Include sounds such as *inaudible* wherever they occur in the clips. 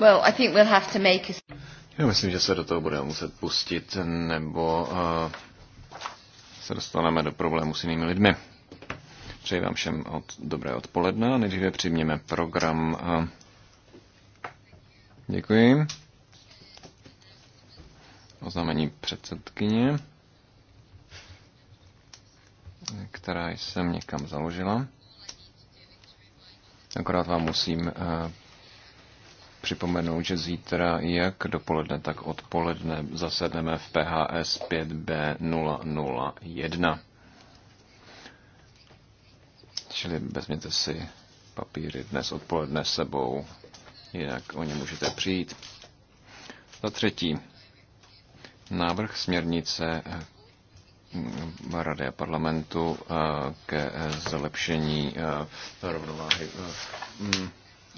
Well, I think we'll have to make a... Já myslím, že se do toho budeme muset pustit, nebo uh, se dostaneme do problému s jinými lidmi. Přeji vám všem od, dobré odpoledne a nejdříve přijměme program. Uh, děkuji. Oznámení předsedkyně, která jsem někam založila. Akorát vám musím eh, připomenout, že zítra jak dopoledne, tak odpoledne zasedneme v PHS 5B001. Čili vezměte si papíry dnes odpoledne sebou, jinak o ně můžete přijít. Za třetí, návrh směrnice Rady a parlamentu eh, ke zlepšení eh, rovnováhy eh,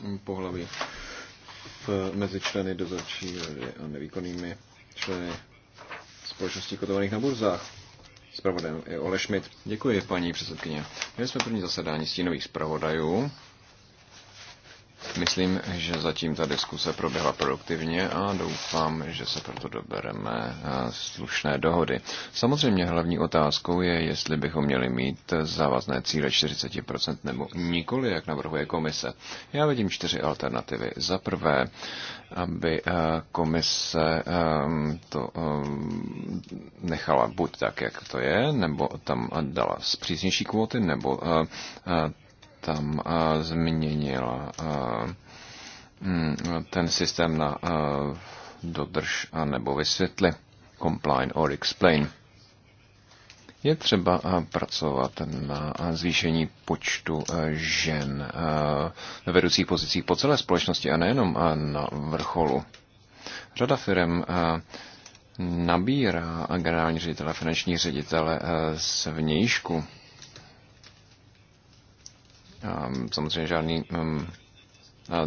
mm, pohlaví mezi členy dozorčí a nevýkonnými členy společností kotovaných na burzách. Spravodajem je Ole Schmidt. Děkuji, paní předsedkyně. Měli jsme první zasedání stínových zpravodajů. Myslím, že zatím ta diskuse proběhla produktivně a doufám, že se proto dobereme eh, slušné dohody. Samozřejmě hlavní otázkou je, jestli bychom měli mít závazné cíle 40% nebo nikoli, jak navrhuje komise. Já vidím čtyři alternativy. Za prvé, aby eh, komise ehm, to ehm, nechala buď tak, jak to je, nebo tam dala zpřísnější kvóty, nebo eh, tam eh, změnila eh, mm, ten systém na eh, dodrž a nebo vysvětli, compline or explain. Je třeba pracovat na zvýšení počtu žen ve vedoucích pozicích po celé společnosti a nejenom na vrcholu. Řada firm nabírá generální ředitele, finanční ředitele z vnějšku Ehm, samozřejmě žádný ehm,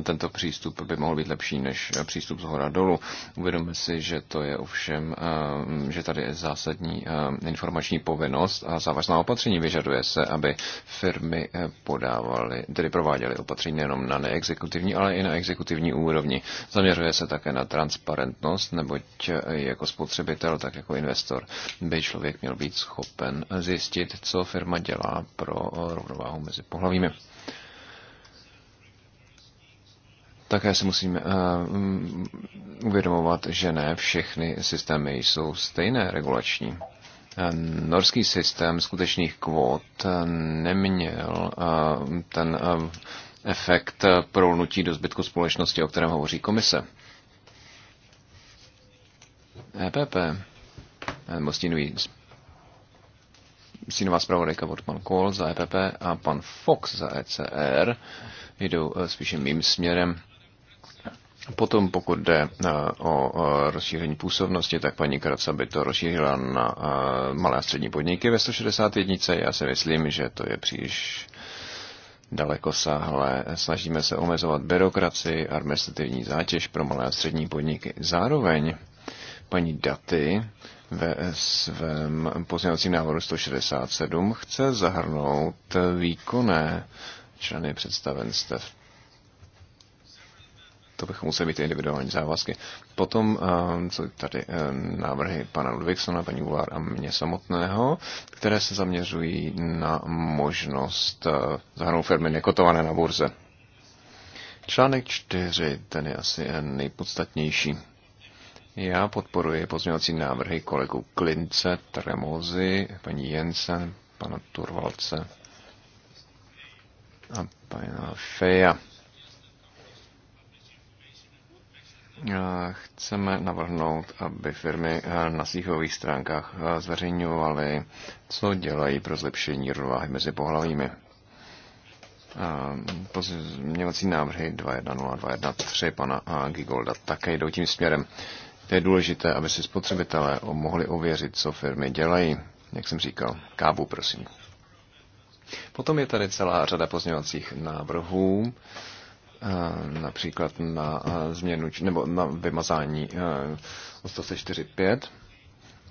tento přístup by mohl být lepší než přístup z hora dolů. Uvědomme si, že to je ovšem, eh, že tady je zásadní eh, informační povinnost a závažná opatření vyžaduje se, aby firmy eh, podávaly, tedy prováděly opatření nejenom na neexekutivní, ale i na exekutivní úrovni. Zaměřuje se také na transparentnost, neboť jako spotřebitel, tak jako investor by člověk měl být schopen zjistit, co firma dělá pro rovnováhu mezi pohlavími. Také si musíme eh, mm, uvědomovat, že ne všechny systémy jsou stejné regulační. Eh, norský systém skutečných kvót eh, neměl ten efekt prolnutí do zbytku společnosti, o kterém hovoří komise. EPP, nebo stínový, stínová zpravodajka od pan Kohl za EPP a pan Fox za ECR jdou spíše mým směrem Potom pokud jde eh, o rozšíření působnosti, tak paní Kraca by to rozšířila na eh, malé a střední podniky ve 161. Já si myslím, že to je příliš daleko sáhle. Snažíme se omezovat byrokraci, administrativní zátěž pro malé a střední podniky. Zároveň paní Daty ve svém pozměňovacím návrhu 167 chce zahrnout výkonné členy představenstev to bychom museli mít individuální závazky. Potom eh, jsou tady eh, návrhy pana Ludvíksona, paní Ular a mě samotného, které se zaměřují na možnost eh, zahrnout firmy nekotované na burze. Článek 4, ten je asi nejpodstatnější. Já podporuji pozměňovací návrhy kolegů Klince, Tremozy, paní Jensen, pana Turvalce a pana Feja. Eh, chceme navrhnout, aby firmy eh, na svých webových stránkách eh, zveřejňovaly, co dělají pro zlepšení rovnováhy mezi pohlavími. Pozměňovací návrhy 2.1.0 2.1.3 pana Gigolda také jdou tím směrem. To je důležité, aby si spotřebitelé mohli ověřit, co firmy dělají. Jak jsem říkal, kávu prosím. Potom je tady celá řada pozměňovacích návrhů Eh, například na eh, změnu nebo na vymazání 145, eh,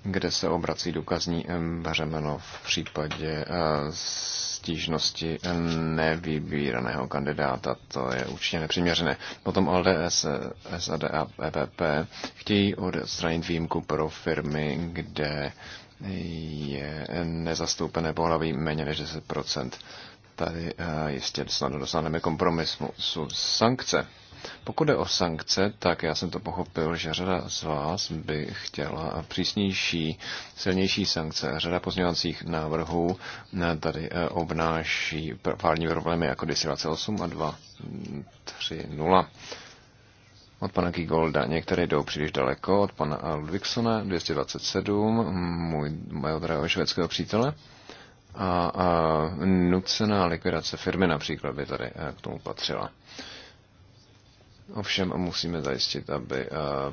kde se obrací důkazní břemeno v případě stížnosti nevybíraného kandidáta. To je určitě nepřiměřené. Potom LDS, SAD a EPP chtějí odstranit výjimku pro firmy, kde je nezastoupené pohlaví méně než 10 tady eh, ještě snadno dosáhneme kompromisu. Sankce. Pokud jde o sankce, tak já jsem to pochopil, že řada z vás by chtěla přísnější, silnější sankce. Řada pozměňovacích návrhů eh, tady eh, obnáší pární problémy jako 1028 a 230 mm, od pana Gigolda. Některé jdou příliš daleko, od pana Ludvigsona 227, můj, mého drahého švédského přítele a, a nucená likvidace firmy například by tady eh, k tomu patřila. Ovšem musíme zajistit, aby eh,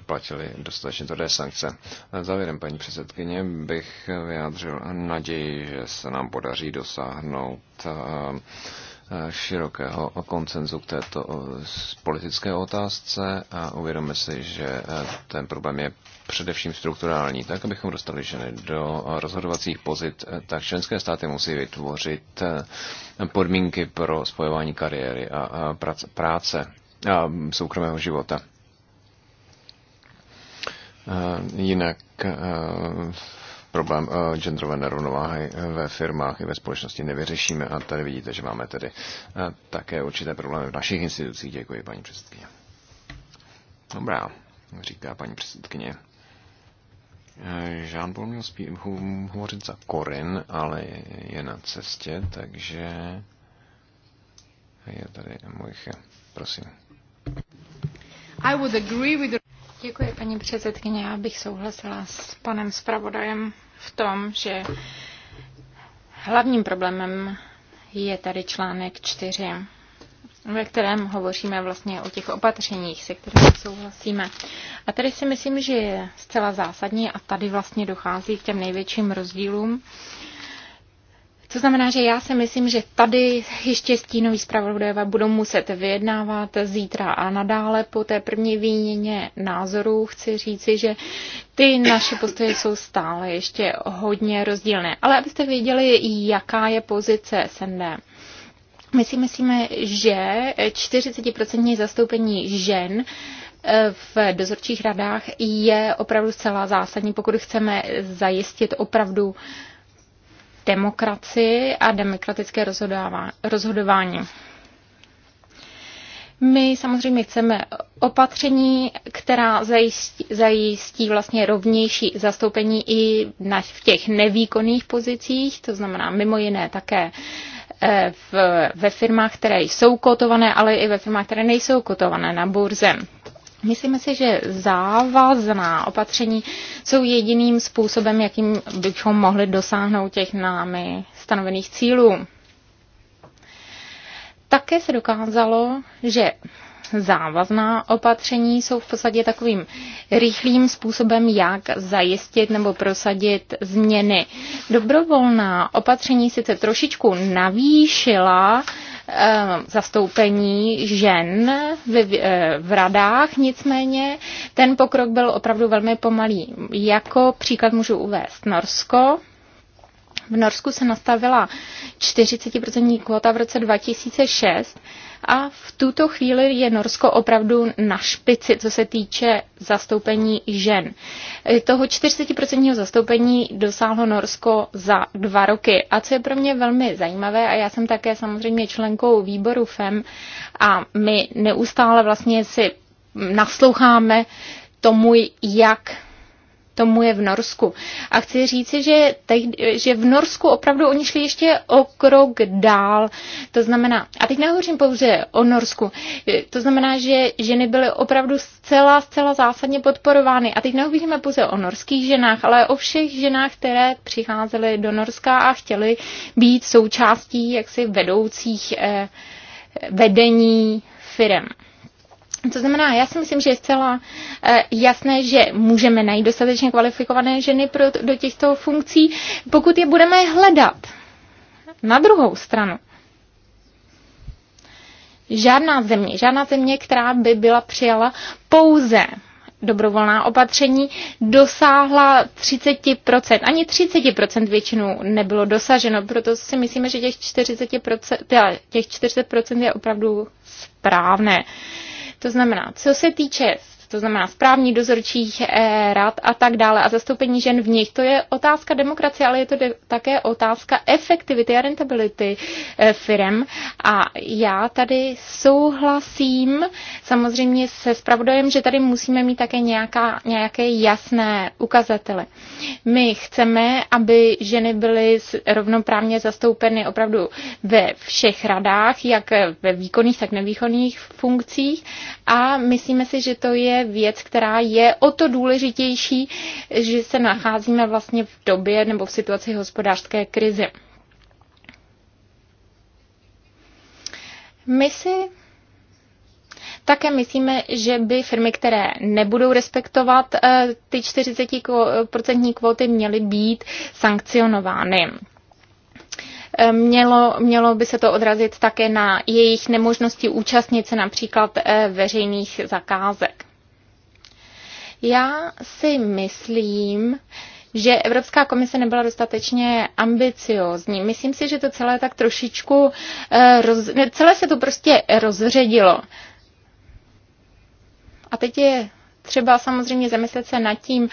platili dostatečně tvrdé sankce. Závěrem, paní předsedkyně, bych vyjádřil naději, že se nám podaří dosáhnout eh, širokého koncenzu k této politické otázce a uvědomíme si, že ten problém je především strukturální, tak abychom dostali ženy do rozhodovacích pozit, tak členské státy musí vytvořit eh, podmínky pro spojování kariéry a práce a mm, soukromého života. Eh, jinak eh, problém genderové nerovnováhy ve firmách i ve společnosti nevyřešíme a tady vidíte, že máme tedy také určité problémy v našich institucích. Děkuji, paní předsedkyně. Dobrá, říká paní předsedkyně. Eh, Jean-Paul měl spí, hovořit za Korin, ale je na cestě, takže je tady Mojche. Prosím. I would agree with the... Děkuji, paní předsedkyně. Já bych souhlasila s panem zpravodajem v tom, že hlavním problémem je tady článek 4 ve kterém hovoříme vlastně o těch opatřeních, se kterými souhlasíme. A tady si myslím, že je zcela zásadní a tady vlastně dochází k těm největším rozdílům. To znamená, že já si myslím, že tady ještě stínový zpravodajové budou muset vyjednávat zítra a nadále po té první výměně názorů. Chci říci, že ty naše postoje jsou stále ještě hodně rozdílné. Ale abyste věděli, jaká je pozice SND. My si myslíme, že 40% zastoupení žen eh, v dozorčích radách je opravdu zcela zásadní, pokud chceme zajistit opravdu demokracii a demokratické rozhodování. My samozřejmě chceme opatření, která zajistí, zajistí vlastně rovnější zastoupení i na, v těch nevýkonných pozicích, to znamená mimo jiné také uh, E, v, ve firmách, které jsou kotované, ale i ve firmách, které nejsou kotované na burze. Myslíme si, že závazná opatření jsou jediným způsobem, jakým bychom mohli dosáhnout těch námi stanovených cílů. Také se dokázalo, že závazná opatření jsou v podstatě takovým rychlým způsobem, jak zajistit nebo prosadit změny. Dobrovolná opatření sice trošičku navýšila eh, zastoupení žen v, eh, v radách, nicméně ten pokrok byl opravdu velmi pomalý. Jako příklad můžu uvést Norsko, v Norsku se nastavila 40% kvota v roce 2006 a v tuto chvíli je Norsko opravdu na špici, co se týče zastoupení žen. Toho 40% zastoupení dosáhlo Norsko za dva roky. A co je pro mě velmi zajímavé, a já jsem také samozřejmě členkou výboru FEM a my neustále vlastně si nasloucháme tomu, jak tomu je v Norsku. A chci říci, že, teď, že v Norsku opravdu oni šli ještě o krok dál. To znamená, a teď nehovořím pouze o Norsku, to znamená, že ženy byly opravdu zcela, zcela zásadně podporovány. A teď nehovoříme pouze o norských ženách, ale o všech ženách, které přicházely do Norska a chtěly být součástí jaksi vedoucích eh, vedení firem. To znamená, já si myslím, že je zcela eh, jasné, že můžeme najít dostatečně kvalifikované ženy pro, do těchto funkcí, pokud je budeme hledat. Na druhou stranu, žádná země, žádná země, která by byla přijala pouze dobrovolná opatření dosáhla 30%. Ani 30% většinou nebylo dosaženo, proto si myslíme, že těch 40%, eh, těch 40% je opravdu správné. Uh, to znamená, co se týče to znamená správní dozorčích eh, rad a tak dále a zastoupení žen v nich. To je otázka demokracie, ale je to de- také otázka efektivity a rentability eh, firm. A já tady souhlasím samozřejmě se spravodajem, že tady musíme mít také nějaká, nějaké jasné ukazatele. My chceme, aby ženy byly rovnoprávně zastoupeny opravdu ve všech radách, jak ve výkonných, tak nevýkonných funkcích a myslíme si, že to je věc, která je o to důležitější, že se nacházíme vlastně v době nebo v situaci hospodářské krize. My si také myslíme, že by firmy, které nebudou respektovat eh, ty 40% kvóty, měly být sankcionovány. Eh, mělo, mělo by se to odrazit také na jejich nemožnosti účastnit se například eh, veřejných zakázek. Já si myslím, že Evropská komise nebyla dostatečně ambiciózní. Myslím si, že to celé tak trošičku, eh, roz, celé se to prostě rozředilo. A teď je třeba samozřejmě zamyslet se nad tím,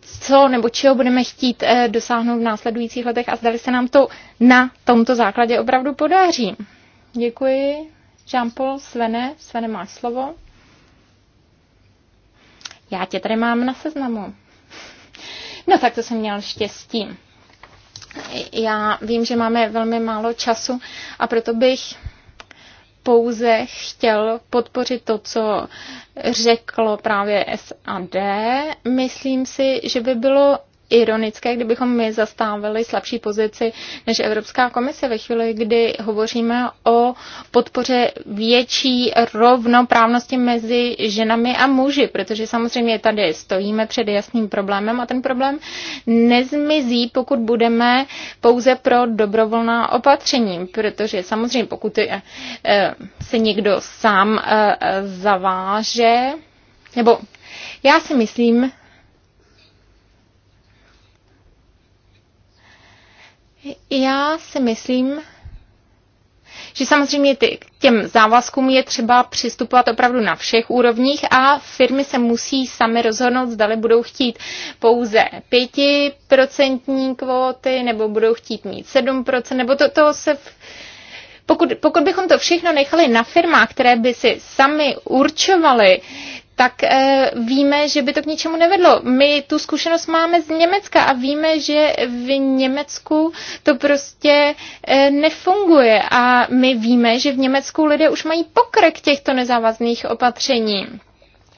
co nebo čeho budeme chtít eh, dosáhnout v následujících letech a zdali se nám to na tomto základě opravdu podaří. Děkuji. Jean-Paul, Svene, Svene má slovo. Já tě tady mám na seznamu. No tak to jsem měl štěstí. Já vím, že máme velmi málo času a proto bych pouze chtěl podpořit to, co řeklo právě SAD. Myslím si, že by bylo ironické, kdybychom my zastávali slabší pozici než Evropská komise ve chvíli, kdy hovoříme o podpoře větší rovnoprávnosti mezi ženami a muži, protože samozřejmě tady stojíme před jasným problémem a ten problém nezmizí, pokud budeme pouze pro dobrovolná opatření, protože samozřejmě pokud eh, eh, se někdo sám eh, zaváže, nebo já si myslím, Já si myslím, že samozřejmě ty, těm závazkům je třeba přistupovat opravdu na všech úrovních a firmy se musí sami rozhodnout, zda budou chtít pouze pětiprocentní kvóty, nebo budou chtít mít 7%, nebo to, to se... V, pokud, pokud bychom to všechno nechali na firmách, které by si sami určovaly tak eh, víme, že by to k ničemu nevedlo. My tu zkušenost máme z Německa a víme, že v Německu to prostě eh, nefunguje a my víme, že v Německu lidé už mají pokrek těchto nezávazných opatření.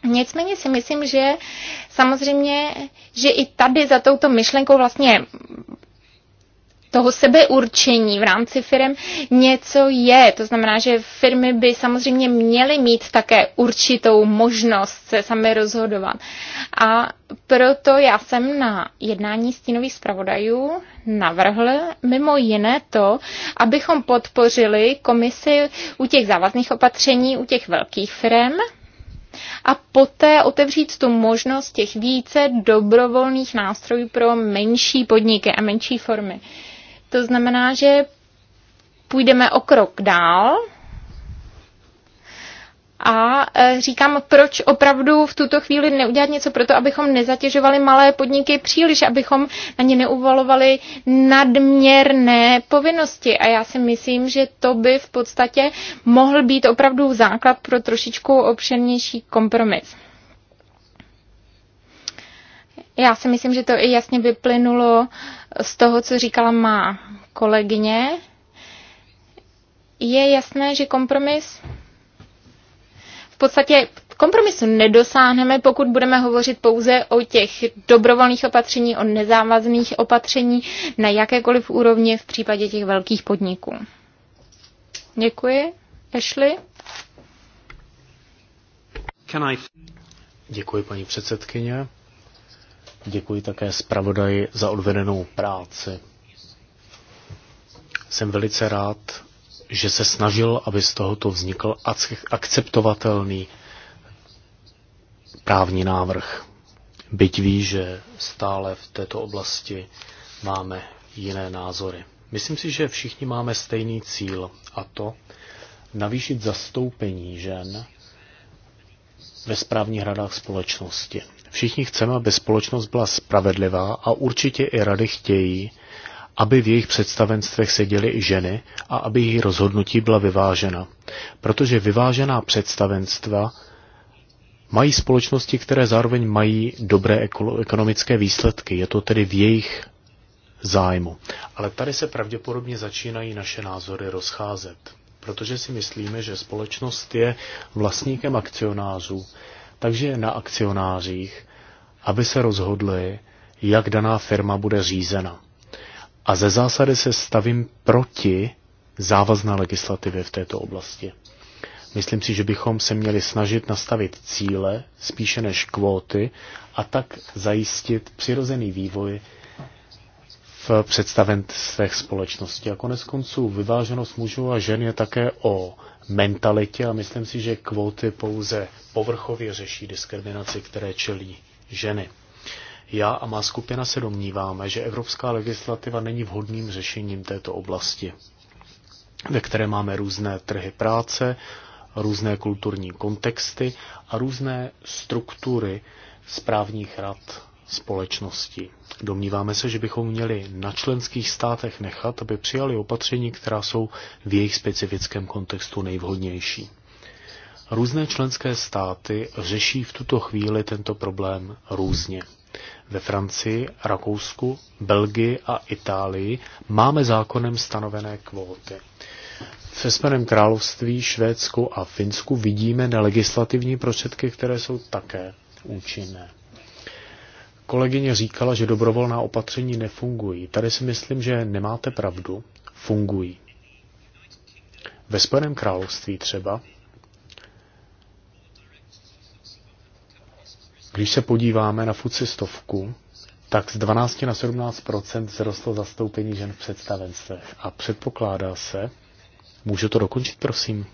Nicméně si myslím, že samozřejmě, že i tady za touto myšlenkou vlastně toho sebeurčení v rámci firm něco je. To znamená, že firmy by samozřejmě měly mít také určitou možnost se sami rozhodovat. A proto já jsem na jednání stínových zpravodajů navrhl mimo jiné to, abychom podpořili komisi u těch závazných opatření, u těch velkých firm, a poté otevřít tu možnost těch více dobrovolných nástrojů pro menší podniky a menší formy. To znamená, že půjdeme o krok dál a e, říkám, proč opravdu v tuto chvíli neudělat něco pro to, abychom nezatěžovali malé podniky příliš, abychom na ně neuvalovali nadměrné povinnosti. A já si myslím, že to by v podstatě mohl být opravdu základ pro trošičku obšernější kompromis. Já si myslím, že to i jasně vyplynulo z toho, co říkala má kolegyně. Je jasné, že kompromis v podstatě kompromisu nedosáhneme, pokud budeme hovořit pouze o těch dobrovolných opatření, o nezávazných opatření na jakékoliv úrovni v případě těch velkých podniků. Děkuji. Ashley? Can I... Děkuji, paní předsedkyně. Děkuji také zpravodaji za odvedenou práci. Jsem velice rád, že se snažil, aby z tohoto vznikl akceptovatelný právní návrh. Byť ví, že stále v této oblasti máme jiné názory. Myslím si, že všichni máme stejný cíl a to navýšit zastoupení žen ve správních radách společnosti. Všichni chceme, aby společnost byla spravedlivá a určitě i rady chtějí, aby v jejich představenstvech seděly i ženy a aby její rozhodnutí byla vyvážena. Protože vyvážená představenstva mají společnosti, které zároveň mají dobré ekonomické výsledky. Je to tedy v jejich zájmu. Ale tady se pravděpodobně začínají naše názory rozcházet protože si myslíme, že společnost je vlastníkem akcionářů. Takže je na akcionářích, aby se rozhodli, jak daná firma bude řízena. A ze zásady se stavím proti závazné legislativě v této oblasti. Myslím si, že bychom se měli snažit nastavit cíle spíše než kvóty a tak zajistit přirozený vývoj představenstvech společnosti. A konec konců vyváženost mužů a žen je také o mentalitě a myslím si, že kvóty pouze povrchově řeší diskriminaci, které čelí ženy. Já a má skupina se domníváme, že evropská legislativa není vhodným řešením této oblasti, ve které máme různé trhy práce, různé kulturní kontexty a různé struktury správních rad společnosti. Domníváme se, že bychom měli na členských státech nechat, aby přijali opatření, která jsou v jejich specifickém kontextu nejvhodnější. Různé členské státy řeší v tuto chvíli tento problém různě. Ve Francii, Rakousku, Belgii a Itálii máme zákonem stanovené kvóty. V Espaném království, Švédsku a Finsku vidíme nelegislativní prostředky, které jsou také účinné kolegyně říkala, že dobrovolná opatření nefungují. Tady si myslím, že nemáte pravdu. Fungují. Ve Spojeném království třeba, když se podíváme na FUCI stovku, tak z 12 na 17 vzrostlo zastoupení žen v představenstvech. A předpokládá se, můžu to dokončit, prosím,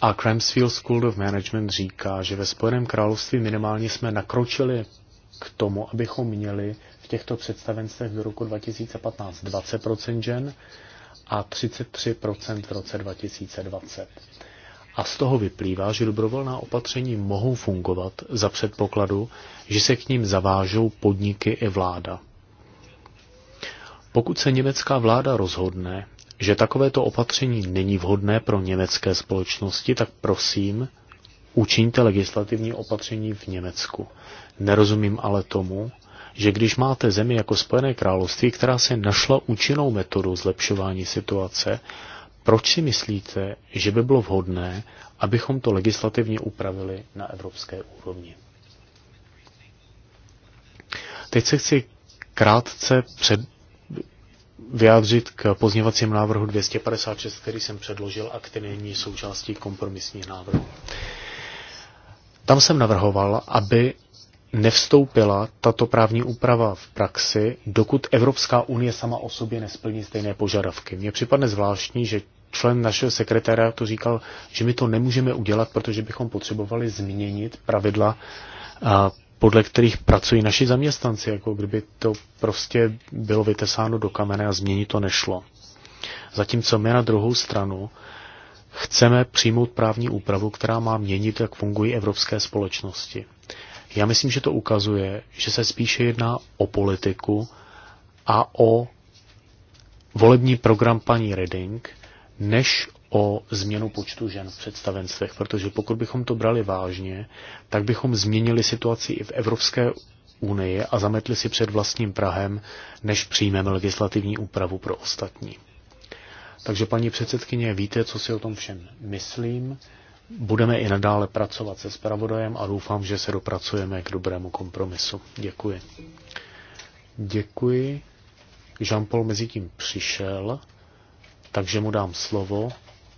A Cramsfield School of Management říká, že ve Spojeném království minimálně jsme nakročili k tomu, abychom měli v těchto představenstvech do roku 2015 20% žen a 33% v roce 2020. A z toho vyplývá, že dobrovolná opatření mohou fungovat za předpokladu, že se k ním zavážou podniky i vláda. Pokud se německá vláda rozhodne, že takovéto opatření není vhodné pro německé společnosti, tak prosím, učiňte legislativní opatření v Německu. Nerozumím ale tomu, že když máte zemi jako Spojené království, která se našla účinnou metodu zlepšování situace, proč si myslíte, že by bylo vhodné, abychom to legislativně upravili na evropské úrovni? Teď se chci krátce před, vyjádřit k pozněvacím návrhu 256, který jsem předložil a který není součástí kompromisních návrhů. Tam jsem navrhoval, aby nevstoupila tato právní úprava v praxi, dokud Evropská unie sama o sobě nesplní stejné požadavky. Mně připadne zvláštní, že člen našeho sekretariátu říkal, že my to nemůžeme udělat, protože bychom potřebovali změnit pravidla podle kterých pracují naši zaměstnanci, jako kdyby to prostě bylo vytesáno do kamene a změnit to nešlo. Zatímco my na druhou stranu chceme přijmout právní úpravu, která má měnit, jak fungují evropské společnosti. Já myslím, že to ukazuje, že se spíše jedná o politiku a o volební program paní Reding, než o změnu počtu žen v představenstvech, protože pokud bychom to brali vážně, tak bychom změnili situaci i v Evropské unii a zametli si před vlastním Prahem, než přijmeme legislativní úpravu pro ostatní. Takže paní předsedkyně, víte, co si o tom všem myslím. Budeme i nadále pracovat se spravodajem a doufám, že se dopracujeme k dobrému kompromisu. Děkuji. Děkuji. Jean-Paul mezi tím přišel, takže mu dám slovo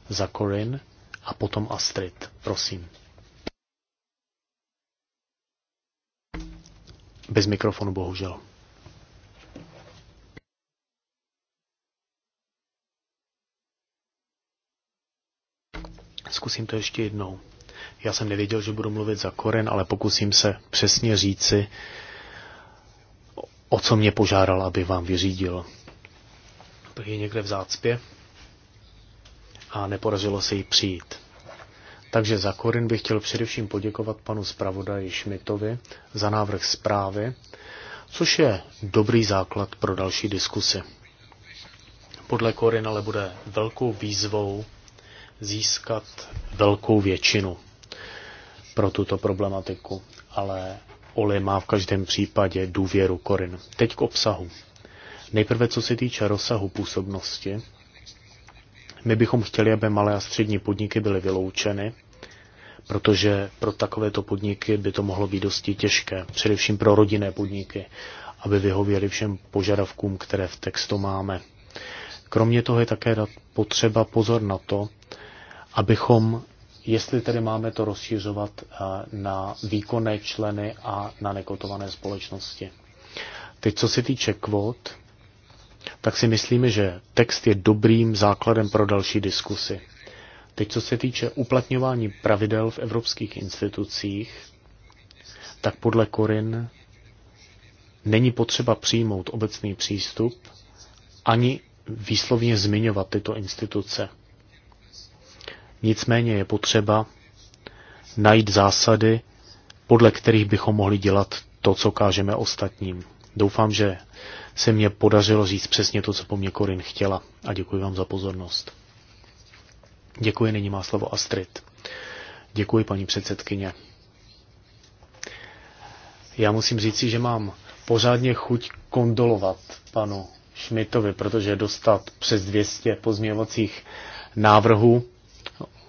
za Corin a potom Astrid. Prosím. Bez mikrofonu, bohužel. Zkusím to ještě jednou. Já jsem nevěděl, že budu mluvit za Koren, ale pokusím se přesně říci, o co mě požádal, aby vám vyřídil. To je někde v zácpě a nepodařilo se jí přijít. Takže za Korin bych chtěl především poděkovat panu zpravodaji Šmitovi za návrh zprávy, což je dobrý základ pro další diskusy. Podle Korin ale bude velkou výzvou získat velkou většinu pro tuto problematiku, ale Oli má v každém případě důvěru Korin. Teď k obsahu. Nejprve co se týče rozsahu působnosti, my bychom chtěli, aby malé a střední podniky byly vyloučeny, protože pro takovéto podniky by to mohlo být dosti těžké, především pro rodinné podniky, aby vyhověli všem požadavkům, které v textu máme. Kromě toho je také potřeba pozor na to, abychom, jestli tedy máme to rozšiřovat eh, na výkonné členy a na nekotované společnosti. Teď, co se týče kvót, tak si myslíme, že text je dobrým základem pro další diskusy. Teď, co se týče uplatňování pravidel v evropských institucích, tak podle Korin není potřeba přijmout obecný přístup ani výslovně zmiňovat tyto instituce. Nicméně je potřeba najít zásady, podle kterých bychom mohli dělat to, co kážeme ostatním. Doufám, že se mě podařilo říct přesně to, co po mně Korin chtěla a děkuji vám za pozornost. Děkuji, nyní má slovo Astrid. Děkuji, paní předsedkyně. Já musím říct, že mám pořádně chuť kondolovat panu Šmitovi, protože dostat přes 200 pozměvacích návrhů,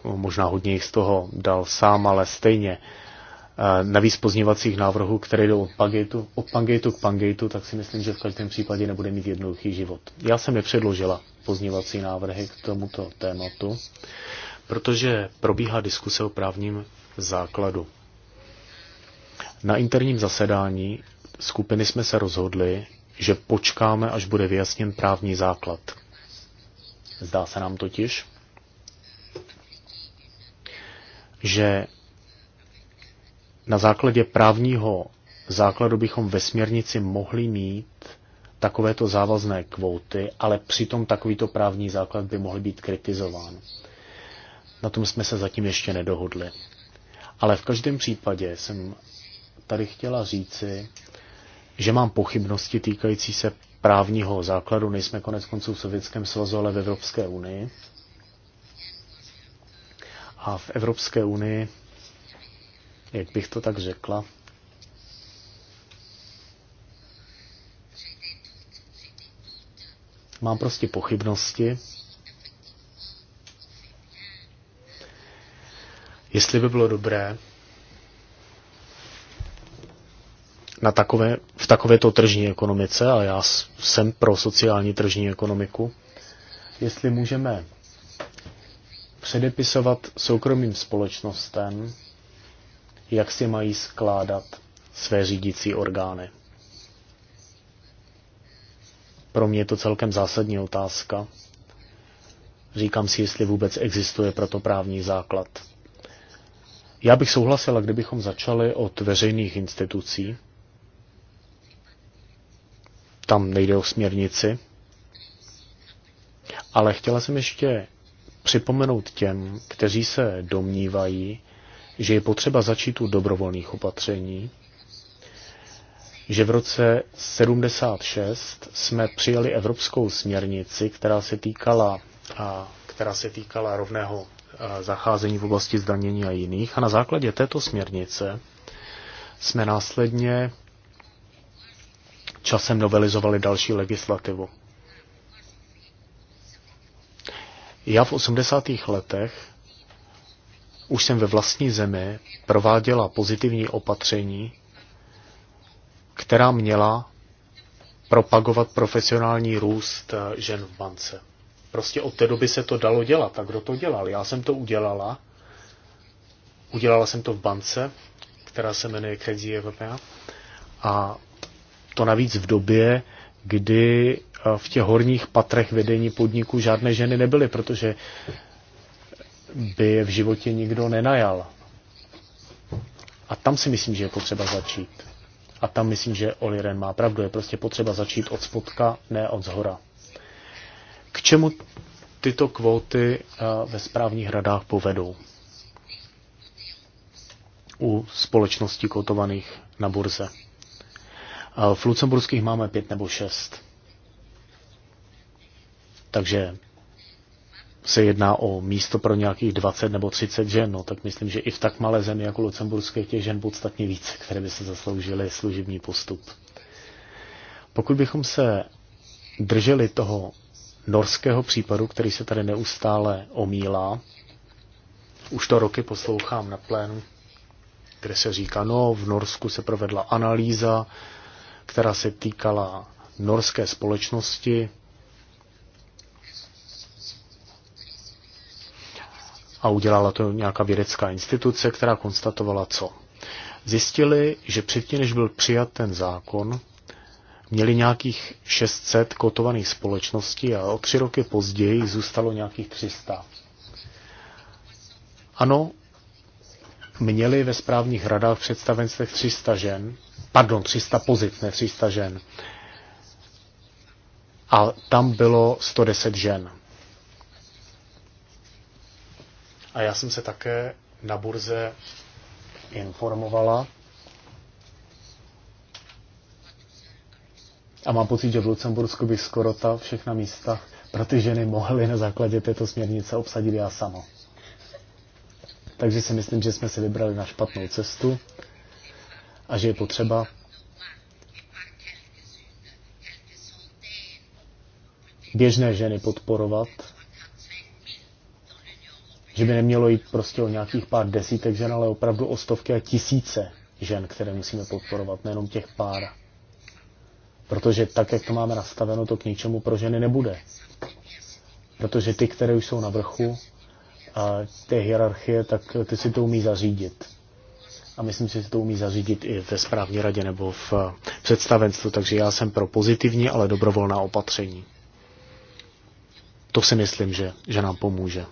možná hodně jich z toho dal sám, ale stejně navíc pozněvacích návrhů, které jdou od pangeitu, od pangeitu k pangeitu, tak si myslím, že v každém případě nebude mít jednoduchý život. Já jsem nepředložila pozněvací návrhy k tomuto tématu, protože probíhá diskuse o právním základu. Na interním zasedání skupiny jsme se rozhodli, že počkáme, až bude vyjasněn právní základ. Zdá se nám totiž, že na základě právního základu bychom ve směrnici mohli mít takovéto závazné kvóty, ale přitom takovýto právní základ by mohl být kritizován. Na tom jsme se zatím ještě nedohodli. Ale v každém případě jsem tady chtěla říci, že mám pochybnosti týkající se právního základu. Nejsme konec konců v Sovětském svazu, ale v Evropské unii. A v Evropské unii jak bych to tak řekla, mám prostě pochybnosti, jestli by bylo dobré na takové, v takovéto tržní ekonomice, a já jsem pro sociální tržní ekonomiku, jestli můžeme předepisovat soukromým společnostem jak si mají skládat své řídící orgány. Pro mě je to celkem zásadní otázka. Říkám si, jestli vůbec existuje proto právní základ. Já bych souhlasila, kdybychom začali od veřejných institucí. Tam nejde o směrnici. Ale chtěla jsem ještě připomenout těm, kteří se domnívají, že je potřeba začít u dobrovolných opatření, že v roce 76 jsme přijali evropskou směrnici, která se týkala, a, která se týkala rovného zacházení v oblasti zdanění a jiných. A na základě této směrnice jsme následně časem novelizovali další legislativu. Já v 80. letech už jsem ve vlastní zemi prováděla pozitivní opatření, která měla propagovat profesionální růst eh, žen v bance. Prostě od té doby se to dalo dělat. Tak kdo to dělal? Já jsem to udělala. Udělala jsem to v bance, která se jmenuje Credit Evropa. A to navíc v době, kdy eh, v těch horních patrech vedení podniku žádné ženy nebyly, protože by je v životě nikdo nenajal. A tam si myslím, že je potřeba začít. A tam myslím, že Oliren má pravdu. Je prostě potřeba začít od spodka, ne od zhora. K čemu tyto kvóty eh, ve správních radách povedou? U společností kotovaných na burze. Eh, v Lucemburských máme pět nebo šest. Takže se jedná o místo pro nějakých 20 nebo 30 žen, no, tak myslím, že i v tak malé zemi jako Lucemburské těch žen podstatně víc, které by se zasloužily služební postup. Pokud bychom se drželi toho norského případu, který se tady neustále omílá, už to roky poslouchám na plénu, kde se říká, no, v Norsku se provedla analýza, která se týkala norské společnosti, a udělala to nějaká vědecká instituce, která konstatovala co. Zjistili, že předtím, než byl přijat ten zákon, měli nějakých 600 kotovaných společností a o tři roky později zůstalo nějakých 300. Ano, měli ve správních radách představenstvech 300 žen, pardon, 300 pozit, ne 300 žen. A tam bylo 110 žen. A já jsem se také na burze informovala. A mám pocit, že v Lucembursku by skoro ta všechna místa pro ty ženy mohly na základě této směrnice obsadit já sama. Takže si myslím, že jsme si vybrali na špatnou cestu a že je potřeba běžné ženy podporovat že by nemělo jít prostě o nějakých pár desítek žen, ale opravdu o stovky a tisíce žen, které musíme podporovat, nejenom těch pár. Protože tak, jak to máme nastaveno, to k ničemu pro ženy nebude. Protože ty, které už jsou na vrchu a té hierarchie, tak ty si to umí zařídit. A myslím si, že si to umí zařídit i ve správní radě nebo v eh, představenstvu. Takže já jsem pro pozitivní, ale dobrovolná opatření. To si myslím, že, že nám pomůže.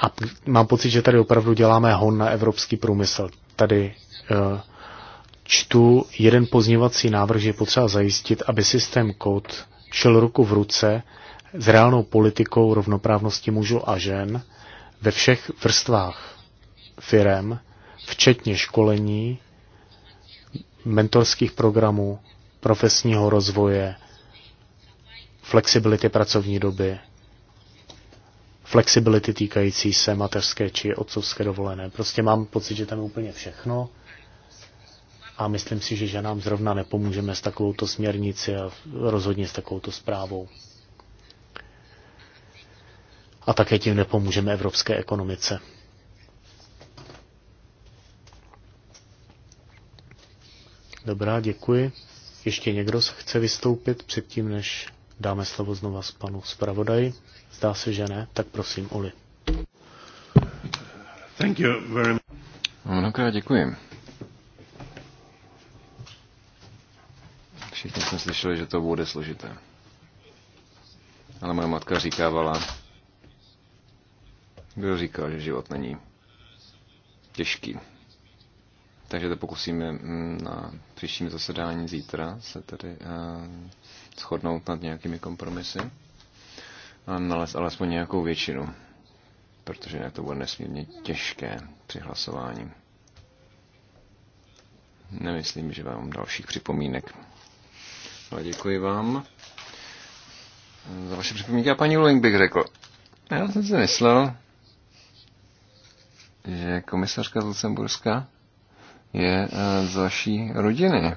A mám pocit, že tady opravdu děláme hon na evropský průmysl. Tady uh, čtu jeden pozněvací návrh, že je potřeba zajistit, aby systém kód šel ruku v ruce s reálnou politikou rovnoprávnosti mužů a žen ve všech vrstvách firem, včetně školení, mentorských programů, profesního rozvoje, flexibility pracovní doby flexibility týkající se mateřské či otcovské dovolené. Prostě mám pocit, že tam je úplně všechno a myslím si, že, ženám zrovna nepomůžeme s takovouto směrnici a rozhodně s takovouto zprávou. A také tím nepomůžeme evropské ekonomice. Dobrá, děkuji. Ještě někdo se chce vystoupit předtím, než Dáme slovo znova s panu zpravodaji. Zdá se, že ne, tak prosím, Oli. Thank you very much. Mnohokrát děkuji. Všichni jsme slyšeli, že to bude složité. Ale moje matka říkávala, kdo říkal, že život není těžký. Takže to pokusíme mm, na příštím zasedání zítra se tedy uh, shodnout nad nějakými kompromisy a nalézt alespoň nějakou většinu, protože ne, to bude nesmírně těžké při hlasování. Nemyslím, že vám dalších připomínek. Ale no, děkuji vám za vaše připomínky. A paní Luling bych řekl, já jsem si myslel, že komisařka z Lucemburska je eh, z vaší rodiny.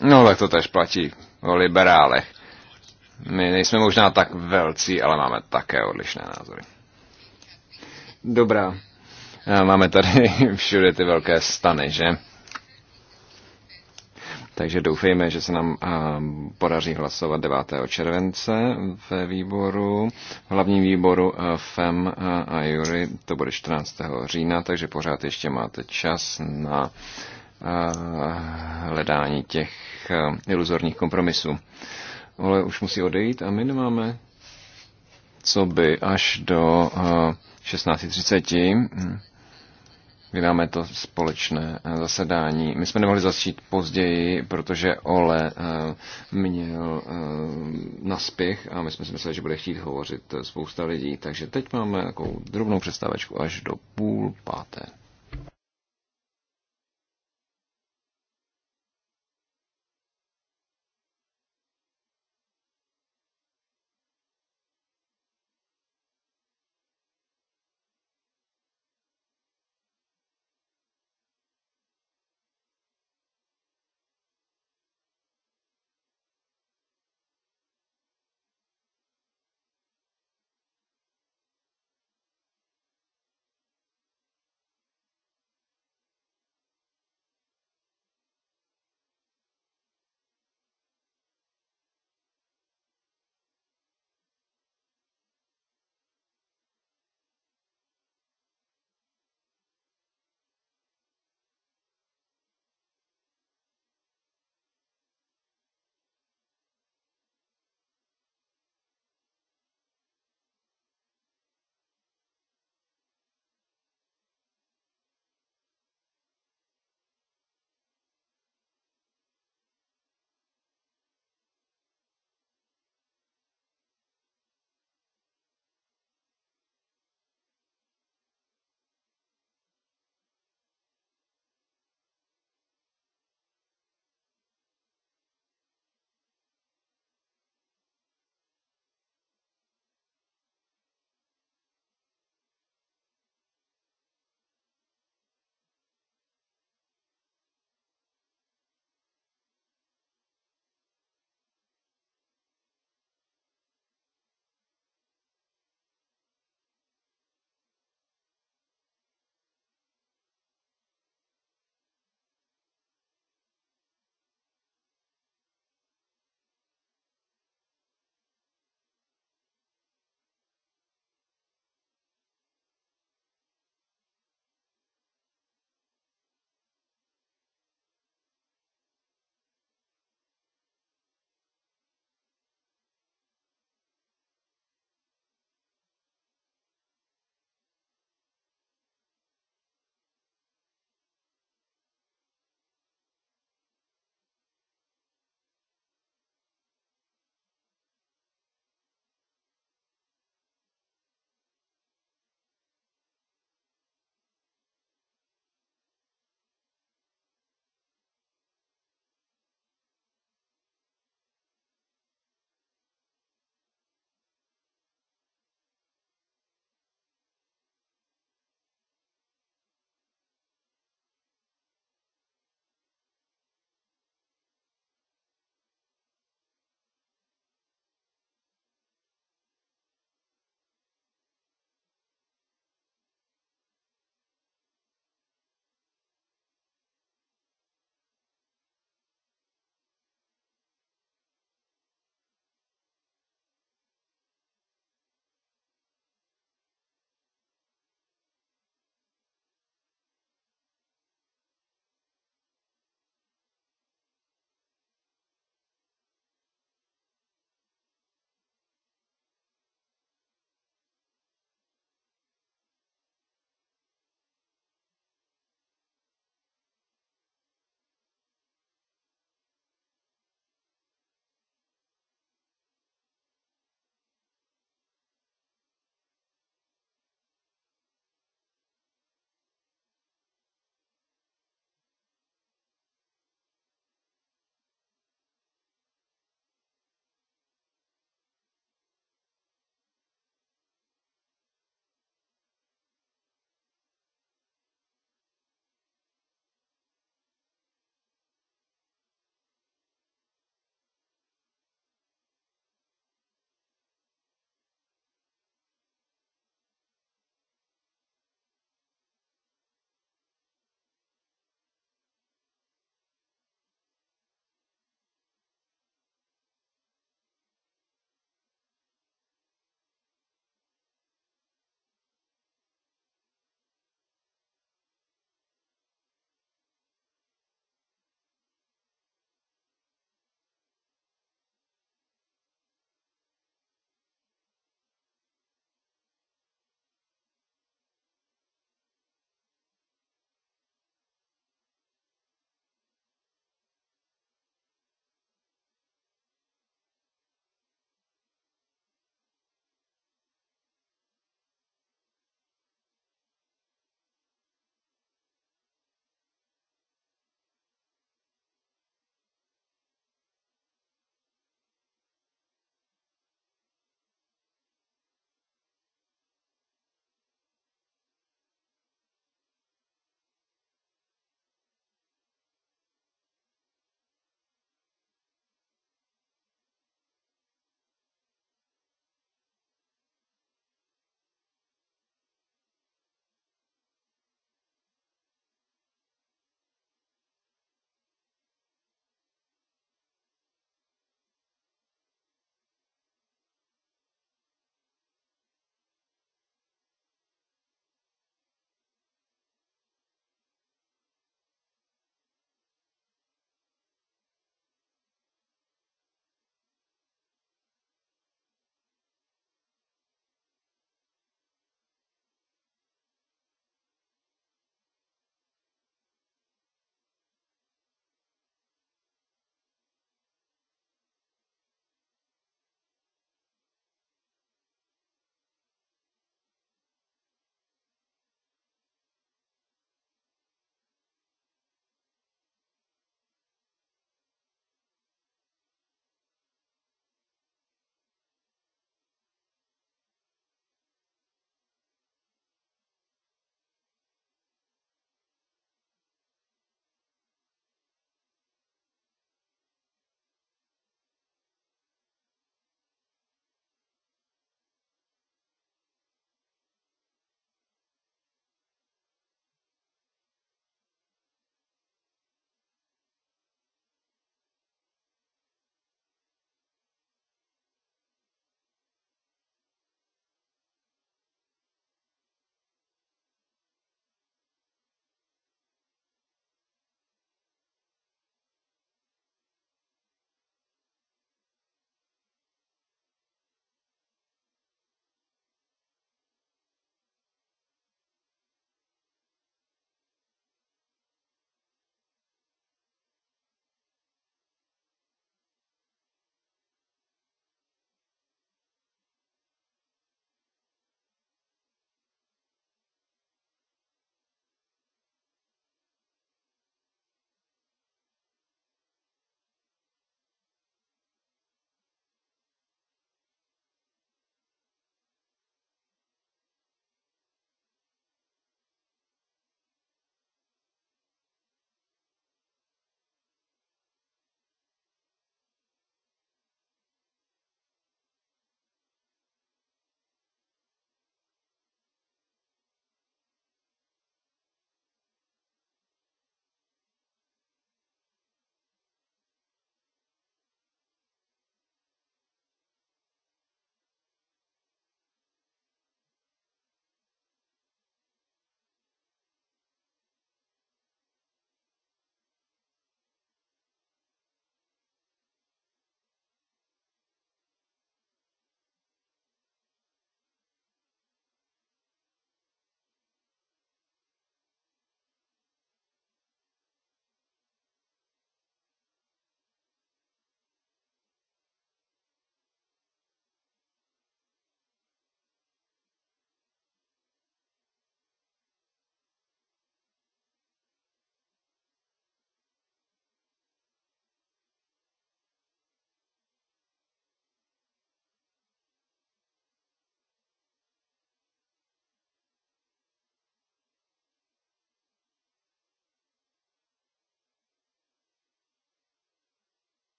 No, tak to tež platí o liberálech. My nejsme možná tak velcí, ale máme také odlišné názory. Dobrá. Máme tady *laughs* všude ty velké stany, že? Takže doufejme, že se nám podaří hlasovat 9. července ve výboru, v hlavním výboru FEM a Jury, to bude 14. října, takže pořád ještě máte čas na hledání těch eh, iluzorních kompromisů. Ale už musí odejít a my nemáme co by až do 16.30 eh, hm, vydáme to společné eh, zasedání. My jsme nemohli začít později, protože Ole měl naspěch a my jsme si mysleli, že bude chtít hovořit spousta lidí. Takže teď máme takovou drobnou přestávečku až do půl páté.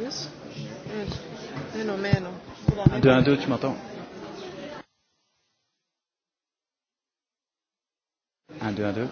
Yes? Meno, meno. Un, deux, un, deux, tu m'entends Un, deux, un, deux.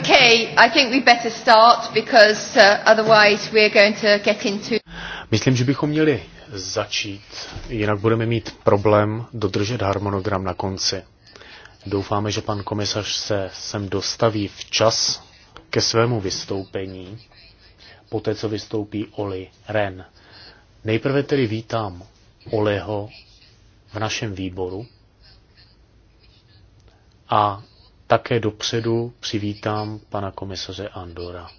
Okay, I think we better start because uh, otherwise are going to get into Myslím, že bychom měli začít, jinak budeme mít problém dodržet harmonogram na konci. Doufáme, že pan komisař se sem dostaví včas ke svému vystoupení, poté co vystoupí Oli Ren. Nejprve tedy vítám Oliho v našem výboru a také dopředu přivítám pana komisaře Andora.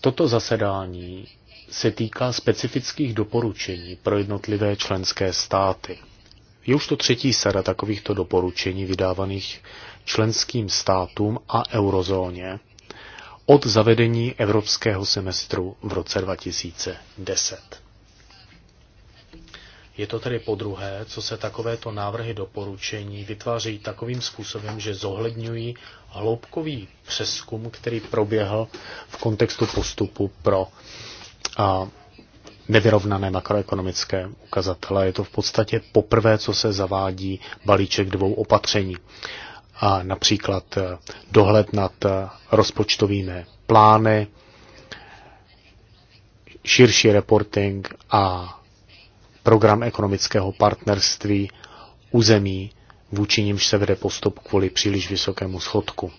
Toto zasedání se týká specifických doporučení pro jednotlivé členské státy. Je už to třetí sada takovýchto doporučení vydávaných členským státům a eurozóně od zavedení evropského semestru v roce 2010. Je to tedy po druhé, co se takovéto návrhy doporučení vytvářejí takovým způsobem, že zohledňují hloubkový přeskum, který proběhl v kontextu postupu pro a, nevyrovnané makroekonomické ukazatele. Je to v podstatě poprvé, co se zavádí balíček dvou opatření. A například e, dohled nad e, rozpočtovými plány, širší reporting a program ekonomického partnerství území, vůči nímž se vede postup kvůli příliš vysokému schodku.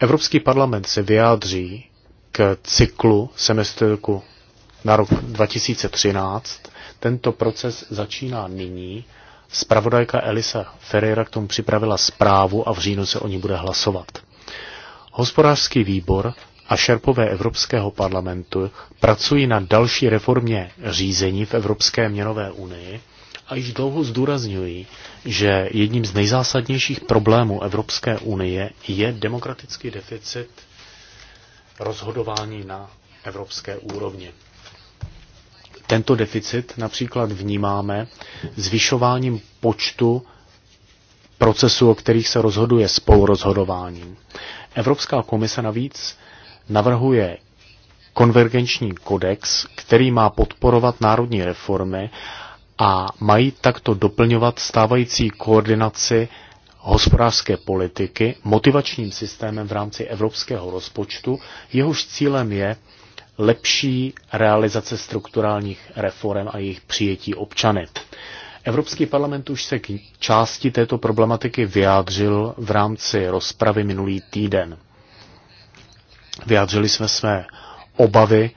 Evropský parlament se vyjádří k cyklu semestrku na rok 2013. Tento proces začíná nyní. Spravodajka Elisa Ferreira k tomu připravila zprávu a v říjnu se o ní bude hlasovat. Hospodářský výbor a šerpové Evropského parlamentu pracují na další reformě řízení v Evropské měnové unii a již dlouho zdůrazňují, že jedním z nejzásadnějších problémů Evropské unie je demokratický deficit rozhodování na evropské úrovni. Tento deficit například vnímáme zvyšováním počtu procesů, o kterých se rozhoduje spolurozhodováním. Evropská komise navíc navrhuje konvergenční kodex, který má podporovat národní reformy a mají takto doplňovat stávající koordinaci hospodářské politiky motivačním systémem v rámci evropského rozpočtu, jehož cílem je lepší realizace strukturálních reform a jejich přijetí občany. Evropský parlament už se k části této problematiky vyjádřil v rámci rozpravy minulý týden. Vyjádřili jsme své obavy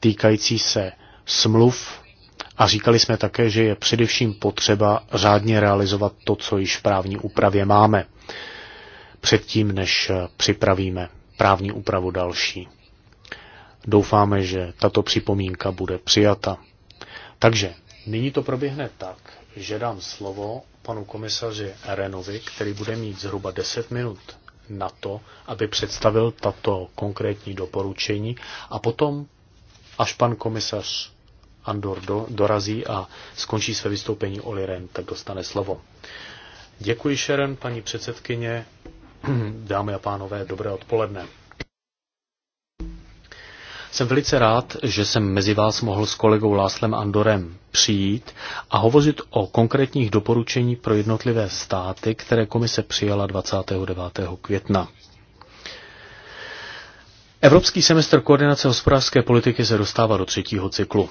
týkající se smluv a říkali jsme také, že je především potřeba řádně realizovat to, co již v právní úpravě máme, předtím, než připravíme právní úpravu další. Doufáme, že tato připomínka bude přijata. Takže nyní to proběhne tak, že dám slovo panu komisaři Renovi, který bude mít zhruba 10 minut na to, aby představil tato konkrétní doporučení a potom, až pan komisař Andor do, dorazí a skončí své vystoupení Oli Ren, tak dostane slovo. Děkuji, Sharon, paní předsedkyně. *clears throat* Dámy a pánové, dobré odpoledne. Jsem velice rád, že jsem mezi vás mohl s kolegou Láslem Andorem přijít a hovořit o konkrétních doporučení pro jednotlivé státy, které komise přijala 29. května. Evropský semestr koordinace hospodářské politiky se dostává do třetího cyklu.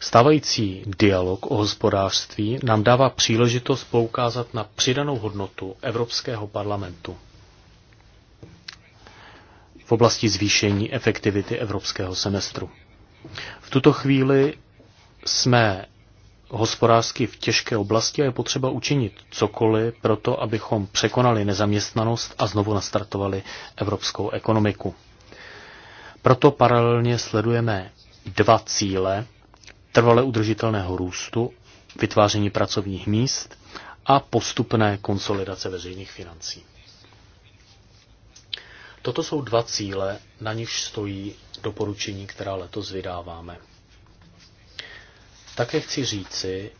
Stávající dialog o hospodářství nám dává příležitost poukázat na přidanou hodnotu Evropského parlamentu v oblasti zvýšení efektivity evropského semestru. V tuto chvíli jsme hospodářsky v těžké oblasti a je potřeba učinit cokoliv pro to, abychom překonali nezaměstnanost a znovu nastartovali evropskou ekonomiku. Proto paralelně sledujeme dva cíle trvale udržitelného růstu, vytváření pracovních míst a postupné konsolidace veřejných financí. Toto jsou dva cíle, na nich stojí doporučení, která letos vydáváme. Také chci říci,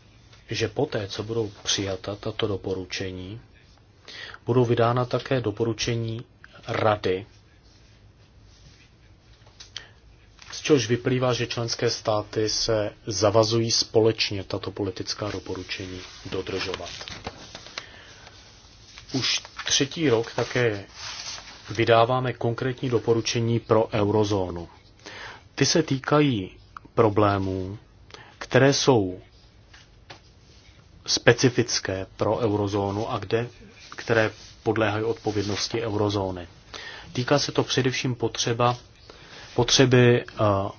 že poté, co budou přijata tato doporučení, budou vydána také doporučení rady, z čehož vyplývá, že členské státy se zavazují společně tato politická doporučení dodržovat. Už třetí rok také vydáváme konkrétní doporučení pro eurozónu. Ty se týkají problémů, které jsou specifické pro eurozónu a kde, které podléhají odpovědnosti eurozóny. Týká se to především potřeba, potřeby uh,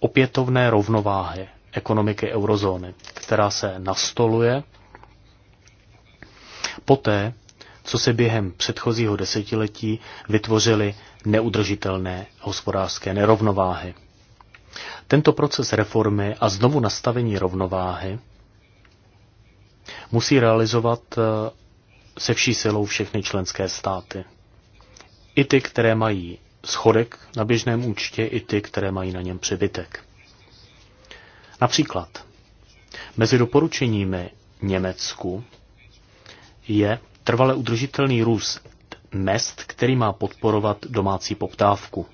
opětovné rovnováhy ekonomiky eurozóny, která se nastoluje poté, co se během předchozího desetiletí vytvořily neudržitelné hospodářské nerovnováhy. Tento proces reformy a znovu nastavení rovnováhy musí realizovat eh, se vší silou všechny členské státy. I ty, které mají schodek na běžném účtě, i ty, které mají na něm přebytek. Například mezi doporučeními Německu je trvale udržitelný růst mest, který má podporovat domácí poptávku.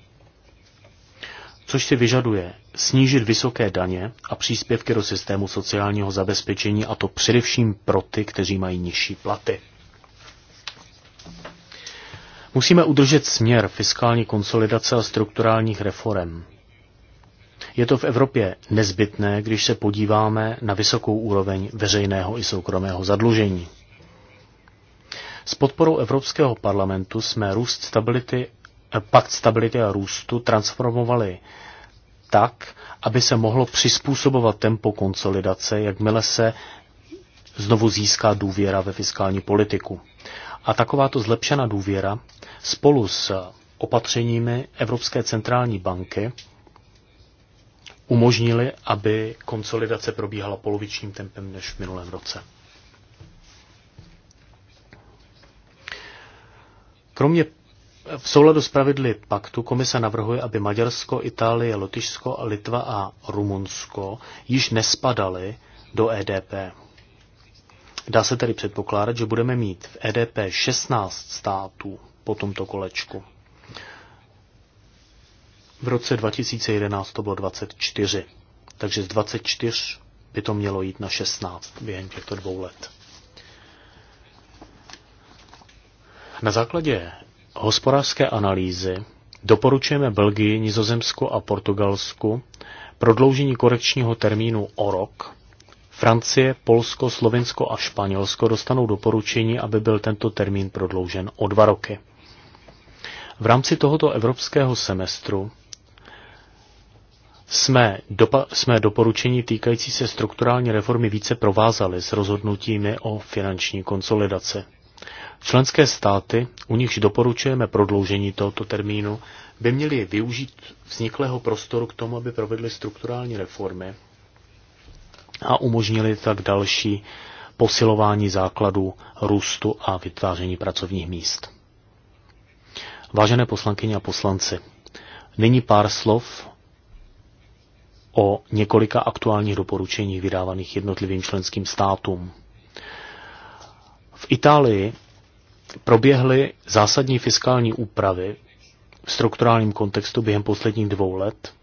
Což si vyžaduje snížit vysoké daně a příspěvky do systému sociálního zabezpečení, a to především pro ty, kteří mají nižší platy. Musíme udržet směr fiskální konsolidace a strukturálních reform. Je to v Evropě nezbytné, když se podíváme na vysokou úroveň veřejného i soukromého zadlužení. S podporou Evropského parlamentu jsme růst stability, eh, pakt stability a růstu transformovali tak, aby se mohlo přizpůsobovat tempo konsolidace, jakmile se znovu získá důvěra ve fiskální politiku. A takováto zlepšená důvěra spolu s opatřeními Evropské centrální banky umožnili, aby konsolidace probíhala polovičním tempem než v minulém roce. Kromě v souladu s pravidly paktu komise navrhuje, aby Maďarsko, Itálie, Lotyšsko, Litva a Rumunsko již nespadaly do EDP. Dá se tedy předpokládat, že budeme mít v EDP 16 států po tomto kolečku. V roce 2011 to bylo 24, takže z 24 by to mělo jít na 16 během těchto dvou let. Na základě hospodářské analýzy doporučujeme Belgii, Nizozemsku a Portugalsku prodloužení korekčního termínu o rok. Francie, Polsko, Slovinsko a Španělsko dostanou doporučení, aby byl tento termín prodloužen o dva roky. V rámci tohoto evropského semestru jsme, dopa- jsme doporučení týkající se strukturální reformy více provázali s rozhodnutími o finanční konsolidaci. Členské státy, u nichž doporučujeme prodloužení tohoto termínu, by měly využít vzniklého prostoru k tomu, aby provedly strukturální reformy a umožnili tak další posilování základů růstu a vytváření pracovních míst. Vážené poslankyně a poslanci, nyní pár slov o několika aktuálních doporučeních vydávaných jednotlivým členským státům. V Itálii proběhly zásadní fiskální úpravy v strukturálním kontextu během posledních dvou let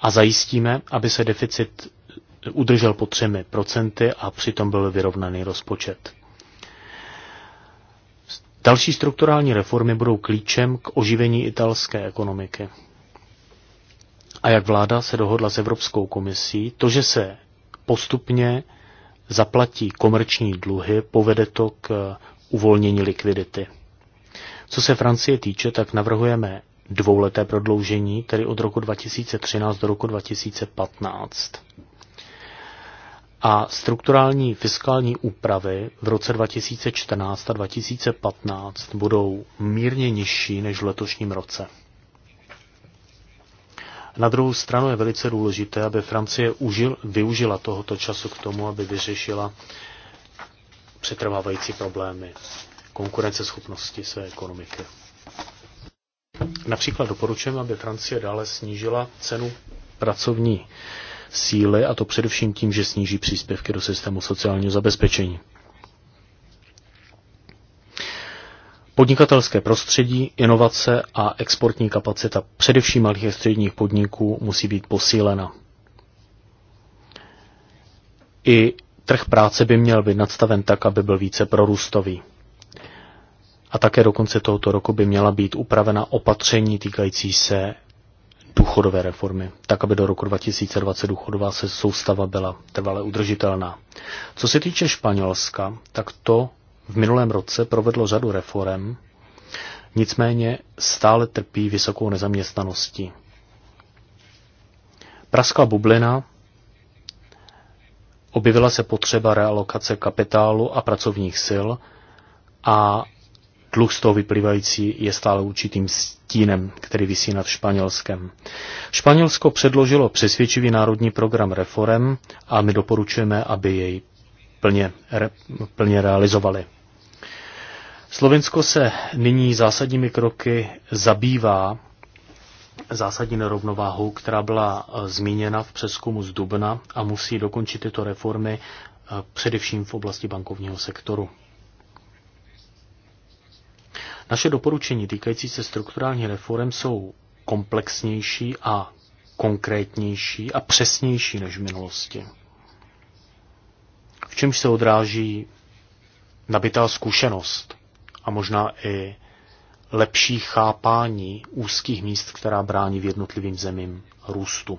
a zajistíme, aby se deficit udržel po třemi procenty a přitom byl vyrovnaný rozpočet. Další strukturální reformy budou klíčem k oživení italské ekonomiky. A jak vláda se dohodla s Evropskou komisí, to, že se postupně zaplatí komerční dluhy, povede to k uvolnění likvidity. Co se Francie týče, tak navrhujeme dvouleté prodloužení, tedy od roku 2013 do roku 2015. A strukturální fiskální úpravy v roce 2014 a 2015 budou mírně nižší než v letošním roce. Na druhou stranu je velice důležité, aby Francie užil, využila tohoto času k tomu, aby vyřešila přetrvávající problémy konkurenceschopnosti své ekonomiky. Například doporučujeme, aby Francie dále snížila cenu pracovní síly, a to především tím, že sníží příspěvky do systému sociálního zabezpečení. Podnikatelské prostředí, inovace a exportní kapacita především malých a středních podniků musí být posílena. I trh práce by měl být nadstaven tak, aby byl více prorůstový. A také do konce tohoto roku by měla být upravena opatření týkající se důchodové reformy, tak aby do roku 2020 důchodová se soustava byla trvale udržitelná. Co se týče Španělska, tak to v minulém roce provedlo řadu reform, nicméně stále trpí vysokou nezaměstnaností. Praská bublina objevila se potřeba realokace kapitálu a pracovních sil a dluh z toho vyplývající je stále určitým stínem, který vysí nad Španělskem. Španělsko předložilo přesvědčivý národní program reform a my doporučujeme, aby jej plně, re, plně realizovali. Slovinsko se nyní zásadními kroky zabývá zásadní nerovnováhu, která byla eh, zmíněna v přeskumu z Dubna a musí dokončit tyto reformy eh, především v oblasti bankovního sektoru. Naše doporučení týkající se strukturálních reform jsou komplexnější a konkrétnější a přesnější než v minulosti. V čemž se odráží nabitá zkušenost a možná i lepší chápání úzkých míst, která brání v jednotlivým zemím růstu.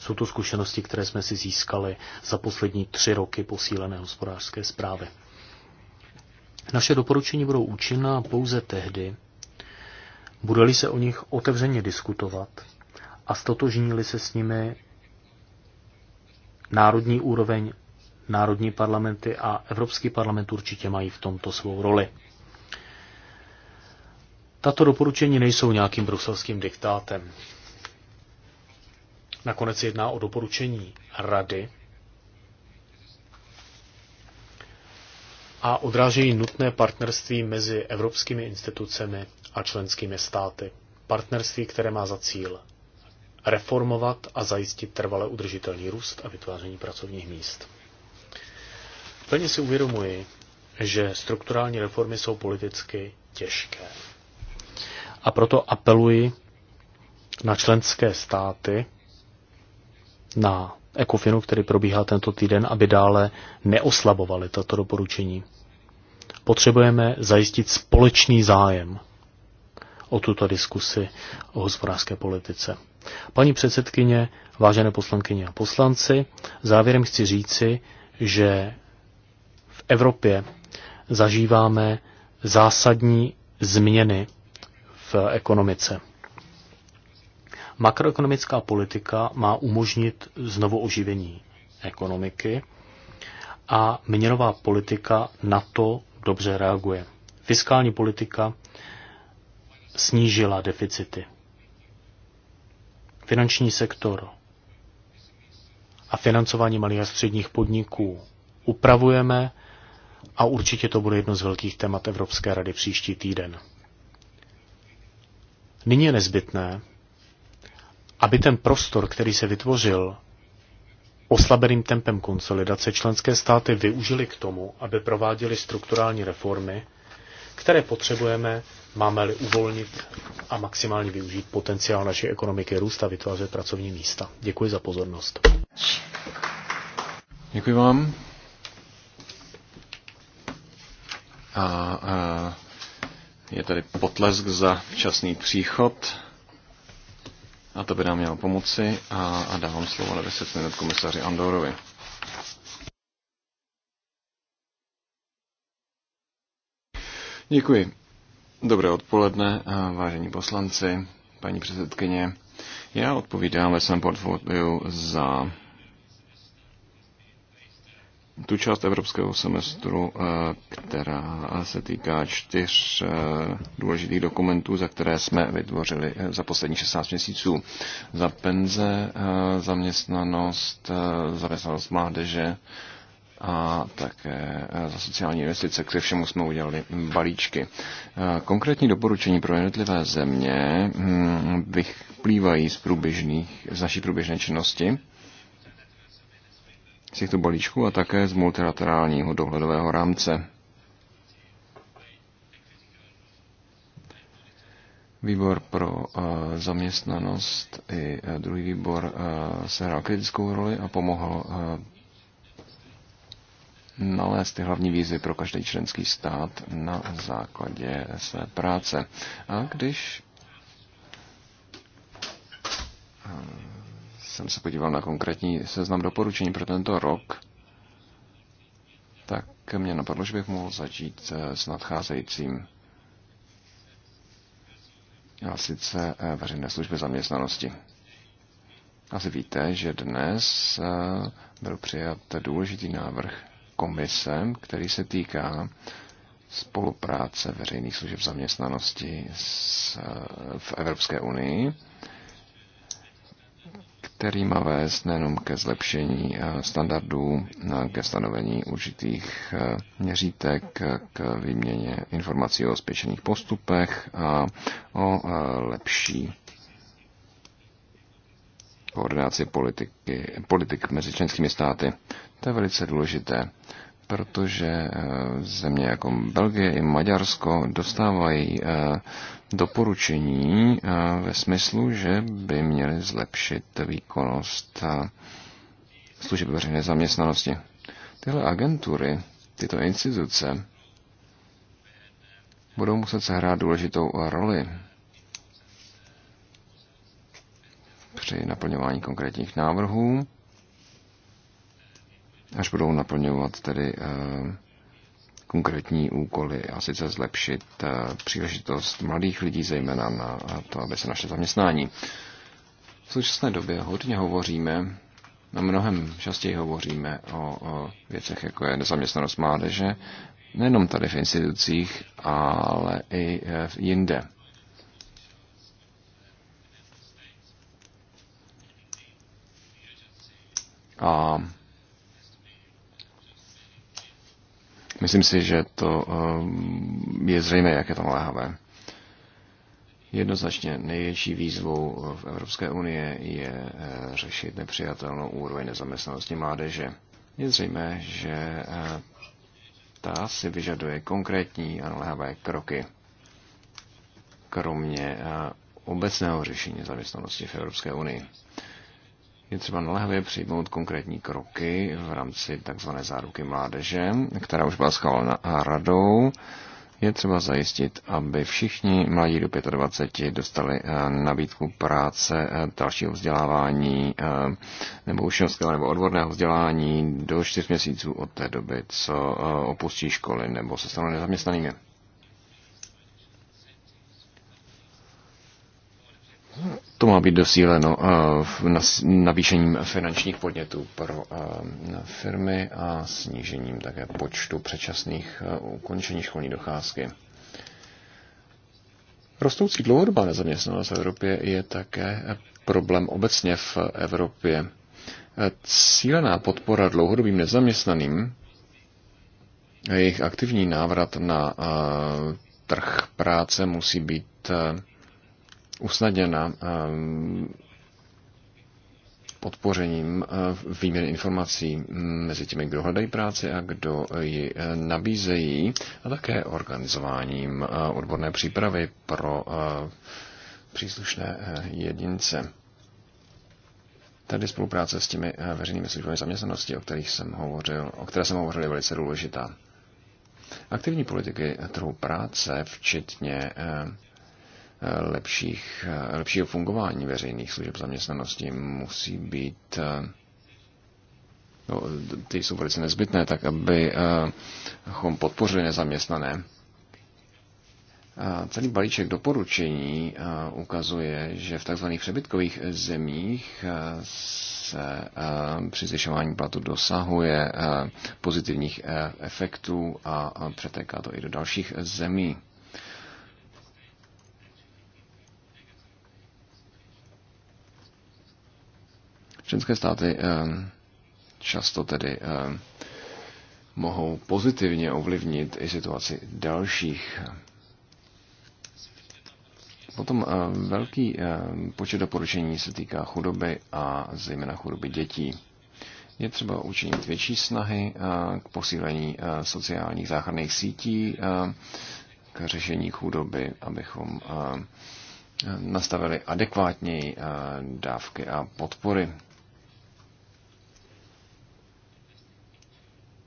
Jsou to zkušenosti, které jsme si získali za poslední tři roky posílené hospodářské zprávy. Naše doporučení budou účinná pouze tehdy, bude-li se o nich otevřeně diskutovat a stotožnili se s nimi národní úroveň, národní parlamenty a Evropský parlament určitě mají v tomto svou roli. Tato doporučení nejsou nějakým bruselským diktátem. Nakonec se jedná o doporučení rady a odrážejí nutné partnerství mezi evropskými institucemi a členskými státy. Partnerství, které má za cíl reformovat a zajistit trvale udržitelný růst a vytváření pracovních míst. Plně si uvědomuji, že strukturální reformy jsou politicky těžké. A proto apeluji na členské státy, na ECOFINu, který probíhá tento týden, aby dále neoslabovali tato doporučení. Potřebujeme zajistit společný zájem o tuto diskusi o hospodářské politice. Paní předsedkyně, vážené poslankyně a poslanci, závěrem chci říci, že v Evropě zažíváme zásadní změny v ekonomice. Makroekonomická politika má umožnit znovu oživení ekonomiky a měnová politika na to dobře reaguje. Fiskální politika snížila deficity. Finanční sektor a financování malých a středních podniků upravujeme a určitě to bude jedno z velkých témat Evropské rady příští týden. Nyní je nezbytné, aby ten prostor, který se vytvořil oslabeným tempem konsolidace, členské státy využili k tomu, aby prováděly strukturální reformy, které potřebujeme, máme-li uvolnit a maximálně využít potenciál naší ekonomiky růst a vytvářet pracovní místa. Děkuji za pozornost. Děkuji vám. A, a je tady potlesk za včasný příchod. A to by nám mělo pomoci a, a dávám slovo na 10 minut komisaři Andorovi. Děkuji. Dobré odpoledne, vážení poslanci, paní předsedkyně. Já odpovídám ve svém portfoliu za tu část evropského semestru, eh, která se týká čtyř eh, důležitých dokumentů, za které jsme vytvořili eh, za poslední 16 měsíců. Za penze, zaměstnanost, zaměstnanost mládeže a také za sociální investice. K všemu jsme udělali balíčky. Konkrétní doporučení pro jednotlivé země hm, vyplývají z, průběžných, z naší průběžné činnosti z těchto balíčků a také z multilaterálního dohledového rámce. Výbor pro eh, zaměstnanost i eh, druhý výbor eh, hrál kritickou roli a pomohl nalézt ty hlavní výzvy pro každý členský stát na základě své práce. A když jsem se podíval na konkrétní seznam doporučení pro tento rok, tak mě napadlo, že bych mohl začít s nadcházejícím. A sice eh, veřejné služby zaměstnanosti. Asi víte, že dnes eh, byl přijat důležitý návrh komise, který se týká spolupráce veřejných služeb zaměstnanosti eh, v Evropské unii který má vést nejenom ke zlepšení eh, standardů, eh, ke stanovení určitých eh, měřítek, k výměně informací o spěšených postupech a o lepší koordinaci politiky, politik mezi členskými státy. To je velice důležité, protože země jako Belgie i Maďarsko dostávají doporučení eh, ve smyslu, že by měli zlepšit výkonnost eh, služeb veřejné zaměstnanosti. Tyhle agentury, tyto instituce budou muset sehrát důležitou roli při naplňování konkrétních návrhů, až budou naplňovat tedy eh, konkrétní úkoly a sice zlepšit eh, příležitost mladých lidí, zejména na to, aby se naše zaměstnání. V současné době hodně hovoříme, na mnohem častěji hovoříme o, o věcech, jako je nezaměstnanost mládeže, nejenom tady v institucích, ale i eh, jinde. A Myslím si, že to eh, je zřejmé, jak je to naléhavé. Jednoznačně největší výzvou v Evropské unie je eh, řešit nepřijatelnou úroveň nezaměstnanosti mládeže. Je zřejmé, že eh, ta si vyžaduje konkrétní a naléhavé kroky. Kromě obecného řešení zaměstnanosti v Evropské unii je třeba naléhavě přijmout konkrétní kroky v rámci tzv. záruky mládeže, která už byla schválena radou. Je třeba zajistit, aby všichni mladí do 25 dostali eh, nabídku práce, eh, dalšího vzdělávání eh, nebo učňovského nebo odborného vzdělání do 4 měsíců od té doby, co opustí školy nebo se stanou nezaměstnanými. To má být dosíleno eh, navýšením finančních podnětů pro eh, firmy a snížením také počtu předčasných eh, ukončení školní docházky. Rostoucí dlouhodobá nezaměstnanost v Evropě je také problém obecně v Evropě. Cílená podpora dlouhodobým nezaměstnaným a jejich aktivní návrat na trh práce musí být usnadněna ehm, podpořením eh, výměny informací mezi těmi, kdo hledají práci a kdo ji eh, nabízejí a také organizováním eh, odborné přípravy pro příslušné jedince. Tady spolupráce s těmi veřejnými službami zaměstnanosti, o, kterých jsem hovořil, o které jsem hovořil, je velice důležitá. Aktivní politiky trhu práce, včetně eh, lepších, lepšího fungování veřejných služeb zaměstnanosti musí být eh, no, ty jsou velice nezbytné, tak abychom eh, podpořili nezaměstnané. Eh, celý balíček doporučení ukazuje, že v tzv. přebytkových zemích se při zvyšování platu dosahuje pozitivních efektů a přetéká to i do dalších zemí. Členské státy ehm, často tedy ehm, mohou pozitivně ovlivnit i situaci dalších. Potom ehm, velký počet doporučení se týká chudoby a zejména chudoby dětí. Je třeba učinit větší snahy k posílení sociálních záchranných sítí, k řešení chudoby, abychom nastavili adekvátněji dávky a podpory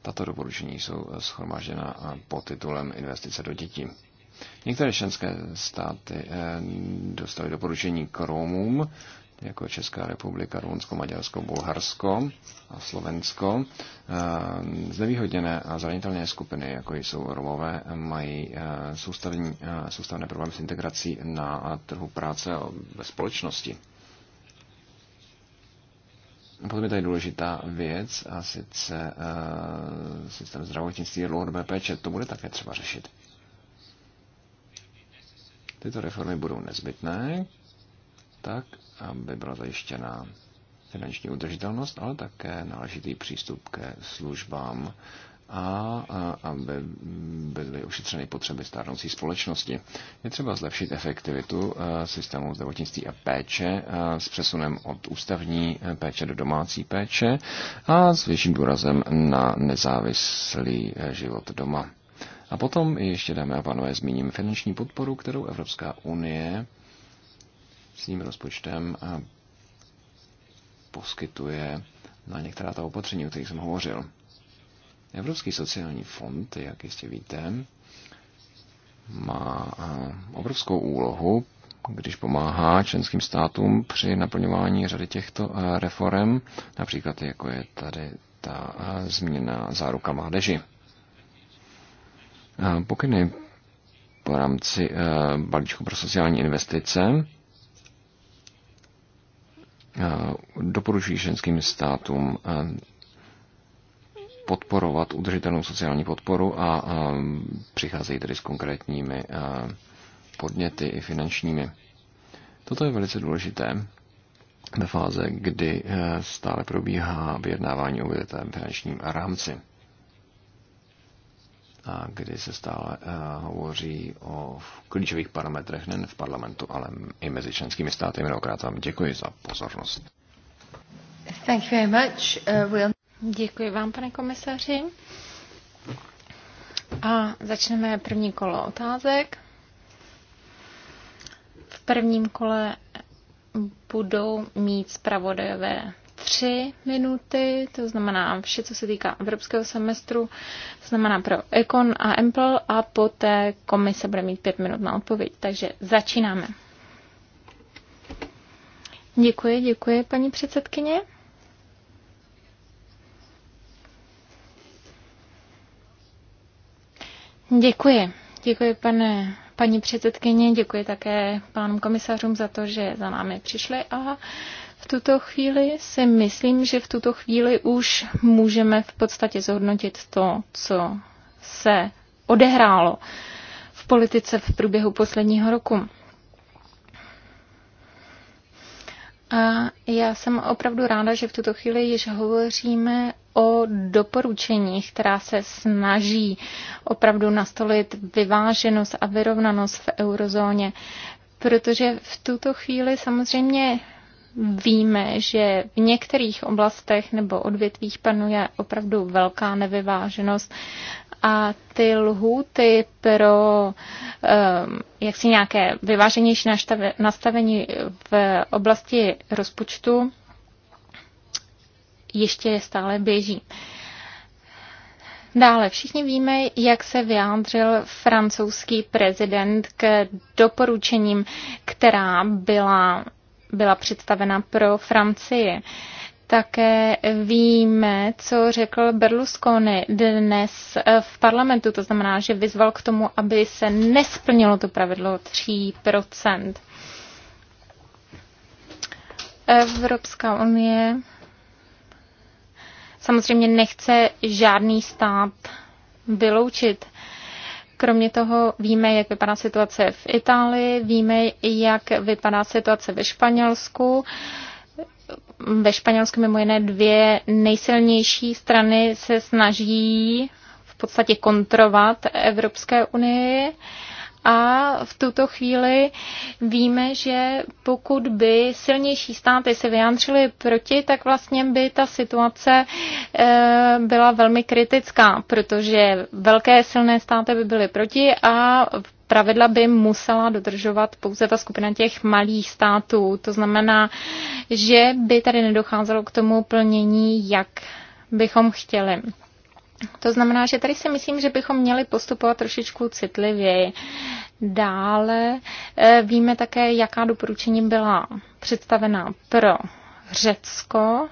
Tato doporučení jsou schromážděna pod titulem Investice do dětí. Některé členské státy eh, dostaly doporučení k Romům, jako Česká republika, Rumunsko, Maďarsko, Bulharsko a Slovensko. Eh, znevýhodněné a zranitelné skupiny, jako jsou Romové, mají eh, soustavní, soustavné problémy s integrací na trhu práce a ve společnosti. A Potom je tady důležitá věc a sice uh, systém zdravotnictví a dlouhodobé péče. To bude také třeba řešit. Tyto reformy budou nezbytné, tak, aby byla zajištěna finanční udržitelnost, ale také náležitý přístup ke službám a aby byly ošetřeny potřeby stárnoucí společnosti. Je třeba zlepšit efektivitu eh, systému zdravotnictví a péče eh, s přesunem od ústavní eh, péče do domácí péče a s větším důrazem na nezávislý život doma. A potom ještě, dáme a pánové, zmíním finanční podporu, kterou Evropská unie s ním rozpočtem poskytuje na některá ta opatření, o kterých jsem hovořil. Evropský sociální fond, jak jistě víte, má eh, obrovskou úlohu, když pomáhá členským státům při naplňování řady těchto eh, reform, například jako je tady ta eh, změna záruka mládeži. Pokyny po rámci balíčku pro sociální investice doporučují členským státům podporovat udržitelnou sociální podporu a, a přicházejí tedy s konkrétními podněty i finančními. Toto je velice důležité ve fáze, kdy e, stále probíhá vyjednávání o vědětém finančním rámci a kdy se stále e, hovoří o klíčových parametrech nejen v parlamentu, ale i mezi členskými státy. Mnohokrát vám děkuji za pozornost. Thank you very much. Uh, we'll... Děkuji vám, pane komisaři. A začneme první kolo otázek. V prvním kole budou mít zpravodajové tři minuty, to znamená vše, co se týká evropského semestru, to znamená pro Econ a Empl a poté komise bude mít pět minut na odpověď. Takže začínáme. Děkuji, děkuji, paní předsedkyně. Děkuji. Děkuji, pane, paní předsedkyně, děkuji také pánům komisařům za to, že za námi přišli a v tuto chvíli si myslím, že v tuto chvíli už můžeme v podstatě zhodnotit to, co se odehrálo v politice v průběhu posledního roku. A já jsem opravdu ráda, že v tuto chvíli již hovoříme o doporučeních, která se snaží opravdu nastolit vyváženost a vyrovnanost v eurozóně. Protože v tuto chvíli samozřejmě víme, že v některých oblastech nebo odvětvích panuje opravdu velká nevyváženost a ty lhůty pro um, jaksi nějaké vyváženější nastavení v oblasti rozpočtu ještě stále běží. Dále všichni víme, jak se vyjádřil francouzský prezident k doporučením, která byla, byla představena pro Francii. Uh, také víme, co řekl Berlusconi dnes v parlamentu. To znamená, že vyzval k tomu, aby se nesplnilo to pravidlo 3%. Evropská unie samozřejmě nechce žádný stát vyloučit. Kromě toho víme, jak vypadá situace v Itálii, víme, jak vypadá situace ve Španělsku ve Španělsku mimo jiné dvě nejsilnější strany se snaží v podstatě kontrovat Evropské unii. A v tuto chvíli víme, že pokud by silnější státy se vyjádřily proti, tak vlastně by ta situace eh, byla velmi kritická, protože velké silné státy by byly proti a pravidla by musela dodržovat pouze ta skupina těch malých států. To znamená, že by tady nedocházelo k tomu plnění, jak bychom chtěli. To znamená, že tady si myslím, že bychom měli postupovat trošičku citlivěji. Dále eh, víme také, jaká doporučení byla představena pro Řecko.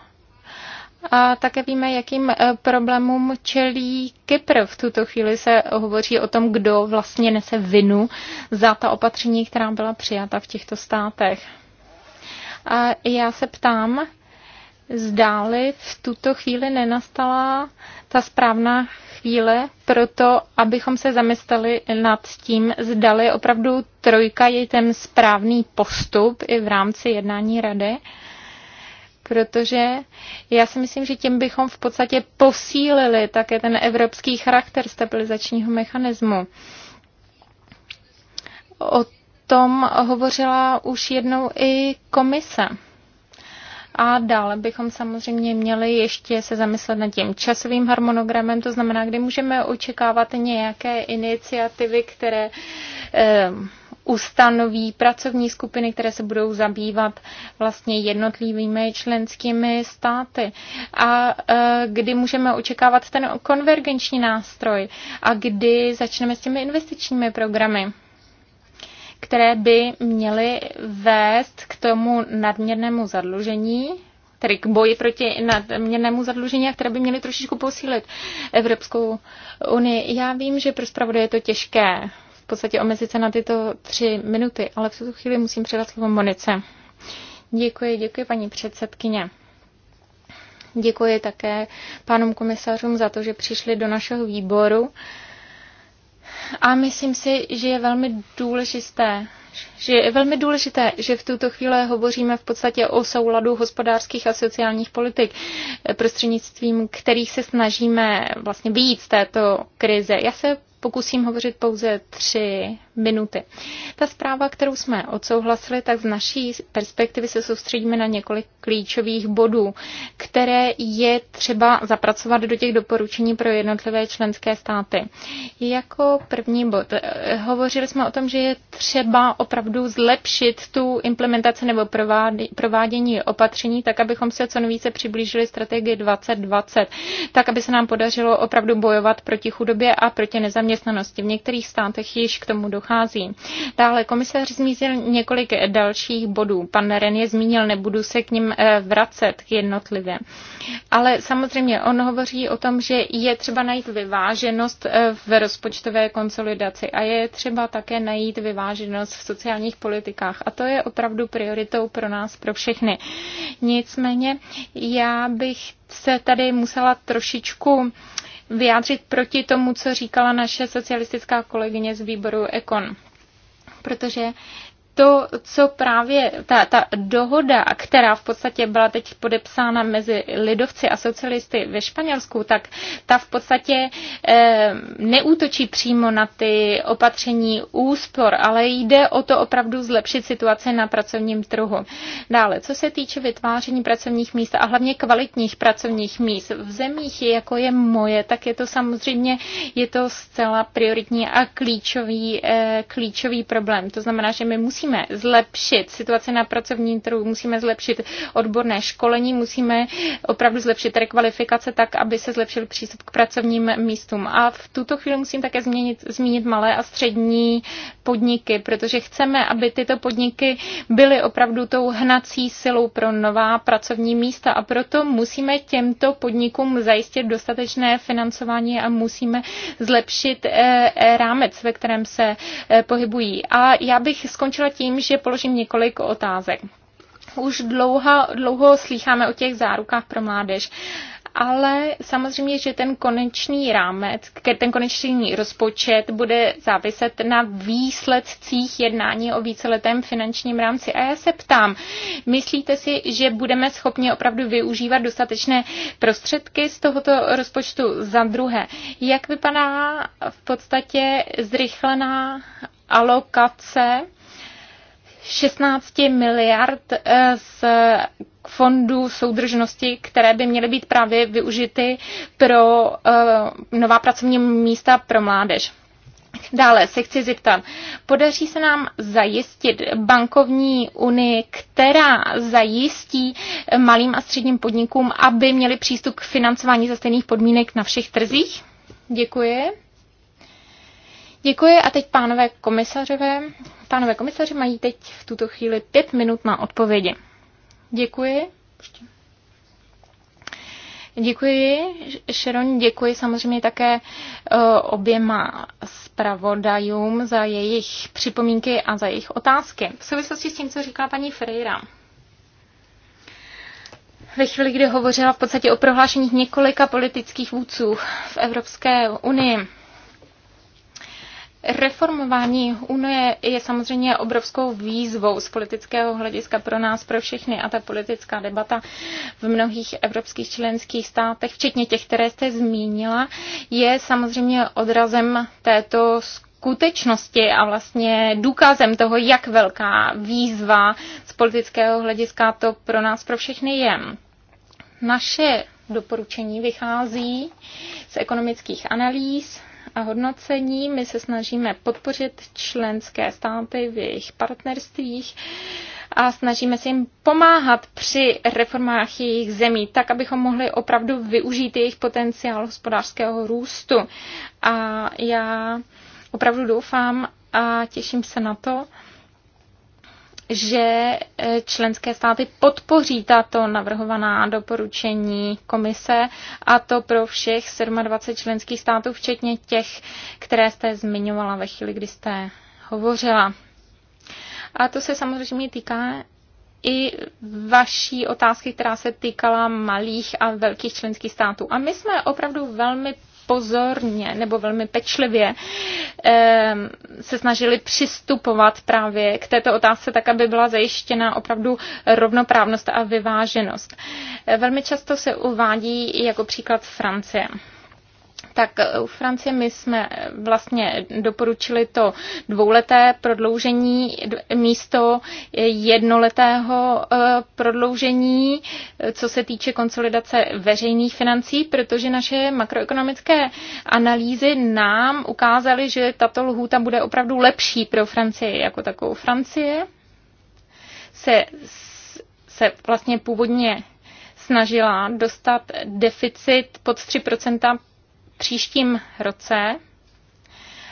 A také víme, jakým eh, problémům čelí Kypr. V tuto chvíli se hovoří o tom, kdo vlastně nese vinu za ta opatření, která byla přijata v těchto státech. A já se ptám, zdáli v tuto chvíli nenastala ta správná chvíle pro to, abychom se zamysleli nad tím, zdali opravdu trojka je ten správný postup i v rámci jednání rady protože já si myslím, že tím bychom v podstatě posílili také ten evropský charakter stabilizačního mechanismu. O tom hovořila už jednou i komise. A dále bychom samozřejmě měli ještě se zamyslet nad tím časovým harmonogramem, to znamená, kdy můžeme očekávat nějaké iniciativy, které eh, ustanoví pracovní skupiny, které se budou zabývat vlastně jednotlivými členskými státy. A eh, kdy můžeme očekávat ten konvergenční nástroj a kdy začneme s těmi investičními programy které by měly vést k tomu nadměrnému zadlužení, tedy k boji proti nadměrnému zadlužení a které by měly trošičku posílit Evropskou unii. Já vím, že pro zpravodaje je to těžké v podstatě omezit se na tyto tři minuty, ale v tuto chvíli musím předat slovo Monice. Děkuji, děkuji paní předsedkyně. Děkuji také pánům komisařům za to, že přišli do našeho výboru a myslím si, že je velmi důležité, že je velmi důležité, že v tuto chvíli hovoříme v podstatě o souladu hospodářských a sociálních politik, prostřednictvím kterých se snažíme vlastně vyjít z této krize. Já se pokusím hovořit pouze tři minuty. Ta zpráva, kterou jsme odsouhlasili, tak z naší perspektivy se soustředíme na několik klíčových bodů, které je třeba zapracovat do těch doporučení pro jednotlivé členské státy. Jako první bod, eh, hovořili jsme o tom, že je třeba opravdu zlepšit tu implementaci nebo provádění opatření, tak abychom se co nejvíce přiblížili strategii 2020, tak aby se nám podařilo opravdu bojovat proti chudobě a proti nezaměstnanosti. V některých státech již k tomu dochází dochází. Dále komisař zmínil několik dalších bodů. Pan Ren je zmínil, nebudu se k ním eh, vracet k jednotlivě. Ale samozřejmě on hovoří o tom, že je třeba najít vyváženost eh, v rozpočtové konsolidaci a je třeba také najít vyváženost v sociálních politikách. A to je opravdu prioritou pro nás, pro všechny. Nicméně já bych se tady musela trošičku vyjádřit proti tomu, co říkala naše socialistická kolegyně z výboru Ekon protože to, co právě ta, ta dohoda, která v podstatě byla teď podepsána mezi lidovci a socialisty ve Španělsku, tak ta v podstatě e, neútočí přímo na ty opatření úspor, ale jde o to opravdu zlepšit situaci na pracovním trhu. Dále, co se týče vytváření pracovních míst a hlavně kvalitních pracovních míst v zemích, jako je moje, tak je to samozřejmě je to zcela prioritní a klíčový, e, klíčový problém. To znamená, že my musíme musíme zlepšit situaci na pracovním trhu, musíme zlepšit odborné školení, musíme opravdu zlepšit rekvalifikace tak, aby se zlepšil přístup k pracovním místům. A v tuto chvíli musím také změnit, zmínit malé a střední podniky, protože chceme, aby tyto podniky byly opravdu tou hnací silou pro nová pracovní místa a proto musíme těmto podnikům zajistit dostatečné financování a musíme zlepšit eh, eh, rámec, ve kterém se eh, pohybují. A já bych skončila tím, že položím několik otázek. Už dlouho, dlouho slycháme o těch zárukách pro mládež ale samozřejmě, že ten konečný rámec, ten konečný rozpočet bude záviset na výsledcích jednání o víceletém finančním rámci. A já se ptám, myslíte si, že budeme schopni opravdu využívat dostatečné prostředky z tohoto rozpočtu za druhé? Jak vypadá v podstatě zrychlená alokace 16 miliard eh, z fondů soudržnosti, které by měly být právě využity pro eh, nová pracovní místa pro mládež. Dále se chci zeptat, podaří se nám zajistit bankovní unii, která zajistí malým a středním podnikům, aby měli přístup k financování za stejných podmínek na všech trzích? Děkuji. Děkuji a teď pánové komisařové. Pánové komisaři mají teď v tuto chvíli pět minut na odpovědi. Děkuji. Děkuji, Sharon, děkuji samozřejmě také eh, oběma zpravodajům za jejich připomínky a za jejich otázky. V souvislosti s tím, co říkala paní Freira, ve chvíli, kdy hovořila v podstatě o prohlášeních několika politických vůdců v Evropské unii, Reformování Unie je samozřejmě obrovskou výzvou z politického hlediska pro nás, pro všechny a ta politická debata v mnohých evropských členských státech, včetně těch, které jste zmínila, je samozřejmě odrazem této skutečnosti a vlastně důkazem toho, jak velká výzva z politického hlediska to pro nás, pro všechny je. Naše doporučení vychází z ekonomických analýz, a hodnocení. My se snažíme podpořit členské státy v jejich partnerstvích a snažíme se jim pomáhat při reformách jejich zemí, tak abychom mohli opravdu využít jejich potenciál hospodářského růstu. A já opravdu doufám a těším se na to, že e, členské státy podpoří tato navrhovaná doporučení komise a to pro všech 27 členských států, včetně těch, které jste zmiňovala ve chvíli, kdy jste hovořila. A to se samozřejmě týká i vaší otázky, která se týkala malých a velkých členských států. A my jsme opravdu velmi pozorně nebo velmi pečlivě ehm, se snažili přistupovat právě k této otázce tak, aby byla zajištěna opravdu rovnoprávnost a vyváženost. Velmi často se uvádí jako příklad Francie tak eh, u Francie my jsme eh, vlastně doporučili to dvouleté prodloužení místo eh, jednoletého prodloužení, co se týče konsolidace veřejných financí, protože naše makroekonomické analýzy nám ukázaly, že tato lhůta bude opravdu lepší pro Francii jako takovou. Francie se, se vlastně původně snažila dostat deficit pod 3 příštím roce.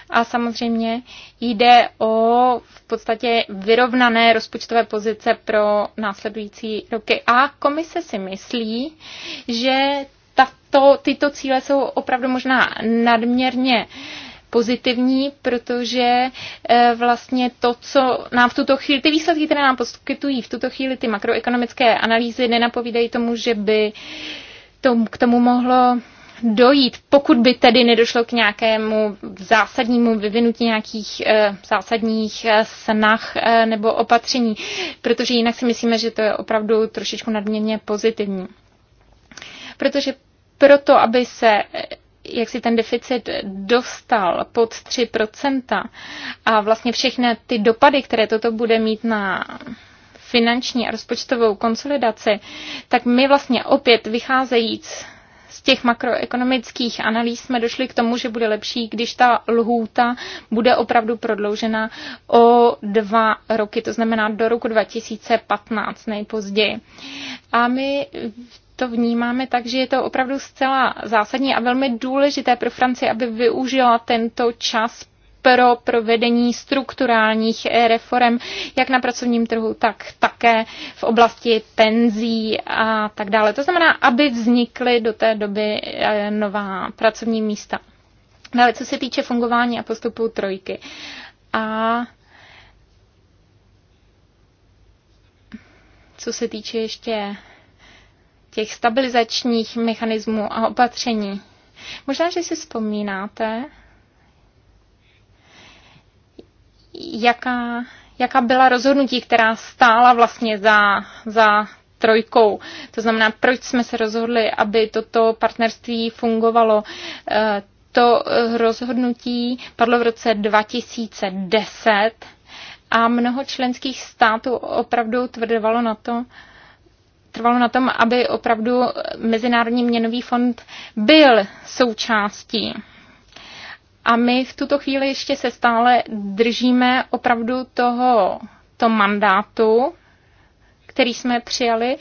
A samozřejmě jde o v podstatě vyrovnané rozpočtové pozice pro následující roky. A komise si myslí, že tato, tyto cíle jsou opravdu možná nadměrně pozitivní, protože eh, vlastně to, co nám v tuto chvíli, ty výsledky, které nám poskytují v tuto chvíli ty makroekonomické analýzy, nenapovídají tomu, že by tom, k tomu mohlo dojít, pokud by tedy nedošlo k nějakému zásadnímu vyvinutí nějakých e, zásadních eh, snah e, nebo opatření, protože jinak si myslíme, že to je opravdu trošičku nadměrně pozitivní. Protože proto, aby se jak si ten deficit dostal pod 3% a vlastně všechny ty dopady, které toto bude mít na finanční a rozpočtovou konsolidaci, tak my vlastně opět vycházejíc z těch makroekonomických analýz jsme došli k tomu, že bude lepší, když ta lhůta bude opravdu prodloužena o dva roky, to znamená do roku 2015 nejpozději. A my to vnímáme tak, že je to opravdu zcela zásadní a velmi důležité pro Francii, aby využila tento čas pro provedení strukturálních reform, jak na pracovním trhu, tak také v oblasti penzí a tak dále. To znamená, aby vznikly do té doby eh, nová pracovní místa. Ale co se týče fungování a postupu trojky. A co se týče ještě těch stabilizačních mechanismů a opatření. Možná, že si vzpomínáte, jaká, jaká byla rozhodnutí, která stála vlastně za, za trojkou. To znamená, proč jsme se rozhodli, aby toto partnerství fungovalo. Eh, to rozhodnutí padlo v roce 2010 a mnoho členských států opravdu tvrdovalo na to, trvalo na tom, aby opravdu Mezinárodní měnový fond byl součástí a my v tuto chvíli ještě se stále držíme opravdu toho, to mandátu, který jsme přijali,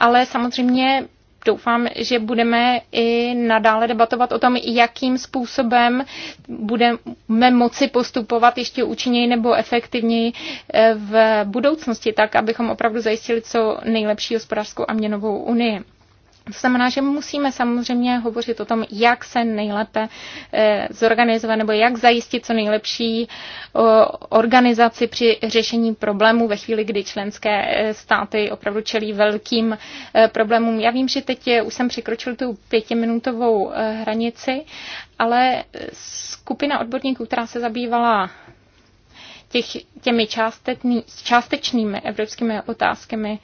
ale samozřejmě doufám, že budeme i nadále debatovat o tom, jakým způsobem budeme moci postupovat ještě účinněji nebo efektivněji eh, v budoucnosti, tak abychom opravdu zajistili co nejlepší hospodářskou a měnovou unii. To znamená, že musíme samozřejmě hovořit o tom, jak se nejlépe eh, zorganizovat nebo jak zajistit co nejlepší organizaci při řešení problémů ve chvíli, kdy členské eh, státy opravdu čelí velkým eh, problémům. Já vím, že teď už jsem překročil tu pětiminutovou hranici, ale skupina odborníků, která se zabývala těch, těmi částečnými evropskými otázkami,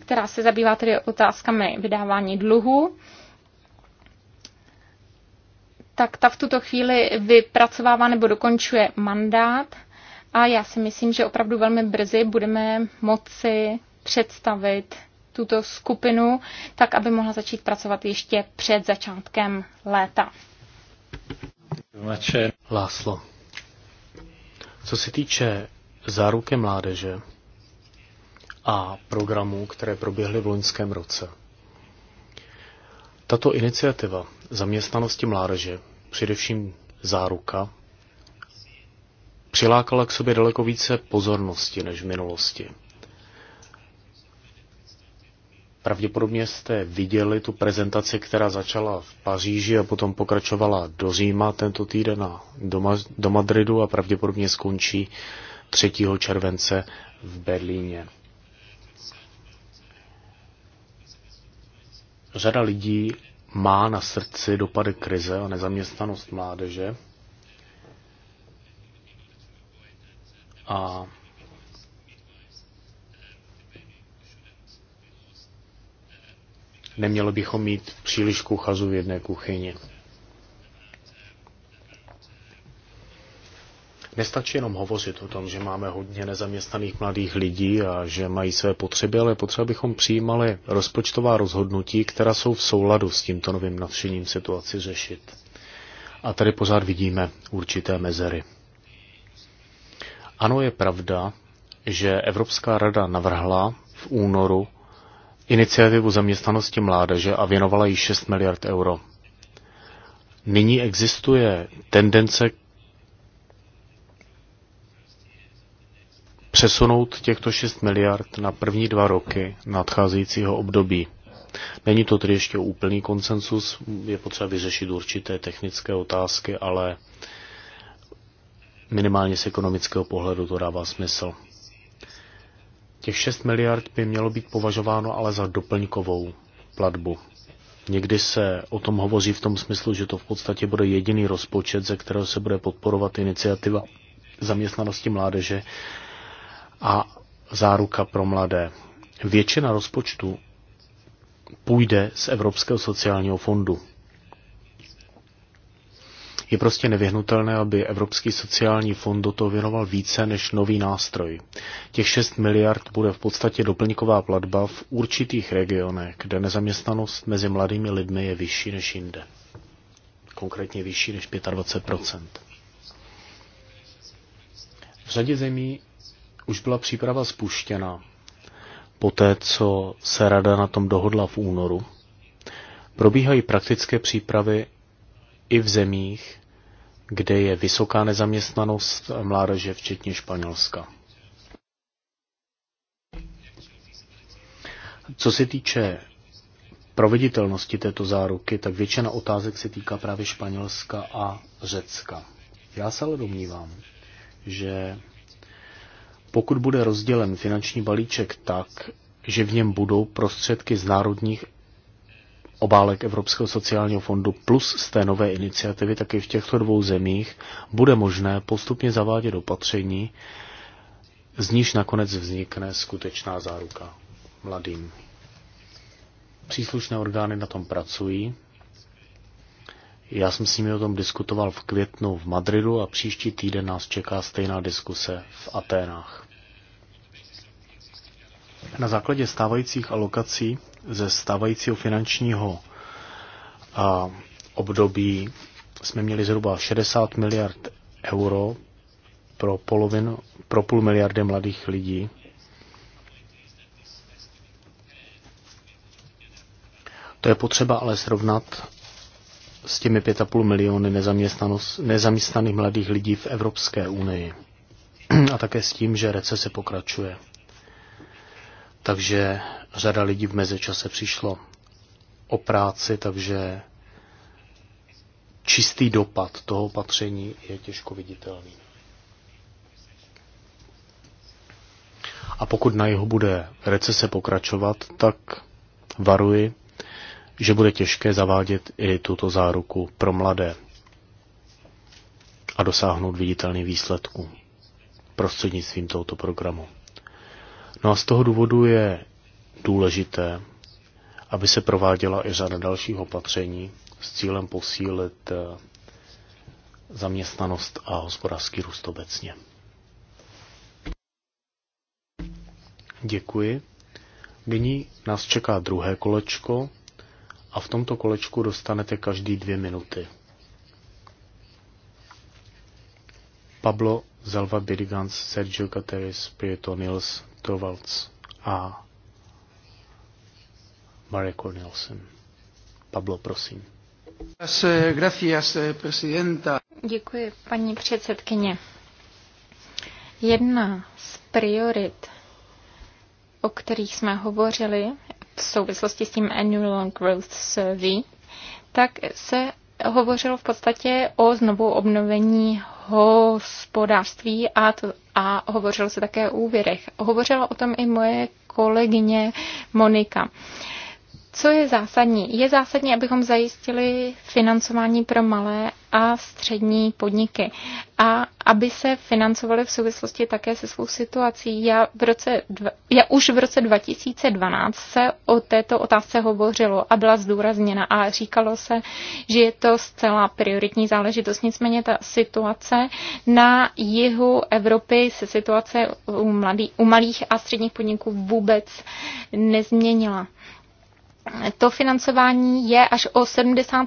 která se zabývá tedy otázkami vydávání dluhu, tak ta v tuto chvíli vypracovává nebo dokončuje mandát a já si myslím, že opravdu velmi brzy budeme moci představit tuto skupinu, tak aby mohla začít pracovat ještě před začátkem léta. Láslo. Co se týče záruky mládeže, a programů, které proběhly v loňském roce. Tato iniciativa zaměstnanosti mládeže, především záruka, přilákala k sobě daleko více pozornosti než v minulosti. Pravděpodobně jste viděli tu prezentaci, která začala v Paříži a potom pokračovala do Říma tento týden a do, Ma- do Madridu a pravděpodobně skončí 3. července v Berlíně. řada lidí má na srdci dopady krize a nezaměstnanost mládeže. A nemělo bychom mít příliš kuchazu v jedné kuchyni. Nestačí jenom hovořit o tom, že máme hodně nezaměstnaných mladých lidí a že mají své potřeby, ale potřeba bychom přijímali rozpočtová rozhodnutí, která jsou v souladu s tímto novým nadšením situaci řešit. A tady pořád vidíme určité mezery. Ano, je pravda, že Evropská rada navrhla v únoru iniciativu zaměstnanosti mládeže a věnovala jí 6 miliard euro. Nyní existuje tendence přesunout těchto 6 miliard na první dva roky nadcházejícího období. Není to tedy ještě úplný konsensus, je potřeba vyřešit určité technické otázky, ale minimálně z ekonomického pohledu to dává smysl. Těch 6 miliard by mělo být považováno ale za doplňkovou platbu. Někdy se o tom hovoří v tom smyslu, že to v podstatě bude jediný rozpočet, ze kterého se bude podporovat iniciativa zaměstnanosti mládeže a záruka pro mladé. Většina rozpočtu půjde z Evropského sociálního fondu. Je prostě nevyhnutelné, aby Evropský sociální fond do toho věnoval více než nový nástroj. Těch 6 miliard bude v podstatě doplňková platba v určitých regionech, kde nezaměstnanost mezi mladými lidmi je vyšší než jinde. Konkrétně vyšší než 25 V řadě zemí už byla příprava spuštěna poté, co se rada na tom dohodla v únoru. Probíhají praktické přípravy i v zemích, kde je vysoká nezaměstnanost mládeže, včetně Španělska. Co se týče proveditelnosti této záruky, tak většina otázek se týká právě Španělska a Řecka. Já se ale domnívám, že pokud bude rozdělen finanční balíček tak, že v něm budou prostředky z národních obálek Evropského sociálního fondu plus z té nové iniciativy, tak i v těchto dvou zemích bude možné postupně zavádět opatření, z níž nakonec vznikne skutečná záruka mladým. Příslušné orgány na tom pracují. Já jsem s nimi o tom diskutoval v květnu v Madridu a příští týden nás čeká stejná diskuse v Aténách. Na základě stávajících alokací ze stávajícího finančního a, období jsme měli zhruba 60 miliard euro pro, polovinu, pro půl miliardy mladých lidí. To je potřeba ale srovnat s těmi 5,5 miliony nezaměstnaných mladých lidí v Evropské unii *clears throat* a také s tím, že recese pokračuje takže řada lidí v mezičase přišlo o práci, takže čistý dopad toho opatření je těžko viditelný. A pokud na jeho bude recese pokračovat, tak varuji, že bude těžké zavádět i tuto záruku pro mladé a dosáhnout viditelný výsledků prostřednictvím tohoto programu. No a z toho důvodu je důležité, aby se prováděla i řada dalších opatření s cílem posílit eh, zaměstnanost a hospodářský růst obecně. Děkuji. Nyní nás čeká druhé kolečko a v tomto kolečku dostanete každý dvě minuty. Pablo Zalva Birigans, Sergio Cateris, Prieto Nils, Tovalc a Marek Cornelsen. Pablo, prosím. Děkuji, paní předsedkyně. Jedna z priorit, o kterých jsme hovořili v souvislosti s tím Annual Growth Survey, tak se hovořil v podstatě o znovu obnovení hospodářství a, to, a hovořil se také o úvěrech. Hovořila o tom i moje kolegyně Monika. Uh, co je zásadní? Je zásadní, abychom zajistili financování pro malé a střední podniky a aby se financovaly v souvislosti také se svou situací. Já, v roce, já už v roce 2012 se o této otázce hovořilo a byla zdůrazněna a říkalo se, že je to zcela prioritní záležitost. Nicméně ta situace na jihu Evropy se situace u, mladý, u malých a středních podniků vůbec nezměnila to financování je až o 70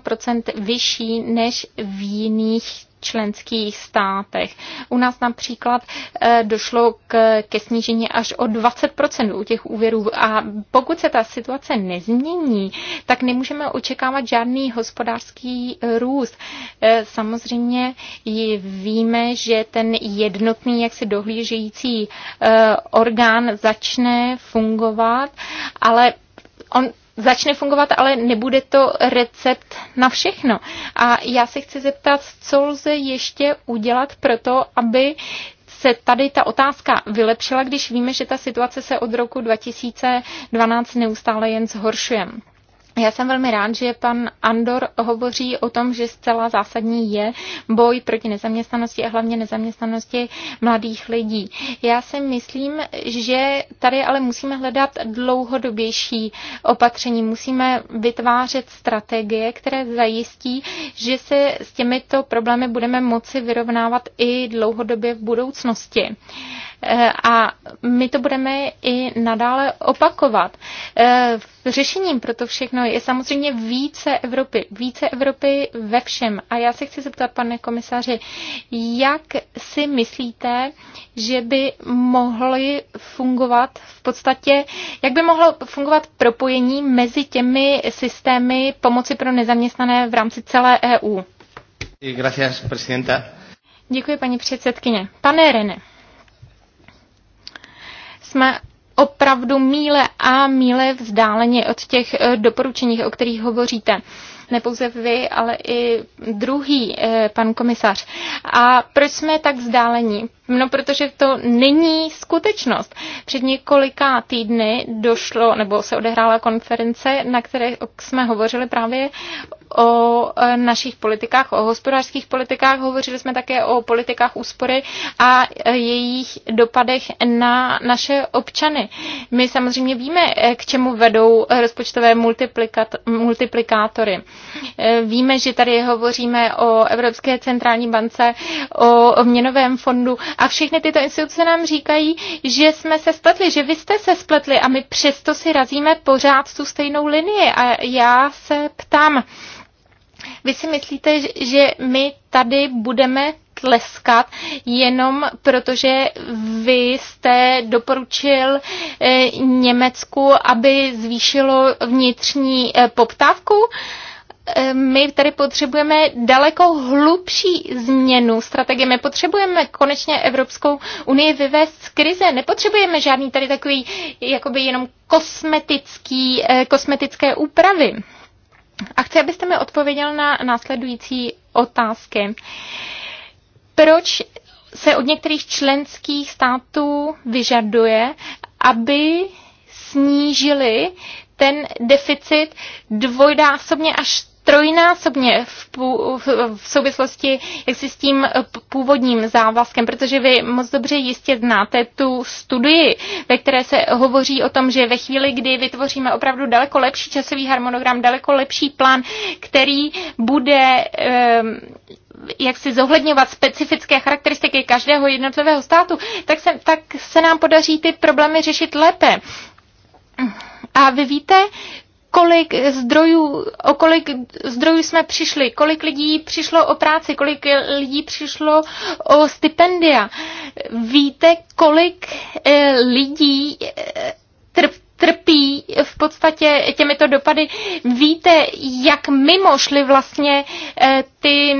vyšší než v jiných členských státech. U nás například eh, došlo k, ke snížení až o 20% u těch úvěrů a pokud se ta situace nezmění, tak nemůžeme očekávat žádný hospodářský eh, růst. Eh, samozřejmě víme, že ten jednotný, jaksi dohlížející orgán začne fungovat, ale on začne fungovat, ale nebude to recept na všechno. A já se chci zeptat, co lze ještě udělat pro to, aby se tady ta otázka vylepšila, když víme, že ta situace se od roku 2012 neustále jen zhoršuje. Já jsem velmi rád, že pan Andor hovoří o tom, že zcela zásadní je boj proti nezaměstnanosti a hlavně nezaměstnanosti mladých lidí. Já si myslím, že tady ale musíme hledat dlouhodobější opatření. Musíme vytvářet strategie, které zajistí, že se s těmito problémy budeme moci vyrovnávat i dlouhodobě v budoucnosti a my to budeme i nadále opakovat. E, řešením pro to všechno je samozřejmě více Evropy, více Evropy ve všem. A já se chci zeptat, pane komisaři, jak si myslíte, že by mohly fungovat v podstatě, jak by mohlo fungovat propojení mezi těmi systémy pomoci pro nezaměstnané v rámci celé EU? Děkuji, paní předsedkyně. Pane Rene jsme opravdu míle a míle vzdáleně od těch eh, doporučení, o kterých hovoříte. Ne pouze vy, ale i druhý eh, pan komisař. A proč jsme tak vzdálení? No, protože to není skutečnost. Před několika týdny došlo, nebo se odehrála konference, na které jsme hovořili právě o e, našich politikách, o hospodářských politikách, hovořili jsme také o politikách úspory a e, jejich dopadech na naše občany. My samozřejmě víme, e, k čemu vedou rozpočtové multiplikátory. Víme, že tady hovoříme o Evropské centrální bance, o měnovém fondu a všechny tyto instituce nám říkají, že jsme se spletli, že vy jste se spletli a my přesto si razíme pořád tu stejnou linii. A já se ptám, vy si myslíte, že my tady budeme tleskat, jenom protože vy jste doporučil eh, Německu, aby zvýšilo vnitřní eh, poptávku? Eh, my tady potřebujeme daleko hlubší změnu strategie. My potřebujeme konečně Evropskou unii vyvést z krize. Nepotřebujeme žádný tady takový jakoby jenom kosmetický, kosmetické úpravy. A chci, abyste mi odpověděl na následující otázky. Proč se od některých členských států vyžaduje, aby snížili ten deficit dvojnásobně až trojnásobně v, v souvislosti jak si s tím původním závazkem, protože vy moc dobře jistě znáte tu studii, ve které se hovoří o tom, že ve chvíli, kdy vytvoříme opravdu daleko lepší časový harmonogram, daleko lepší plán, který bude um, ehm, jak si zohledňovat specifické charakteristiky každého jednotlivého státu, tak se, tak se nám podaří ty problémy řešit lépe. A vy víte, kolik zdrojů, o kolik zdrojů jsme přišli, kolik lidí přišlo o práci, kolik lidí přišlo o stipendia. Víte, kolik eh, lidí eh, trpí v podstatě těmito dopady. Víte, jak mimo šly vlastně eh, ty,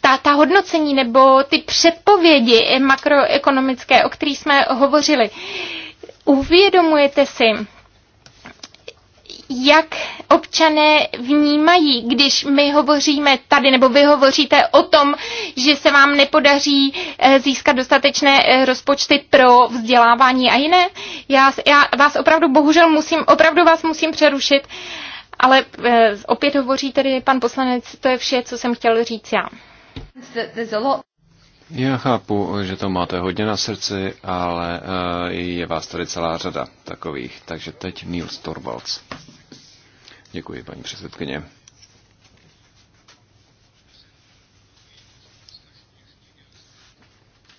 ta, ta hodnocení nebo ty předpovědi makroekonomické, o kterých jsme hovořili. Uvědomujete si, jak občané vnímají, když my hovoříme tady, nebo vy hovoříte o tom, že se vám nepodaří eh, získat dostatečné eh, rozpočty pro vzdělávání a jiné. Já, já vás opravdu, bohužel musím, opravdu vás musím přerušit, ale eh, opět hovoří tedy pan poslanec, to je vše, co jsem chtěl říct já. Já chápu, že to máte hodně na srdci, ale je vás tady celá řada takových. Takže teď Niels Torvalds. Děkuji, paní předsedkyně.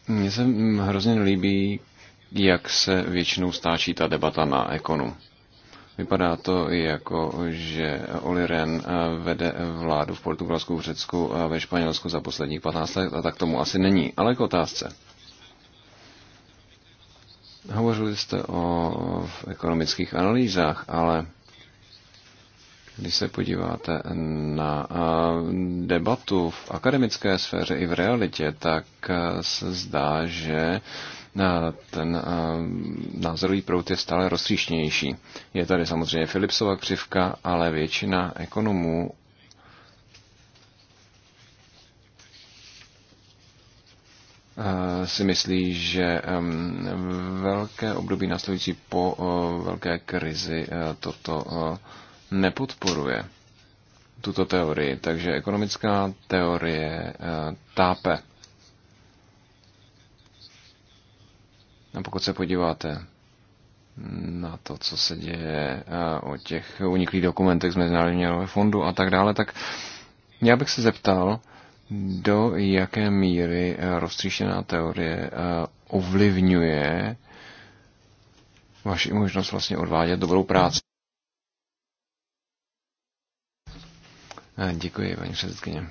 Mně se hrozně líbí, jak se většinou stáčí ta debata na ekonu. Vypadá to jako, že Oli Ren eh, vede vládu v Portugalsku, v Řecku a ve Španělsku za posledních 15 let a tak tomu asi není. Ale k otázce. Hovořili jste o ekonomických analýzách, ale když se podíváte na debatu v akademické sféře i v realitě, tak se zdá, že ten názorový prout je stále rozstříšnější. Je tady samozřejmě Philipsova křivka, ale většina ekonomů si myslí, že velké období následující po velké krizi e, toto nepodporuje tuto teorii, takže ekonomická teorie eh, tápe. A pokud se podíváte na to, co se děje eh, o těch uniklých dokumentech z Mezinárodního fondu a tak dále, tak já bych se zeptal, do jaké míry eh, roztříštěná teorie ovlivňuje vaši možnost vlastně odvádět dobrou práci. Eh, děkuji, paní předsedkyně.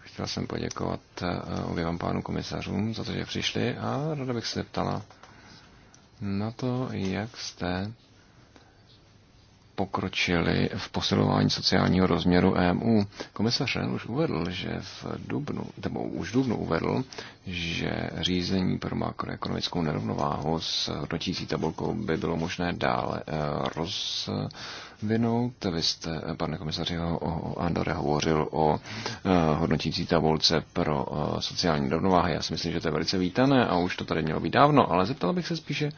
Chtěl jsem poděkovat eh, oběma pánům komisařům za to, že přišli a ráda bych se ptala na to, jak jste pokročili v posilování sociálního rozměru EMU. Komisař Ren už uvedl, že v dubnu, nebo už dubnu uvedl, že řízení pro makroekonomickou nerovnováhu s hodnotící tabulkou by bylo možné dále eh, rozvinout. Vy jste, eh, pane komisaři Andore, hovořil o eh, hodnotící tabulce pro sociální rovnováhy. Já si myslím, že to je velice vítané a už to tady mělo být dávno, ale zeptal bych se spíše,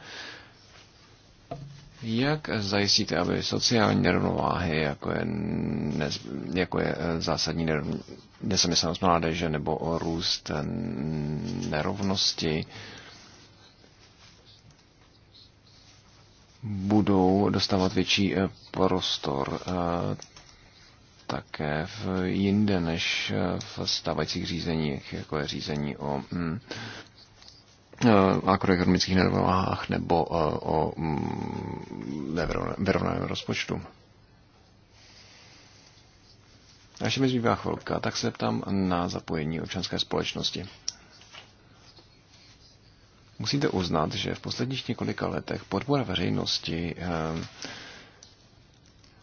jak zajistíte, aby sociální nerovnováhy, jako je, nez, jako je eh, zásadní nezaměstnanost mládeže nebo růst eh, nerovnosti, budou dostávat větší eh, prostor také v jinde než v stávajících řízeních, jako je řízení o mm, makroekonomických eh, nerovnováhách nebo eh, o mm, vyrovnaném rozpočtu. A ještě mi zbývá chvilka, tak se ptám na zapojení občanské společnosti. Musíte uznat, že v posledních několika letech podpora veřejnosti eh,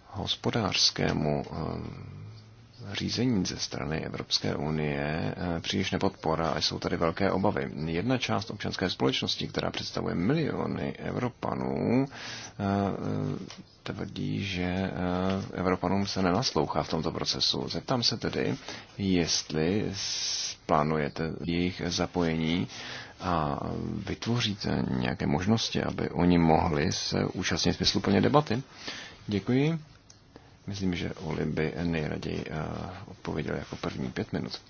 hospodářskému eh, řízení ze strany Evropské unie eh, příliš nepodpora a jsou tady velké obavy. Jedna část občanské společnosti, která představuje miliony Evropanů, eh, eh, tvrdí, že Evropanům se nenaslouchá v tomto procesu. Zeptám se tedy, jestli plánujete jejich zapojení a vytvoříte nějaké možnosti, aby oni mohli se účastnit smysluplně debaty. Děkuji. Myslím, že Oli by nejraději eh, odpověděl jako první pět minut.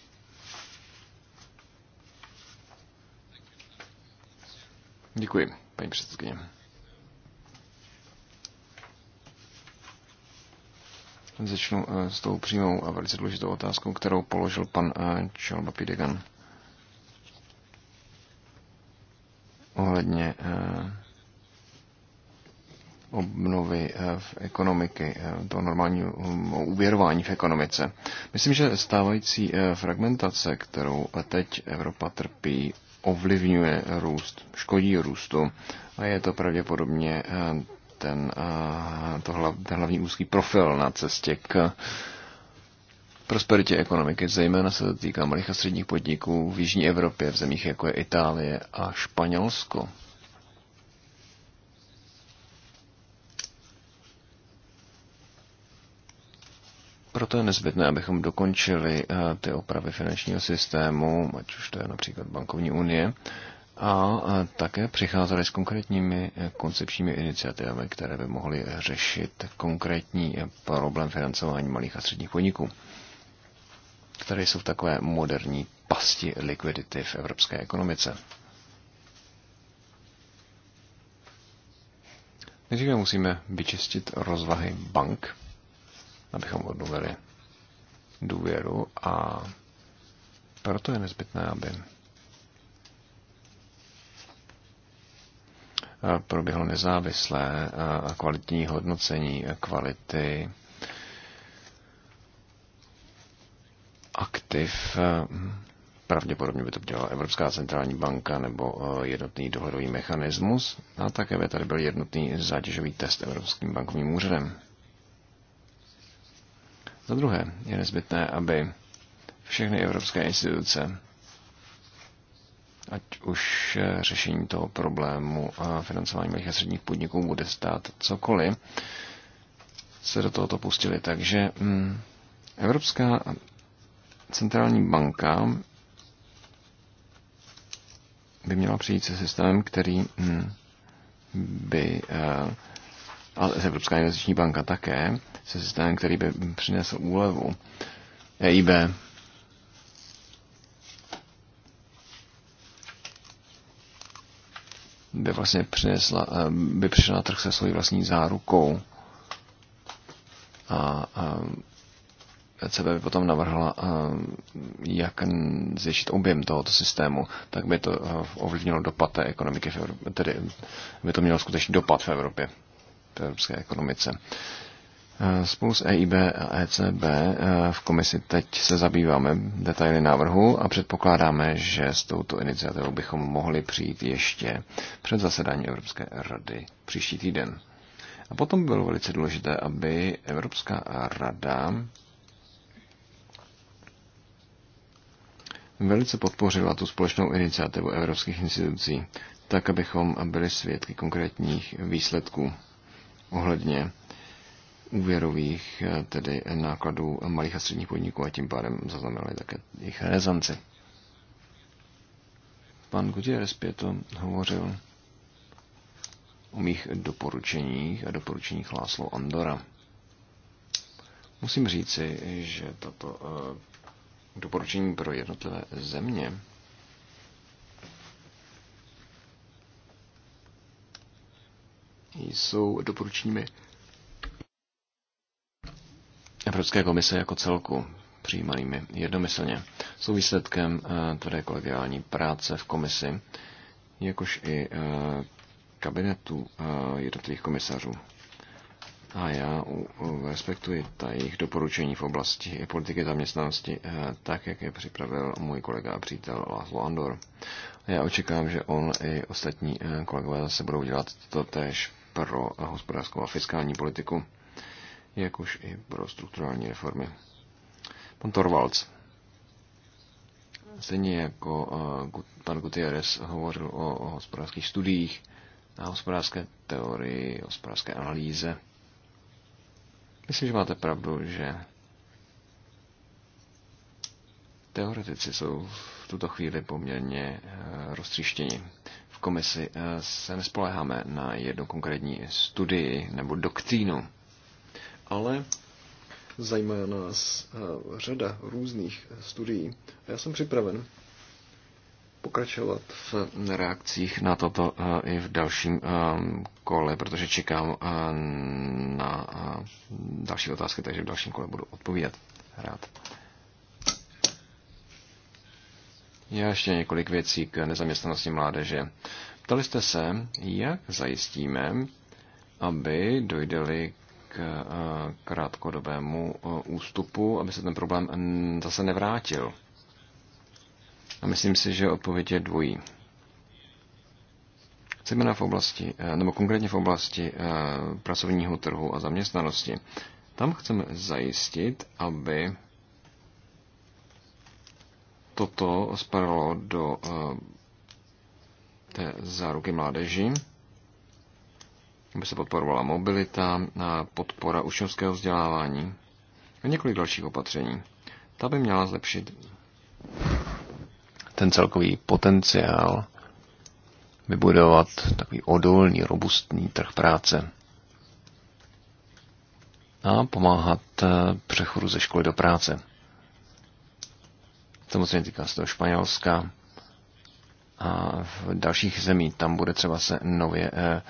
Děkuji, paní předsedkyně. Začnu eh, s tou přímou a velice důležitou otázkou, kterou položil pan eh, Čalba Pidegan. Ohledně obnovy eh, v ekonomiky, eh, to normálního uvěrování mm, v ekonomice. Myslím, že stávající eh, fragmentace, kterou teď Evropa trpí, ovlivňuje růst, škodí růstu a je to pravděpodobně ten, to hlav, ten hlavní úzký profil na cestě k prosperitě ekonomiky, zejména se to týká malých a středních podniků v Jižní Evropě, v zemích jako je Itálie a Španělsko. Proto je nezbytné, abychom dokončili eh, ty opravy finančního systému, ať už to je například bankovní unie, a eh, také přicházeli s konkrétními eh, koncepčními iniciativami, které by mohly řešit konkrétní problém financování malých a středních podniků, které jsou v takové moderní pasti likvidity v evropské ekonomice. Nejdříve musíme vyčistit rozvahy bank, abychom odnovili důvěru a proto je nezbytné, aby proběhlo nezávislé a kvalitní hodnocení kvality aktiv. Pravděpodobně by to dělala Evropská centrální banka nebo eh, jednotný dohodový mechanismus. A také by tady byl jednotný zátěžový test Evropským bankovním úřadem. Za druhé je nezbytné, aby všechny evropské instituce, ať už eh, řešení toho problému a eh, financování malých a středních podniků bude stát cokoliv, se do tohoto pustili. Takže mm, Evropská centrální banka by měla přijít se systémem, který mm, by, eh, ale Evropská investiční banka také, systém, který by přinesl úlevu. EIB by vlastně přinesla, eh, by přišla na trh se svojí vlastní zárukou a, a eh, ECB by potom navrhla, eh, jak zvětšit objem tohoto systému, tak by to ovlivnilo dopad té ekonomiky, v Evropě, tedy by to mělo skutečný dopad v Evropě, v evropské ekonomice. Eh, spolu s EIB a ECB eh, v komisi teď se zabýváme detaily návrhu a předpokládáme, že s touto iniciativou bychom mohli přijít ještě před zasedání Evropské rady příští týden. A potom by bylo velice důležité, aby Evropská rada velice podpořila tu společnou iniciativu evropských institucí, tak abychom byli svědky konkrétních výsledků ohledně úvěrových eh, tedy nákladů malých a středních podniků a tím pádem zaznamenali také jejich rezanci. Pan Gutierrez Pěto hovořil o mých doporučeních a doporučeních Láslo Andora. Musím říci, že tato eh, doporučení pro jednotlivé země jsou doporučeními Evropské komise jako celku přijímanými jednomyslně. Jsou výsledkem eh, tvrdé kolegiální práce v komisi, jakož i eh, kabinetu eh, jednotlivých komisařů. A já respektuji ta jejich doporučení v oblasti politiky zaměstnanosti, tak jak je připravil můj kolega a přítel Laszlo Andor. Já očekávám, že on i ostatní kolegové zase budou dělat to tež pro hospodářskou a fiskální politiku jakož i pro strukturální reformy. Pan Torvalds. Stejně jako eh, pan Gutierrez hovořil o, o hospodářských studiích, a hospodářské teorii, hospodářské analýze. Myslím, že máte pravdu, že teoretici jsou v tuto chvíli poměrně eh, roztříštěni. V komisi eh, se nespoléháme na jednu konkrétní studii nebo doktrínu ale zajímá nás eh, řada různých eh, studií. A já jsem připraven pokračovat v reakcích na toto eh, i v dalším kole, protože čekám na další otázky, takže v dalším kole budu odpovídat rád. Já ještě několik věcí k nezaměstnanosti mládeže. Ptali jste se, jak zajistíme, aby dojdeli k eh, krátkodobému eh, ústupu, aby se ten problém zase nevrátil. A myslím si, že odpověď je dvojí. Zejména v oblasti, eh, nebo konkrétně v oblasti pracovního trhu a zaměstnanosti. Tam chceme zajistit, aby toto spadalo do té záruky mládeži aby se podporovala mobilita, podpora učňovského vzdělávání a několik dalších opatření. Ta by měla zlepšit ten celkový potenciál vybudovat takový odolný, robustní trh práce a pomáhat eh, přechodu ze školy do práce. Samozřejmě týká se toho Španělska a v dalších zemích Tam bude třeba se nově eh,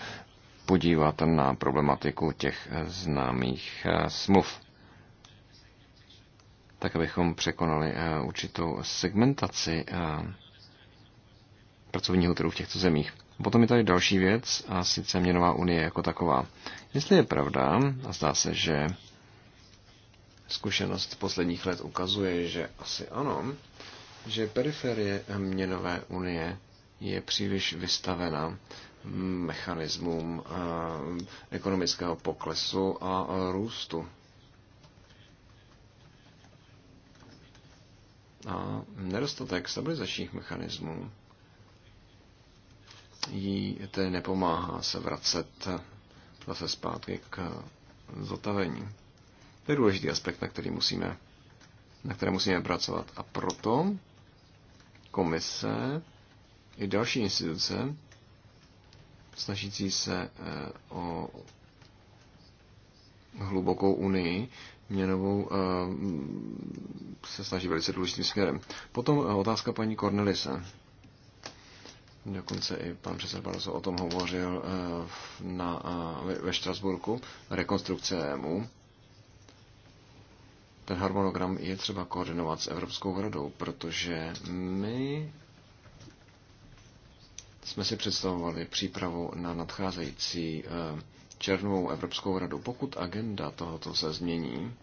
podívat na problematiku těch známých eh, smluv. Tak, abychom překonali eh, určitou segmentaci eh, pracovního trhu v těchto zemích. Potom je tady další věc, a sice měnová unie jako taková. Jestli je pravda, a zdá se, že zkušenost posledních let ukazuje, že asi ano, že periferie měnové unie je příliš vystavena mechanismům eh, ekonomického poklesu a eh, růstu. A nedostatek stabilizačních mechanismů jí tedy nepomáhá se vracet eh, zase zpátky k zotavení. To je důležitý aspekt, na který musíme, na které musíme pracovat. A proto komise i další instituce snažící se eh, o hlubokou unii měnovou eh, se snaží velice důležitým směrem. Potom eh, otázka paní Cornelise. Dokonce i pan předseda Barroso o tom hovořil na, ve Štrasburku, rekonstrukce EMU. Ten harmonogram je třeba koordinovat s Evropskou radou, protože my jsme si představovali přípravu na nadcházející eh, černou Evropskou radu. Pokud agenda tohoto se změní,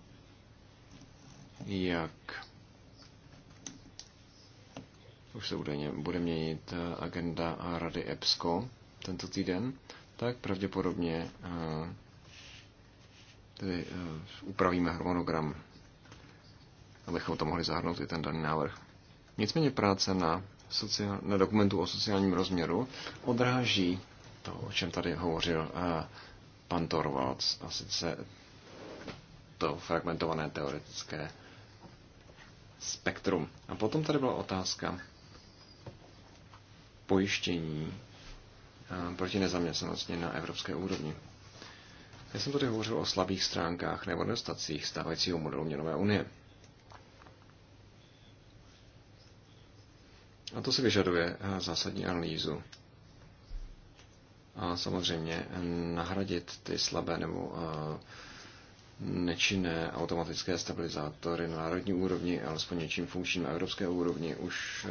jak už se bude, bude měnit eh, agenda Rady EPSCO tento týden, tak pravděpodobně eh, tedy upravíme harmonogram, abychom to mohli zahrnout i ten daný návrh. Nicméně práce na sociál, na dokumentu o sociálním rozměru odráží to, o čem tady hovořil eh, pan Torvalds, a sice to fragmentované teoretické spektrum. A potom tady byla otázka pojištění eh, proti nezaměstnanosti na evropské úrovni. Já jsem tady hovořil o slabých stránkách nebo nedostacích stávajícího modelu měnové unie. A to si vyžaduje eh, zásadní analýzu. A samozřejmě eh, nahradit ty slabé nebo eh, nečinné automatické stabilizátory na národní úrovni, alespoň něčím funkčním na evropské úrovni, už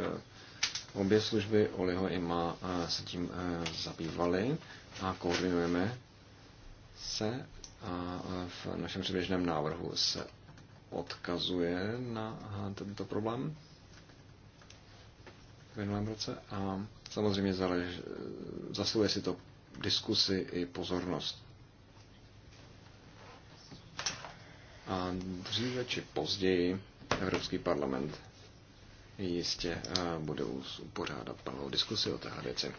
obě služby Oliho i má se tím zabývaly a koordinujeme se a v našem předběžném návrhu se odkazuje na tento problém v minulém roce a samozřejmě zálež, zasluje si to diskusy i pozornost. A dříve či později Evropský parlament jistě eh, bude pořádat plnou diskusi o téhle věci.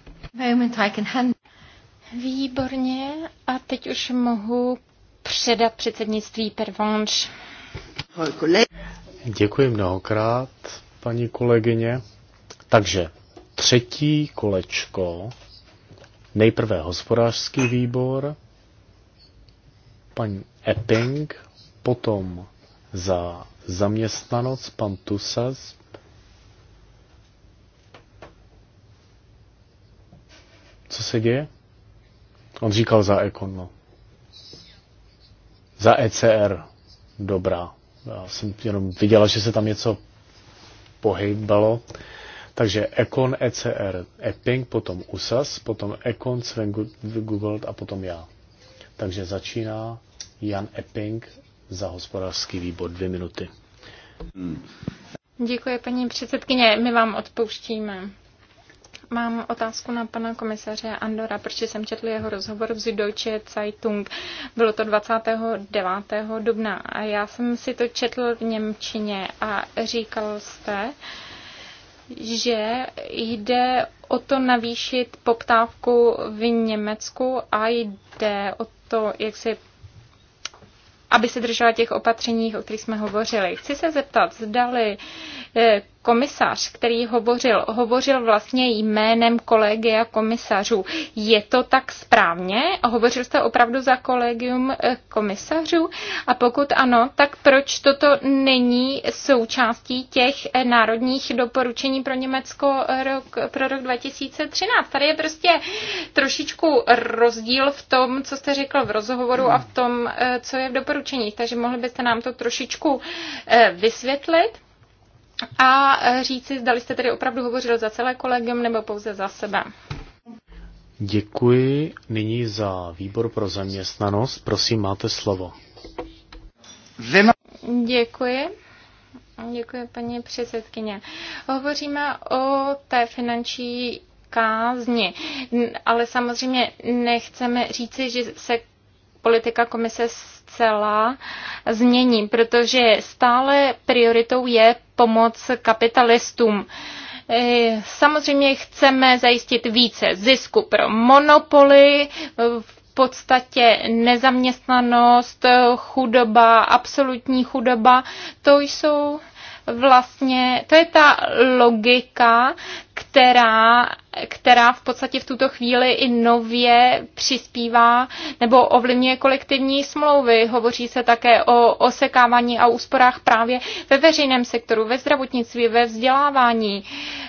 Výborně. A teď už mohu předat předsednictví Pervanš. Děkuji mnohokrát, paní kolegyně. Takže třetí kolečko, nejprve hospodářský výbor, paní Epping, potom za zaměstnanost pan Tusas, Co se děje? On říkal za Ekonno. Za ECR. Dobrá. Já jsem jenom viděla, že se tam něco pohybalo. Takže Econ, ECR, Epping, potom USAS, potom Econ, Sven Google a potom já. Takže začíná Jan Epping za hospodářský výbor dvě minuty. Děkuji, paní předsedkyně. My vám odpouštíme. Mám otázku na pana komisaře Andora, protože jsem četl jeho rozhovor v Süddeutsche Zeitung. Bylo to 29. dubna a já jsem si to četl v Němčině a říkal jste, uh, že jde o to navýšit poptávku v Německu a jde o to, jak si, aby se držela těch opatření, o kterých jsme hovořili. Chci se zeptat, zdali eh, komisař, který hovořil, hovořil vlastně jménem kolegia komisařů. Je to tak správně? Hovořil jste opravdu za kolegium eh, komisařů? A pokud ano, tak proč toto není součástí těch eh, národních doporučení pro Německo eh, rok, pro rok 2013? Tady je prostě trošičku rozdíl v tom, co jste řekl v rozhovoru a v tom, co je v doporučení. Takže mohli byste nám to trošičku vysvětlit? a říci, zdali jste tedy opravdu hovořil za celé kolegium nebo pouze za sebe. Děkuji nyní za výbor pro zaměstnanost. Prosím, máte slovo. Děkuji. Děkuji, paní předsedkyně. Hovoříme o té finanční kázni. Ale samozřejmě nechceme říci, že se politika komise zcela změní, protože stále prioritou je pomoc kapitalistům. Eh, samozřejmě chceme zajistit více zisku pro monopoly, v podstatě nezaměstnanost, chudoba, absolutní chudoba. To jsou vlastně, to je ta logika, která, která v podstatě v tuto chvíli i nově přispívá nebo ovlivňuje kolektivní smlouvy. Hovoří se také o osekávání a úsporách právě ve veřejném sektoru, ve zdravotnictví, ve vzdělávání.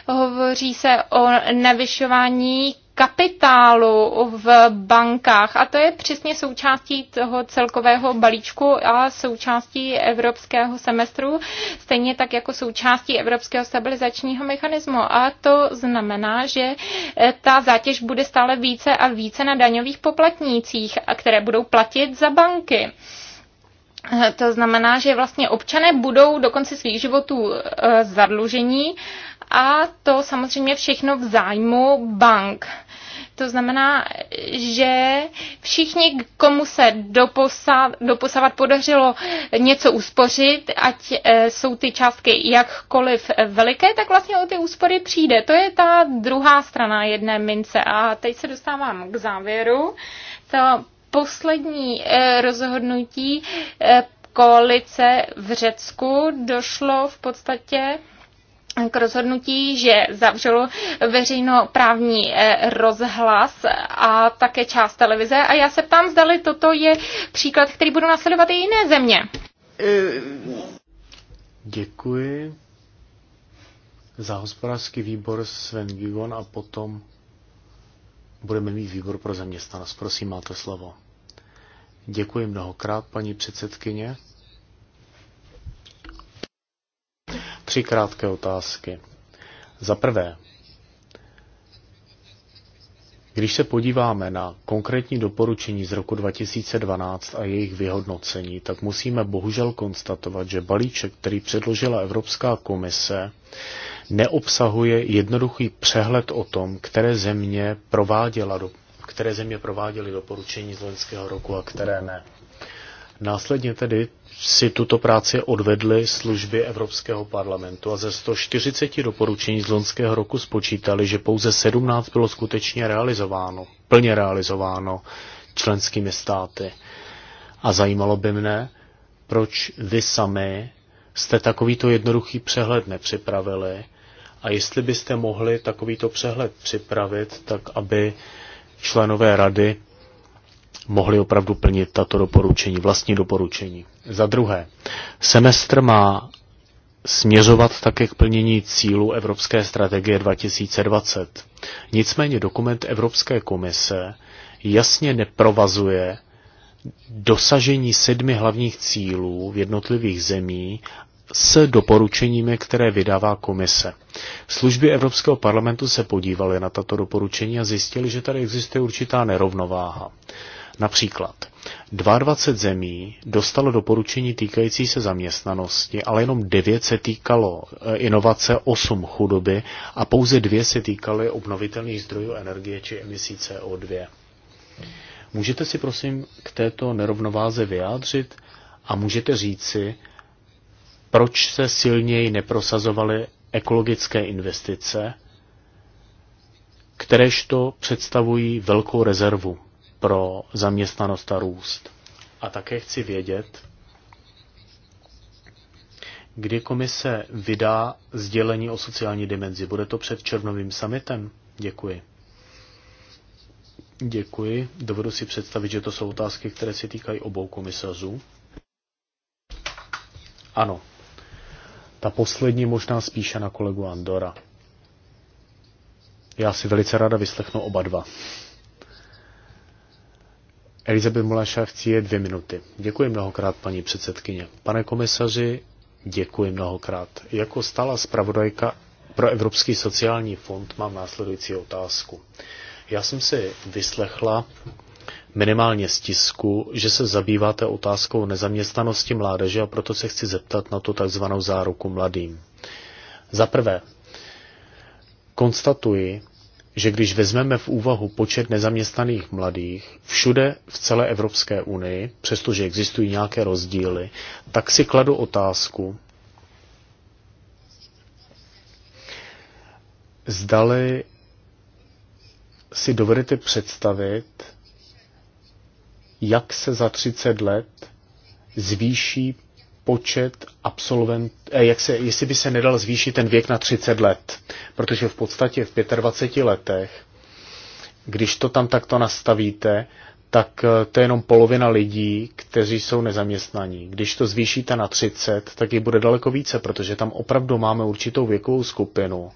Hovoří se o navyšování kapitálu v bankách. A to je přesně součástí toho celkového balíčku a součástí evropského semestru, stejně tak jako součástí evropského stabilizačního mechanismu. A to znamená, že eh, ta zátěž bude stále více a více na daňových poplatnících, které budou platit za banky. Eh, to znamená, že vlastně občané budou do konce svých životů eh, zadlužení a to samozřejmě všechno v zájmu bank. To znamená, že všichni, komu se doposavat, podařilo něco uspořit, ať e, jsou ty částky jakkoliv veliké, tak vlastně o ty úspory přijde. To je ta druhá strana jedné mince. A teď se dostávám k závěru. To poslední e, rozhodnutí e, koalice v Řecku došlo v podstatě k rozhodnutí, že zavřelo veřejnoprávní eh, rozhlas a také část televize. A já se ptám, zdali toto je příklad, který budou následovat i jiné země. Eh, děkuji. Za hospodářský výbor Sven Gigon a potom budeme mít výbor pro zaměstnanost. Prosím, máte slovo. Děkuji mnohokrát, paní předsedkyně. Tři krátké otázky. Za prvé, když se podíváme na konkrétní doporučení z roku 2012 a jejich vyhodnocení, tak musíme bohužel konstatovat, že balíček, který předložila Evropská komise, neobsahuje jednoduchý přehled o tom, které země prováděla do, které země prováděly doporučení z loňského roku a které ne. Následně tedy si tuto práci odvedly služby Evropského parlamentu a ze 140 doporučení z loňského roku spočítali, že pouze 17 bylo skutečně realizováno, plně realizováno členskými státy. A zajímalo by mne, proč vy sami jste takovýto jednoduchý přehled nepřipravili a jestli byste mohli takovýto přehled připravit, tak aby členové rady mohli opravdu plnit tato doporučení, vlastní doporučení. Za druhé, semestr má směřovat také k plnění cílu Evropské strategie 2020. Nicméně dokument Evropské komise jasně neprovazuje dosažení sedmi hlavních cílů v jednotlivých zemí s doporučeními, které vydává komise. Služby Evropského parlamentu se podívaly na tato doporučení a zjistili, že tady existuje určitá nerovnováha. Například 22 zemí dostalo doporučení týkající se zaměstnanosti, ale jenom 9 se týkalo eh, inovace, 8 chudoby a pouze 2 se týkaly obnovitelných zdrojů energie či emisí CO2. Můžete si prosím k této nerovnováze vyjádřit a můžete říci, proč se silněji neprosazovaly ekologické investice, kteréžto představují velkou rezervu pro zaměstnanost a růst. A také chci vědět, kdy komise vydá sdělení o sociální dimenzi. Bude to před červnovým summitem? Děkuji. Děkuji. Dovedu si představit, že to jsou otázky, které se týkají obou komisařů. Ano. Ta poslední možná spíše na kolegu Andora. Já si velice ráda vyslechnu oba dva. Elizabeth Mulašavcí je dvě minuty. Děkuji mnohokrát, paní předsedkyně. Pane komisaři, děkuji mnohokrát. Jako stála zpravodajka pro Evropský sociální fond mám následující otázku. Já jsem si vyslechla minimálně z tisku, že se zabýváte otázkou nezaměstnanosti mládeže a proto se chci zeptat na tu takzvanou záruku mladým. Za prvé, konstatuji, že když vezmeme v úvahu počet nezaměstnaných mladých všude v celé Evropské unii, přestože existují nějaké rozdíly, tak si kladu otázku, zdali si dovedete představit, jak se za 30 let zvýší počet absolvent, eh, jak se, jestli by se nedal zvýšit ten věk na 30 let, protože v podstatě v 25 letech, když to tam takto nastavíte, tak eh, to je jenom polovina lidí, kteří jsou nezaměstnaní. Když to zvýšíte na 30, tak je bude daleko více, protože tam opravdu máme určitou věkovou skupinu,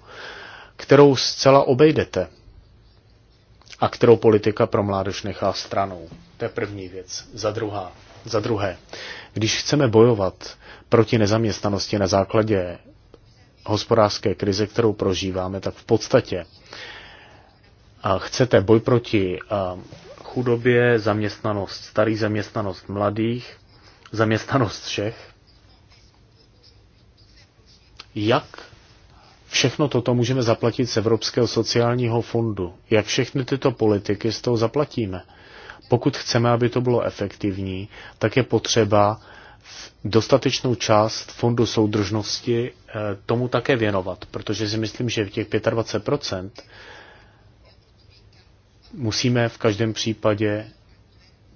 kterou zcela obejdete a kterou politika pro mládež nechá stranou. To je první věc. Za, druhá, za druhé, když chceme bojovat proti nezaměstnanosti na základě hospodářské krize, kterou prožíváme, tak v podstatě chcete boj proti chudobě, zaměstnanost starých, zaměstnanost mladých, zaměstnanost všech. Jak všechno toto můžeme zaplatit z Evropského sociálního fondu? Jak všechny tyto politiky z toho zaplatíme? Pokud chceme, aby to bylo efektivní, tak je potřeba dostatečnou část fondu soudržnosti eh, tomu také věnovat, protože si myslím, že v těch 25% musíme v každém případě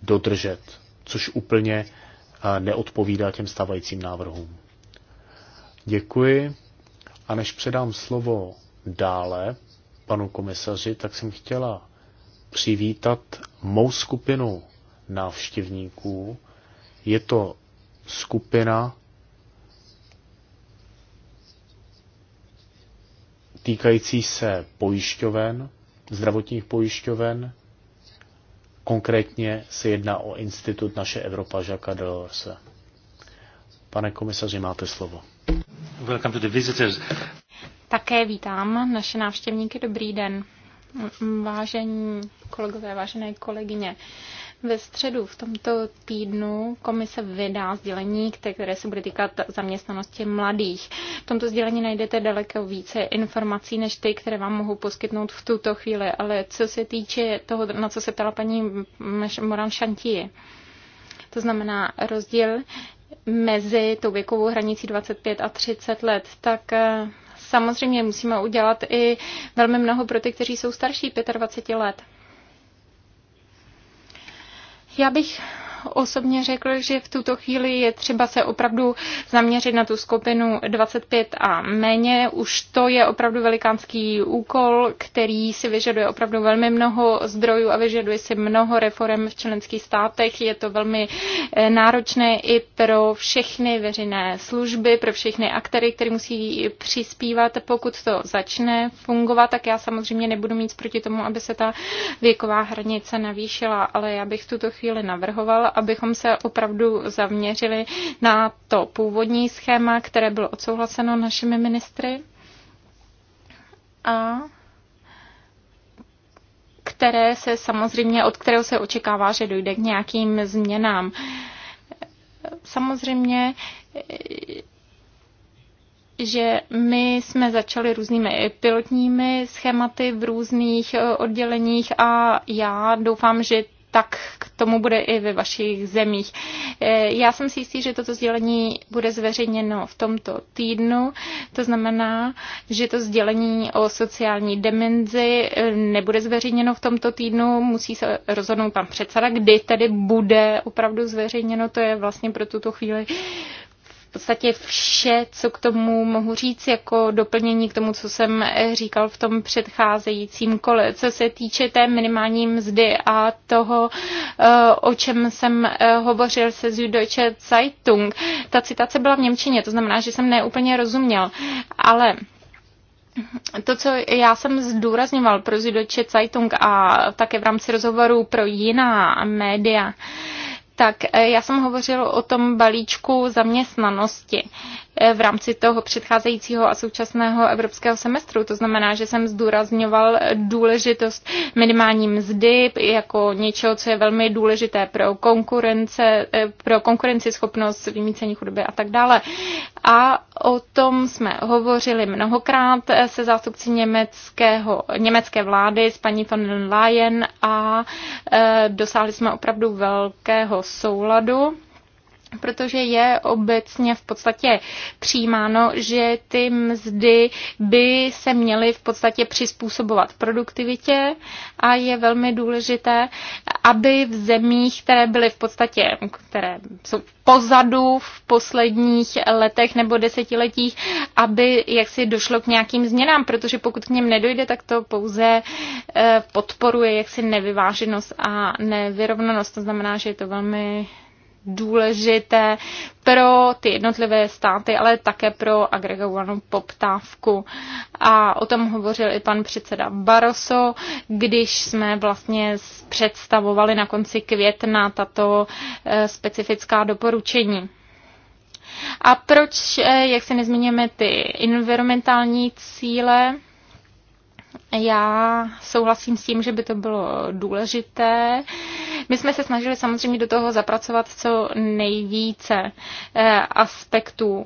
dodržet, což úplně eh, neodpovídá těm stávajícím návrhům. Děkuji. A než předám slovo dále panu komisaři, tak jsem chtěla přivítat mou skupinu návštěvníků. Je to skupina týkající se pojišťoven, zdravotních pojišťoven. Konkrétně se jedná o institut Naše Evropa Žaka Delorse. Pane komisaři, máte slovo. Welcome to the visitors. Také vítám naše návštěvníky. Dobrý den. Vážení kolegové, vážené kolegyně, ve středu v tomto týdnu komise vydá sdělení, které se bude týkat zaměstnanosti mladých. V tomto sdělení najdete daleko více informací než ty, které vám mohu poskytnout v tuto chvíli. Ale co se týče toho, na co se ptala paní Moran Šantí, to znamená rozdíl mezi tou věkovou hranicí 25 a 30 let, tak eh, samozřejmě musíme udělat i velmi mnoho pro ty, kteří jsou starší 25 let. Já bych osobně řekl, že v tuto chvíli je třeba se opravdu zaměřit na tu skupinu 25 a méně. Už to je opravdu velikánský úkol, který si vyžaduje opravdu velmi mnoho zdrojů a vyžaduje si mnoho reform v členských státech. Je to velmi eh, náročné i pro všechny veřejné služby, pro všechny aktéry, které musí přispívat. Pokud to začne fungovat, tak já samozřejmě nebudu mít proti tomu, aby se ta věková hranice navýšila, ale já bych v tuto chvíli navrhoval, abychom se opravdu zaměřili na to původní schéma, které bylo odsouhlaseno našimi ministry a které se samozřejmě, od kterého se očekává, že dojde k nějakým změnám. Samozřejmě že my jsme začali různými pilotními schématy v různých odděleních a já doufám, že tak k tomu bude i ve vašich zemích. Eh, já jsem si jistý, že toto sdělení bude zveřejněno v tomto týdnu. To znamená, že to sdělení o sociální demenzi eh, nebude zveřejněno v tomto týdnu. Musí se rozhodnout pan předseda, kdy tedy bude opravdu zveřejněno. To je vlastně pro tuto chvíli podstatě vše, co k tomu mohu říct jako doplnění k tomu, co jsem říkal v tom předcházejícím kole. Co se týče té minimální mzdy a toho, eh, o čem jsem eh, hovořil se Süddeutsche Zeitung, ta citace byla v Němčině, to znamená, že jsem neúplně rozuměl, ale to, co já jsem zdůrazňoval pro Süddeutsche Zeitung a také v rámci rozhovoru pro jiná média, tak eh, já jsem hovořil o tom balíčku zaměstnanosti. Eh, v rámci toho předcházejícího a současného evropského semestru. To znamená, že jsem zdůrazňoval důležitost minimální mzdy jako něčeho, co je velmi důležité pro konkurence, eh, pro konkurenceschopnost, vymícení chudoby a tak dále. A o tom jsme hovořili mnohokrát eh, se zástupci německého, německé vlády s paní von Leyen a dosáhli jsme opravdu velkého souladu protože je obecně v podstatě přijímáno, že ty mzdy by se měly v podstatě přizpůsobovat produktivitě a je velmi důležité, aby v zemích, které byly v podstatě, které jsou pozadu v posledních letech nebo desetiletích, aby jaksi došlo k nějakým změnám, protože pokud k něm nedojde, tak to pouze eh, podporuje jaksi nevyváženost a nevyrovnanost. To znamená, že je to velmi důležité pro ty jednotlivé státy, ale také pro agregovanou poptávku. A o tom hovořil i pan předseda Barroso, když jsme vlastně představovali na konci května tato eh, specifická doporučení. A proč, eh, jak se nezmíníme ty environmentální cíle? Já souhlasím s tím, že by to bylo důležité. My jsme se snažili samozřejmě do toho zapracovat co nejvíce eh, aspektů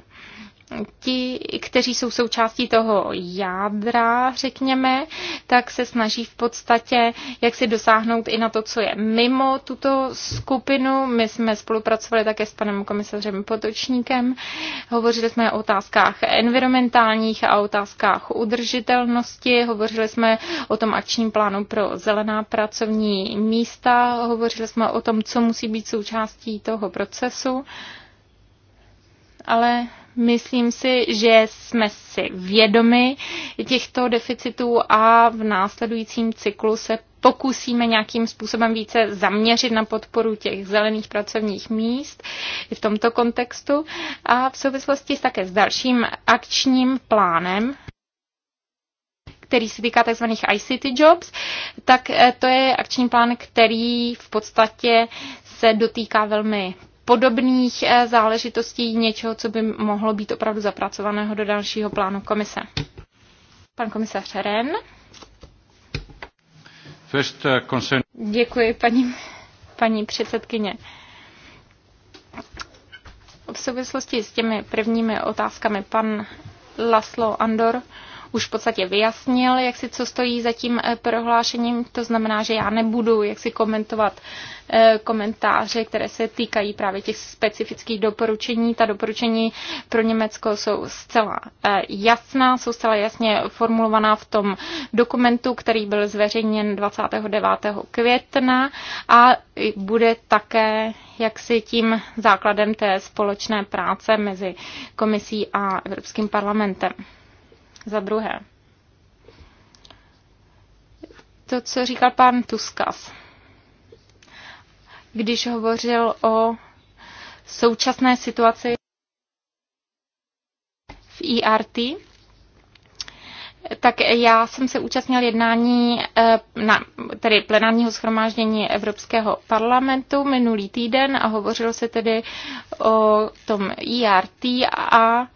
ti, kteří jsou součástí toho jádra, řekněme, tak se snaží v podstatě jak si dosáhnout i na to, co je mimo tuto skupinu. My jsme spolupracovali také s panem komisařem Potočníkem. Hovořili jsme o otázkách environmentálních a otázkách udržitelnosti. Hovořili jsme o tom akčním plánu pro zelená pracovní místa. Hovořili jsme o tom, co musí být součástí toho procesu. Ale Myslím si, že jsme si vědomi těchto deficitů a v následujícím cyklu se pokusíme nějakým způsobem více zaměřit na podporu těch zelených pracovních míst i v tomto kontextu a v souvislosti s také s dalším akčním plánem který se týká tzv. ICT jobs, tak eh, to je akční plán, který v podstatě se dotýká velmi podobných eh, záležitostí něčeho, co by mohlo být opravdu zapracovaného do dalšího plánu komise. Pan komisař Ren. First, eh, concern... Děkuji, paní, paní předsedkyně. V souvislosti s těmi prvními otázkami pan Laslo Andor už v podstatě vyjasnil, jak si co stojí za tím eh, prohlášením. To znamená, že já nebudu jak si komentovat eh, komentáře, které se týkají právě těch specifických doporučení. Ta doporučení pro Německo jsou zcela eh, jasná, jsou zcela jasně formulovaná v tom dokumentu, který byl zveřejněn 29. května a bude také jaksi tím základem té společné práce mezi komisí a Evropským parlamentem. Za druhé, to, co říkal pan Tuskas, když hovořil o současné situaci v ERT, tak já jsem se účastnil jednání eh, na, tedy plenárního schromáždění Evropského parlamentu minulý týden a hovořilo se tedy o tom ERT a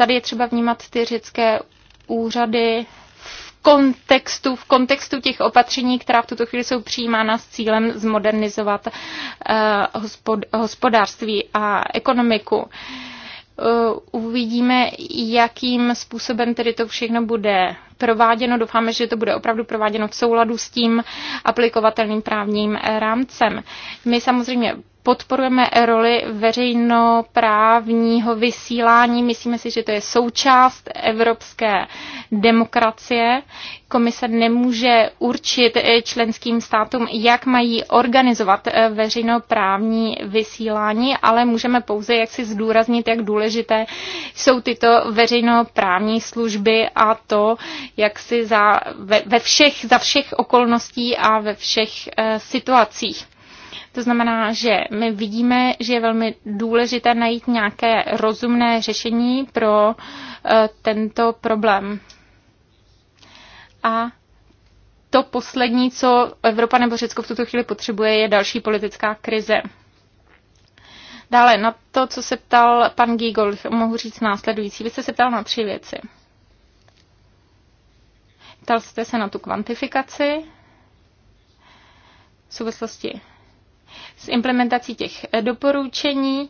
Tady je třeba vnímat ty řecké úřady v kontextu, v kontextu těch opatření, která v tuto chvíli jsou přijímána s cílem zmodernizovat uh, hospod, hospodářství a ekonomiku. Uh, uvidíme, jakým způsobem tedy to všechno bude prováděno. Doufáme, že to bude opravdu prováděno v souladu s tím aplikovatelným právním eh, rámcem. My samozřejmě podporujeme roli veřejnoprávního vysílání. Myslíme si, že to je součást evropské demokracie. Komise nemůže určit eh, členským státům, jak mají organizovat eh, veřejnoprávní vysílání, ale můžeme pouze jak si zdůraznit, jak důležité jsou tyto veřejnoprávní služby a to, jak si za, ve, ve všech, za všech okolností a ve všech e, situacích. To znamená, že my vidíme, že je velmi důležité najít nějaké rozumné řešení pro eh, tento problém. A to poslední, co Evropa nebo Řecko v tuto chvíli potřebuje, je další politická krize. Dále na to, co se ptal pan Gigol, mohu říct následující. Vy jste se ptal na tři věci. Ptal jste se na tu kvantifikaci v souvislosti s implementací těch eh, doporučení.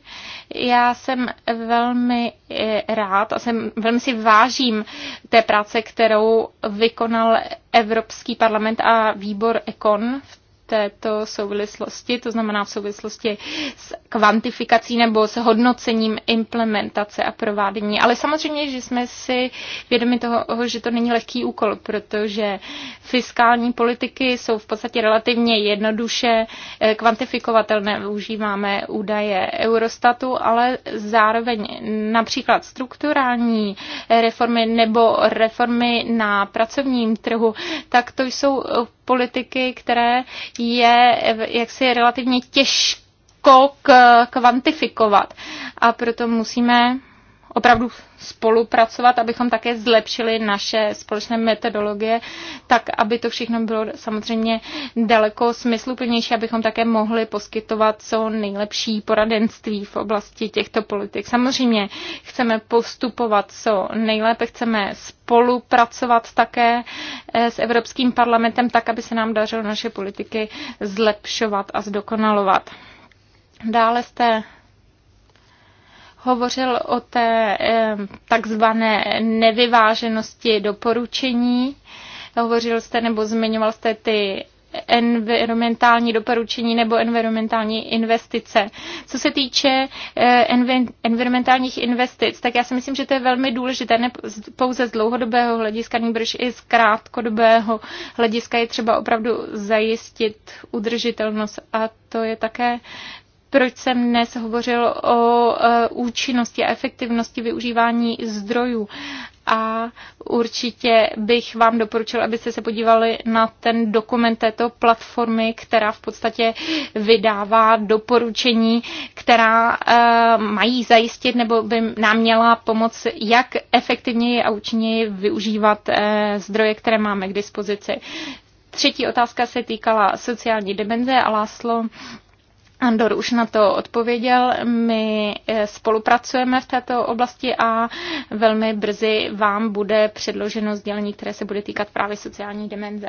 Já jsem velmi eh, rád a jsem, velmi si vážím té práce, kterou vykonal Evropský parlament a výbor ECON v této souvislosti, to znamená v souvislosti s kvantifikací nebo s hodnocením implementace a provádění. Ale samozřejmě, že jsme si vědomi toho, že to není lehký úkol, protože fiskální politiky jsou v podstatě relativně jednoduše eh, kvantifikovatelné. Využíváme údaje Eurostatu, ale zároveň například strukturální reformy nebo reformy na pracovním trhu, tak to jsou politiky, které je jaksi relativně těžké těžko kvantifikovat. A proto musíme opravdu spolupracovat, abychom také zlepšili naše společné metodologie, tak aby to všechno bylo samozřejmě daleko smysluplnější, abychom také mohli poskytovat co nejlepší poradenství v oblasti těchto politik. Samozřejmě chceme postupovat co nejlépe, chceme spolupracovat také eh, s Evropským parlamentem, tak aby se nám dařilo naše politiky zlepšovat a zdokonalovat. Dále jste hovořil o té takzvané nevyváženosti doporučení. Hovořil jste nebo zmiňoval jste ty environmentální doporučení nebo environmentální investice. Co se týče eh, environmentálních investic, tak já si myslím, že to je velmi důležité, ne pouze z dlouhodobého hlediska, nebož i z krátkodobého hlediska je třeba opravdu zajistit udržitelnost a to je také proč jsem dnes hovořil o e, účinnosti a efektivnosti využívání zdrojů. A určitě bych vám doporučil, abyste se podívali na ten dokument této platformy, která v podstatě vydává doporučení, která e, mají zajistit nebo by nám měla pomoct, jak efektivněji a účinněji využívat e, zdroje, které máme k dispozici. Třetí otázka se týkala sociální dimenze a Láslo Andor už na to odpověděl. My eh, spolupracujeme v této oblasti a velmi brzy vám bude předloženo sdělení, které se bude týkat právě sociální dimenze.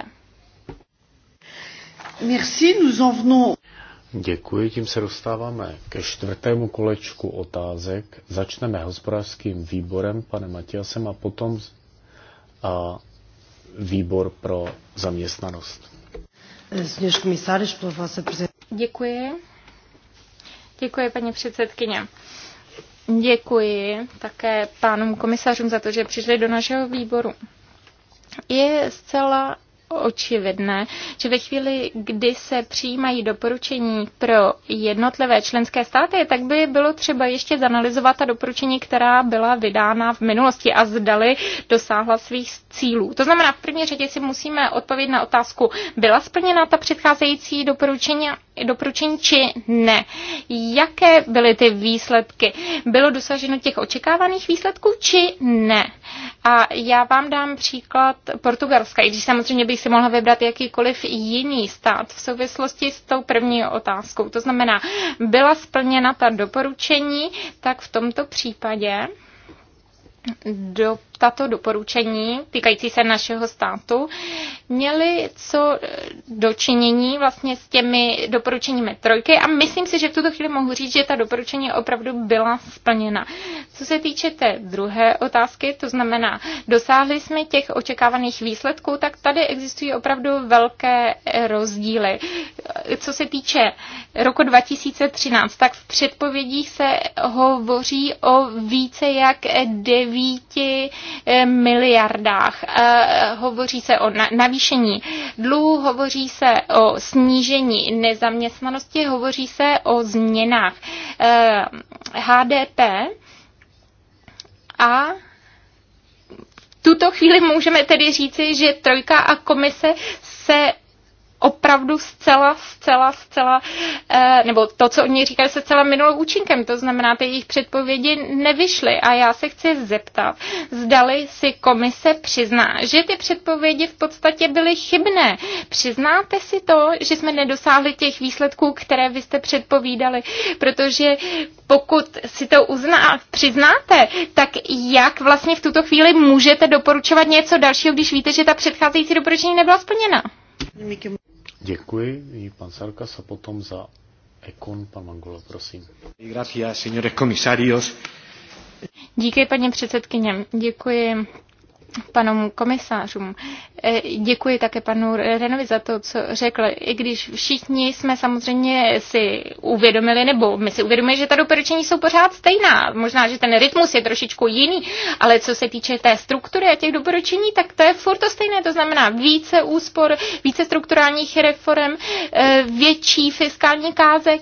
Merci, nous en venons. Děkuji, tím se dostáváme ke čtvrtému kolečku otázek. Začneme hospodářským výborem, pane Matiasem, a potom a výbor pro zaměstnanost. Děkuji Děkuji, paní předsedkyně. Děkuji také pánům komisařům za to, že přišli do našeho výboru. Je zcela očividné, že ve chvíli, kdy se přijímají doporučení pro jednotlivé členské státy, tak by bylo třeba ještě zanalizovat ta doporučení, která byla vydána v minulosti a zdali dosáhla svých cílů. To znamená, v první řadě si musíme odpovědět na otázku, byla splněna ta předcházející doporučení, doporučení či ne. Jaké byly ty výsledky? Bylo dosaženo těch očekávaných výsledků či ne? A já vám dám příklad Portugalska, i když samozřejmě bych si mohla vybrat jakýkoliv jiný stát v souvislosti s tou první otázkou. To znamená, byla splněna ta doporučení, tak v tomto případě do tato doporučení týkající se našeho státu měly co dočinění vlastně s těmi doporučeními trojky a myslím si, že v tuto chvíli mohu říct, že ta doporučení opravdu byla splněna. Co se týče té druhé otázky, to znamená, dosáhli jsme těch očekávaných výsledků, tak tady existují opravdu velké rozdíly. Co se týče roku 2013, tak v předpovědích se hovoří o více jak devíti Eh, miliardách. Eh, hovoří se o navýšení dluhu, hovoří se o snížení nezaměstnanosti, hovoří se o změnách HDP eh, a tuto chvíli můžeme tedy říci, že Trojka a komise se opravdu zcela, zcela, zcela, eh, nebo to, co oni říkali, se zcela minulou účinkem. To znamená, ty jejich předpovědi nevyšly. A já se chci zeptat, zdali si komise přizná, že ty předpovědi v podstatě byly chybné. Přiznáte si to, že jsme nedosáhli těch výsledků, které vy jste předpovídali? Protože pokud si to uzná, přiznáte, tak jak vlastně v tuto chvíli můžete doporučovat něco dalšího, když víte, že ta předcházející doporučení nebyla splněna? Děkuji, i pan Sarkas a potom za Ekon, pan Mangola, prosím. Díky, paní předsedkyně. Děkuji panom komisářům. E, děkuji také panu Renovi za to, co řekl. I když všichni jsme samozřejmě si uvědomili, nebo my si uvědomili, že ta doporučení jsou pořád stejná. Možná, že ten rytmus je trošičku jiný, ale co se týče té struktury a těch doporučení, tak to je furt to stejné. To znamená více úspor, více strukturálních reform, e, větší fiskální kázek.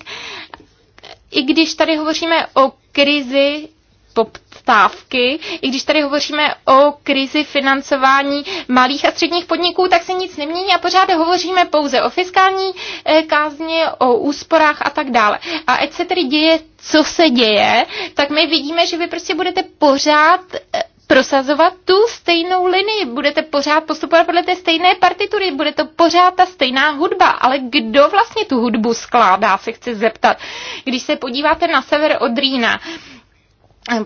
I když tady hovoříme o krizi poptávky. I když tady hovoříme o krizi financování malých a středních podniků, tak se nic nemění a pořád hovoříme pouze o fiskální eh, kázně, o úsporách a tak dále. A ať se tedy děje, co se děje, tak my vidíme, že vy prostě budete pořád eh, prosazovat tu stejnou linii. Budete pořád postupovat podle té stejné partitury, bude to pořád ta stejná hudba. Ale kdo vlastně tu hudbu skládá, se chci zeptat. Když se podíváte na sever od Rýna,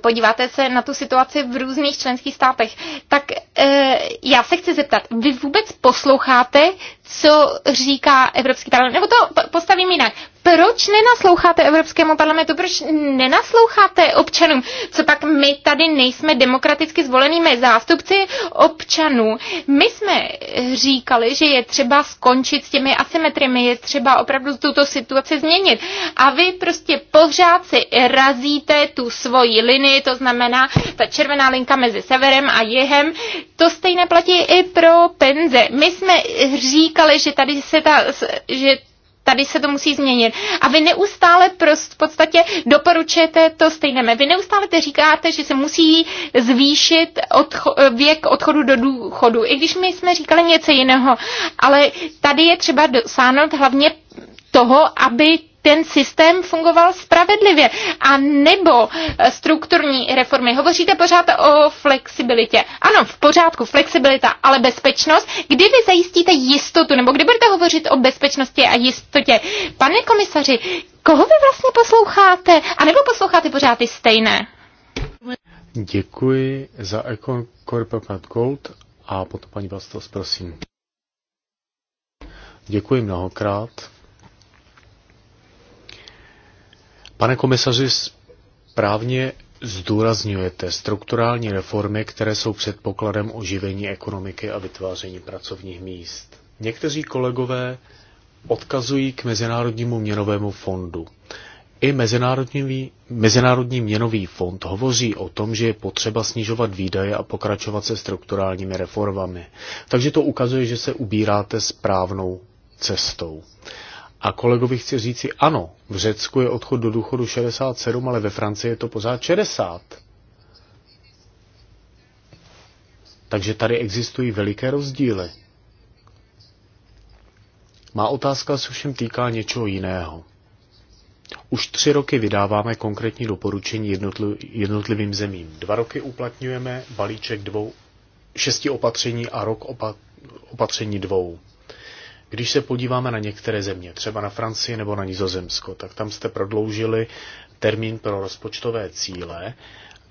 podíváte se na tu situaci v různých členských státech, tak e, já se chci zeptat, vy vůbec posloucháte, co říká Evropský parlament? Nebo to postavím jinak proč nenasloucháte Evropskému parlamentu, proč nenasloucháte občanům? Co pak my tady nejsme demokraticky zvolenými zástupci občanů? My jsme říkali, že je třeba skončit s těmi asymetriemi, je třeba opravdu tuto situaci změnit. A vy prostě pořád si razíte tu svoji linii, to znamená ta červená linka mezi severem a jihem. To stejné platí i pro penze. My jsme říkali, že tady se ta, že tady se to musí změnit. A vy neustále prost v podstatě doporučujete to stejné. Vy neustále te říkáte, že se musí zvýšit odcho- věk odchodu do důchodu, i když my jsme říkali něco jiného. Ale tady je třeba dosáhnout hlavně toho, aby ten systém fungoval spravedlivě. A nebo eh, strukturní reformy. Hovoříte pořád o flexibilitě. Ano, v pořádku, flexibilita, ale bezpečnost. Kdy vy zajistíte jistotu, nebo kdy budete hovořit o bezpečnosti a jistotě? Pane komisaři, koho vy vlastně posloucháte? A nebo posloucháte pořád ty stejné? Děkuji za Econ Corporate Gold a potom paní Bastos, prosím. Děkuji mnohokrát. Pane komisaři, správně zdůrazňujete strukturální reformy, které jsou předpokladem oživení ekonomiky a vytváření pracovních míst. Někteří kolegové odkazují k Mezinárodnímu měnovému fondu. I Mezinárodní, Mezinárodní měnový fond hovoří o tom, že je potřeba snižovat výdaje a pokračovat se strukturálními reformami. Takže to ukazuje, že se ubíráte správnou cestou. A kolegovi chci říci, ano, v Řecku je odchod do důchodu 67, ale ve Francii je to pořád 60. Takže tady existují veliké rozdíly. Má otázka se všem týká něčeho jiného. Už tři roky vydáváme konkrétní doporučení jednotlivým zemím. Dva roky uplatňujeme balíček dvou, šesti opatření a rok opa, opatření dvou. Když se podíváme na některé země, třeba na Francii nebo na Nizozemsko, tak tam jste prodloužili termín pro rozpočtové cíle,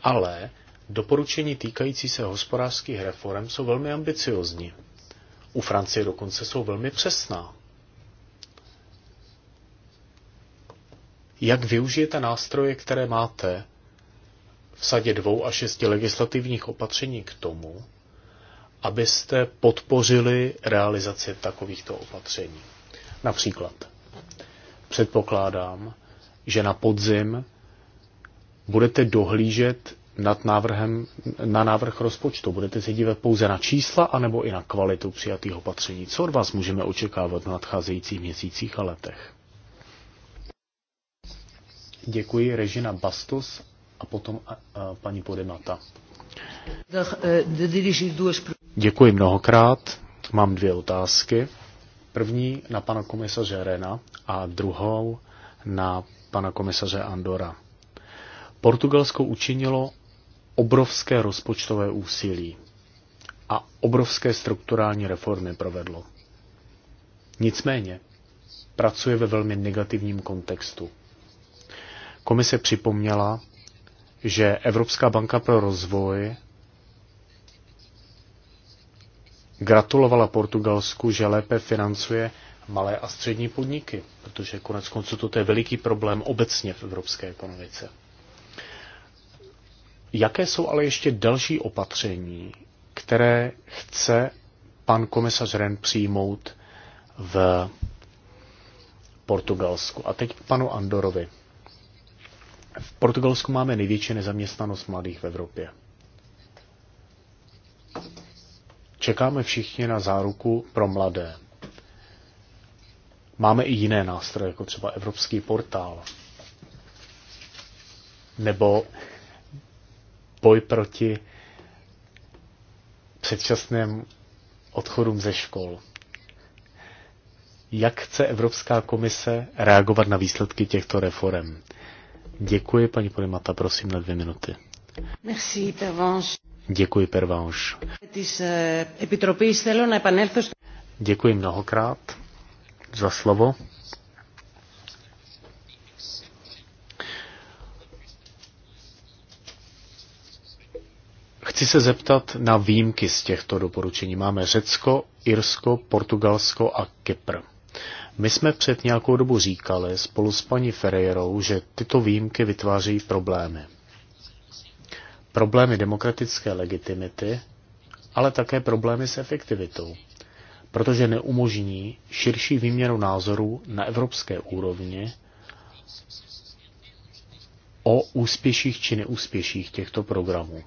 ale doporučení týkající se hospodářských reform jsou velmi ambiciozní. U Francie dokonce jsou velmi přesná. Jak využijete nástroje, které máte v sadě dvou a šesti legislativních opatření k tomu, abyste podpořili realizaci takovýchto opatření. Například předpokládám, že na podzim budete dohlížet nad návrhem, na návrh rozpočtu? Budete se dívat pouze na čísla anebo i na kvalitu přijatých opatření? Co od vás můžeme očekávat v nadcházejících měsících a letech? Děkuji Režina Bastos a potom a, a, paní Podemata. Eh, Děkuji mnohokrát. Mám dvě otázky. První na pana komisaře Rena a druhou na pana komisaře Andora. Portugalsko učinilo obrovské rozpočtové úsilí a obrovské strukturální reformy provedlo. Nicméně pracuje ve velmi negativním kontextu. Komise připomněla, že Evropská banka pro rozvoj gratulovala Portugalsku, že lépe financuje malé a střední podniky, protože konec konců toto je veliký problém obecně v evropské ekonomice. Jaké jsou ale ještě další opatření, které chce pan komisař Ren přijmout v Portugalsku? A teď k panu Andorovi. V Portugalsku máme největší nezaměstnanost mladých v Evropě. Čekáme všichni na záruku pro mladé. Máme i jiné nástroje, jako třeba Evropský portál nebo boj proti předčasném odchodům ze škol. Jak chce Evropská komise reagovat na výsledky těchto reform? Děkuji, paní Polimata, prosím na dvě minuty. Merci, Děkuji, Pervanš. Eh, Děkuji mnohokrát za slovo. Chci se zeptat na výjimky z těchto doporučení. Máme Řecko, Irsko, Portugalsko a Kypr. My jsme před nějakou dobu říkali spolu s paní Ferreirou, že tyto výjimky vytvářejí problémy problémy demokratické legitimity, ale také problémy s efektivitou, protože neumožní širší výměnu názorů na evropské úrovni o úspěších či neúspěších těchto programů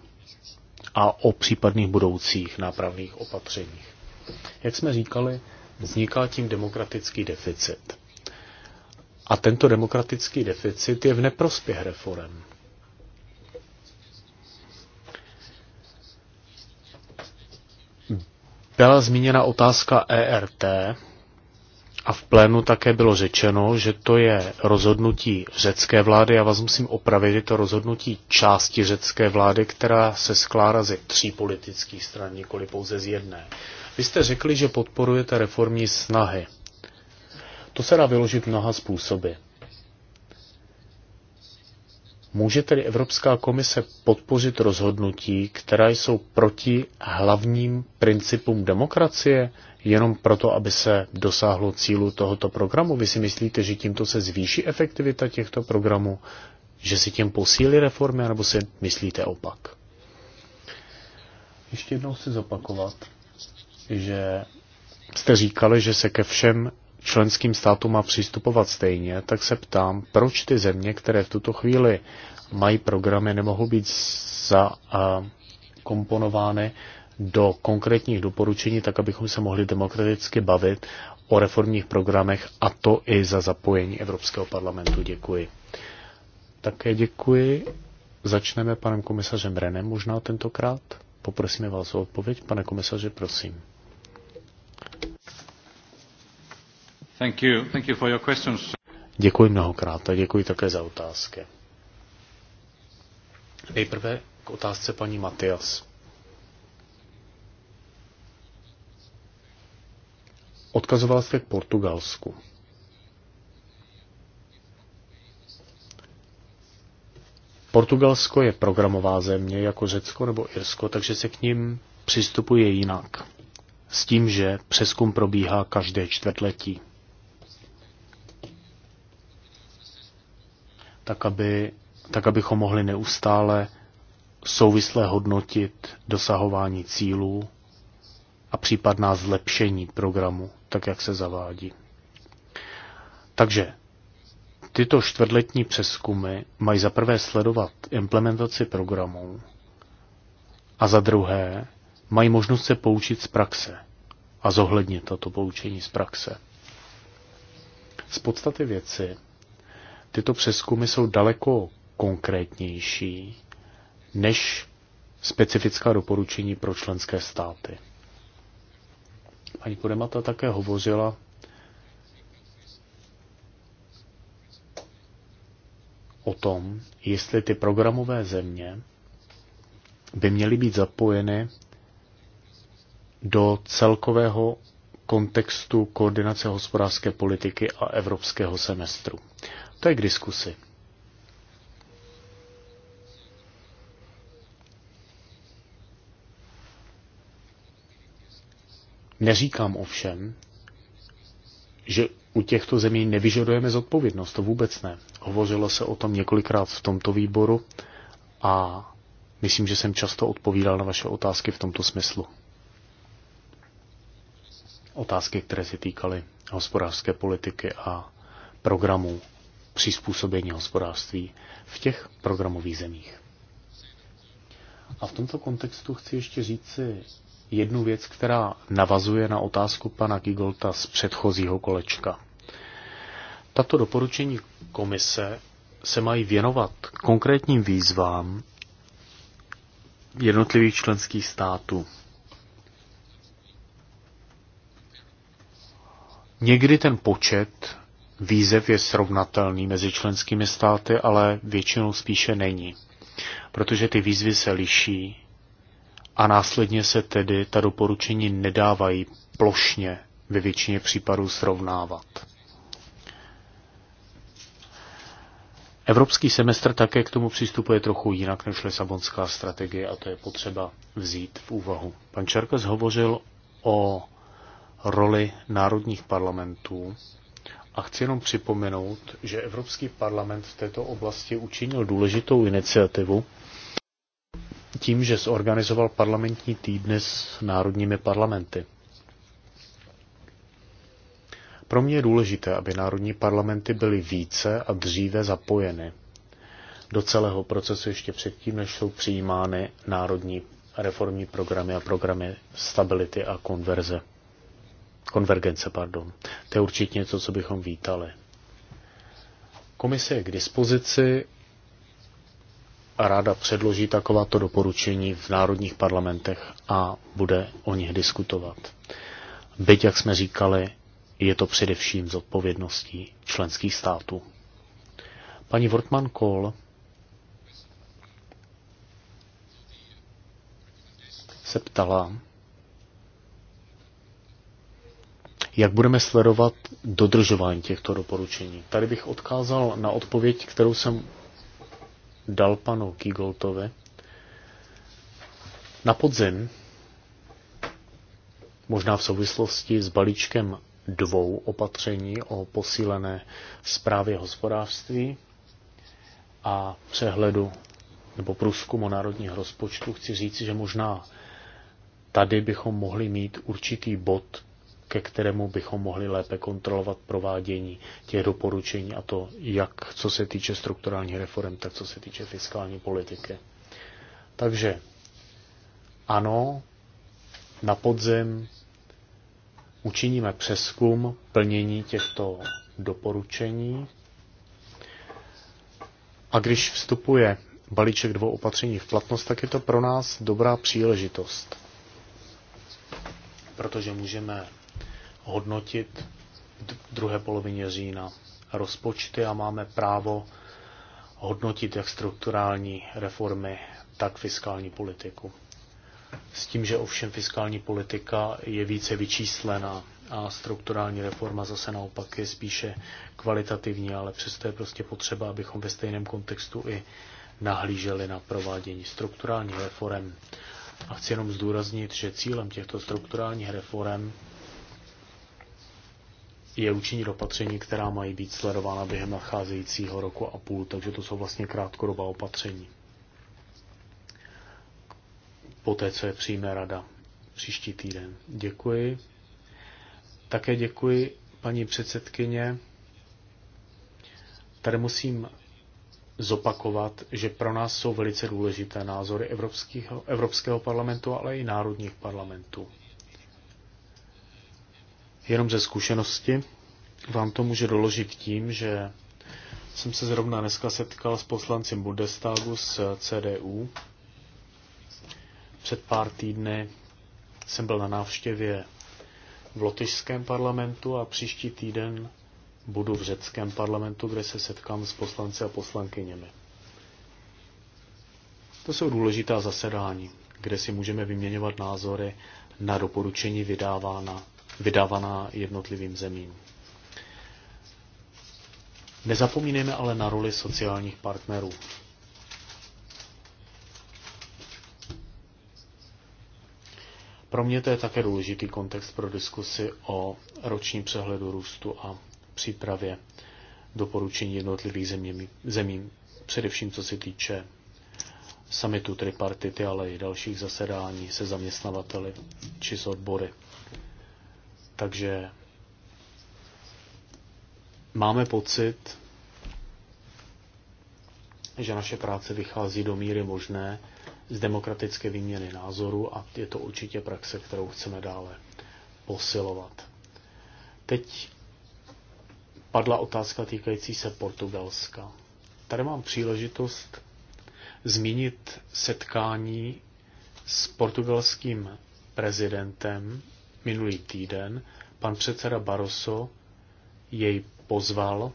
a o případných budoucích nápravných opatřeních. Jak jsme říkali, vzniká tím demokratický deficit. A tento demokratický deficit je v neprospěch reform. Byla zmíněna otázka ERT a v plénu také bylo řečeno, že to je rozhodnutí řecké vlády. Já vás musím opravit, je to rozhodnutí části řecké vlády, která se skládá ze tří politických stran, nikoli pouze z jedné. Vy jste řekli, že podporujete reformní snahy. To se dá vyložit mnoha způsoby. Může tedy Evropská komise podpořit rozhodnutí, která jsou proti hlavním principům demokracie, jenom proto, aby se dosáhlo cílu tohoto programu? Vy si myslíte, že tímto se zvýší efektivita těchto programů, že si tím posílí reformy, nebo si myslíte opak? Ještě jednou chci zopakovat, že jste říkali, že se ke všem členským státům má přistupovat stejně, tak se ptám, proč ty země, které v tuto chvíli mají programy, nemohou být zakomponovány do konkrétních doporučení, tak abychom se mohli demokraticky bavit o reformních programech a to i za zapojení Evropského parlamentu. Děkuji. Také děkuji. Začneme panem komisařem Renem možná tentokrát. Poprosíme vás o odpověď. Pane komisaře, prosím. Děkuji mnohokrát a děkuji také za otázky. Nejprve k otázce paní Matias. Odkazoval jste k Portugalsku. Portugalsko je programová země jako Řecko nebo Irsko, takže se k ním přistupuje jinak. S tím, že přeskum probíhá každé čtvrtletí. tak, aby, tak abychom mohli neustále souvisle hodnotit dosahování cílů a případná zlepšení programu, tak jak se zavádí. Takže tyto čtvrtletní přeskumy mají za prvé sledovat implementaci programů a za druhé mají možnost se poučit z praxe a zohlednit tato poučení z praxe. Z podstaty věci tyto přeskumy jsou daleko konkrétnější než specifická doporučení pro členské státy. Paní Podemata také hovořila o tom, jestli ty programové země by měly být zapojeny do celkového kontextu koordinace hospodářské politiky a evropského semestru. To je k diskusi. Neříkám ovšem, že u těchto zemí nevyžadujeme zodpovědnost, to vůbec ne. Hovořilo se o tom několikrát v tomto výboru a myslím, že jsem často odpovídal na vaše otázky v tomto smyslu. Otázky, které se týkaly hospodářské politiky a programů přizpůsobení hospodářství v těch programových zemích. A v tomto kontextu chci ještě říct si jednu věc, která navazuje na otázku pana Gigolta z předchozího kolečka. Tato doporučení komise se mají věnovat konkrétním výzvám jednotlivých členských států. Někdy ten počet výzev je srovnatelný mezi členskými státy, ale většinou spíše není, protože ty výzvy se liší a následně se tedy ta doporučení nedávají plošně ve většině případů srovnávat. Evropský semestr také k tomu přistupuje trochu jinak než Lisabonská strategie a to je potřeba vzít v úvahu. Pan Čarkas hovořil o roli národních parlamentů a chci jenom připomenout, že Evropský parlament v této oblasti učinil důležitou iniciativu tím, že zorganizoval parlamentní týdny s národními parlamenty. Pro mě je důležité, aby národní parlamenty byly více a dříve zapojeny do celého procesu ještě předtím, než jsou přijímány národní reformní programy a programy stability a konverze konvergence, pardon. To je určitě něco, co bychom vítali. Komise je k dispozici a ráda předloží takováto doporučení v národních parlamentech a bude o nich diskutovat. Byť, jak jsme říkali, je to především zodpovědností členských států. Paní Wortmann Kohl se ptala, jak budeme sledovat dodržování těchto doporučení. Tady bych odkázal na odpověď, kterou jsem dal panu Kigoltovi. Na podzim, možná v souvislosti s balíčkem dvou opatření o posílené zprávě hospodářství a přehledu nebo průzkumu národních rozpočtů, chci říci, že možná tady bychom mohli mít určitý bod ke kterému bychom mohli lépe kontrolovat provádění těch doporučení a to jak co se týče strukturální reform, tak co se týče fiskální politiky. Takže ano, na podzim učiníme přeskum plnění těchto doporučení. A když vstupuje balíček dvou opatření v platnost, tak je to pro nás dobrá příležitost. Protože můžeme hodnotit v druhé polovině října rozpočty a máme právo hodnotit jak strukturální reformy, tak fiskální politiku. S tím, že ovšem fiskální politika je více vyčíslená a strukturální reforma zase naopak je spíše kvalitativní, ale přesto je prostě potřeba, abychom ve stejném kontextu i nahlíželi na provádění strukturálních reform. A chci jenom zdůraznit, že cílem těchto strukturálních reform je učinit opatření, která mají být sledována během nacházejícího roku a půl, takže to jsou vlastně krátkodobá opatření. Poté, co je přijme rada příští týden. Děkuji. Také děkuji, paní předsedkyně. Tady musím zopakovat, že pro nás jsou velice důležité názory Evropského, Evropského parlamentu, ale i národních parlamentů jenom ze zkušenosti. Vám to může doložit tím, že jsem se zrovna dneska setkal s poslancem Bundestagu z CDU. Před pár týdny jsem byl na návštěvě v lotyšském parlamentu a příští týden budu v řeckém parlamentu, kde se setkám s poslanci a poslankyněmi. To jsou důležitá zasedání, kde si můžeme vyměňovat názory na doporučení vydávána vydávaná jednotlivým zemím. Nezapomínejme ale na roli sociálních partnerů. Pro mě to je také důležitý kontext pro diskusi o ročním přehledu růstu a přípravě doporučení jednotlivých zemí, zemím, především co se týče summitu tripartity, ale i dalších zasedání se zaměstnavateli či s odbory. Takže máme pocit, že naše práce vychází do míry možné z demokratické výměny názoru a je to určitě praxe, kterou chceme dále posilovat. Teď padla otázka týkající se Portugalska. Tady mám příležitost zmínit setkání s portugalským prezidentem minulý týden, pan předseda Barroso jej pozval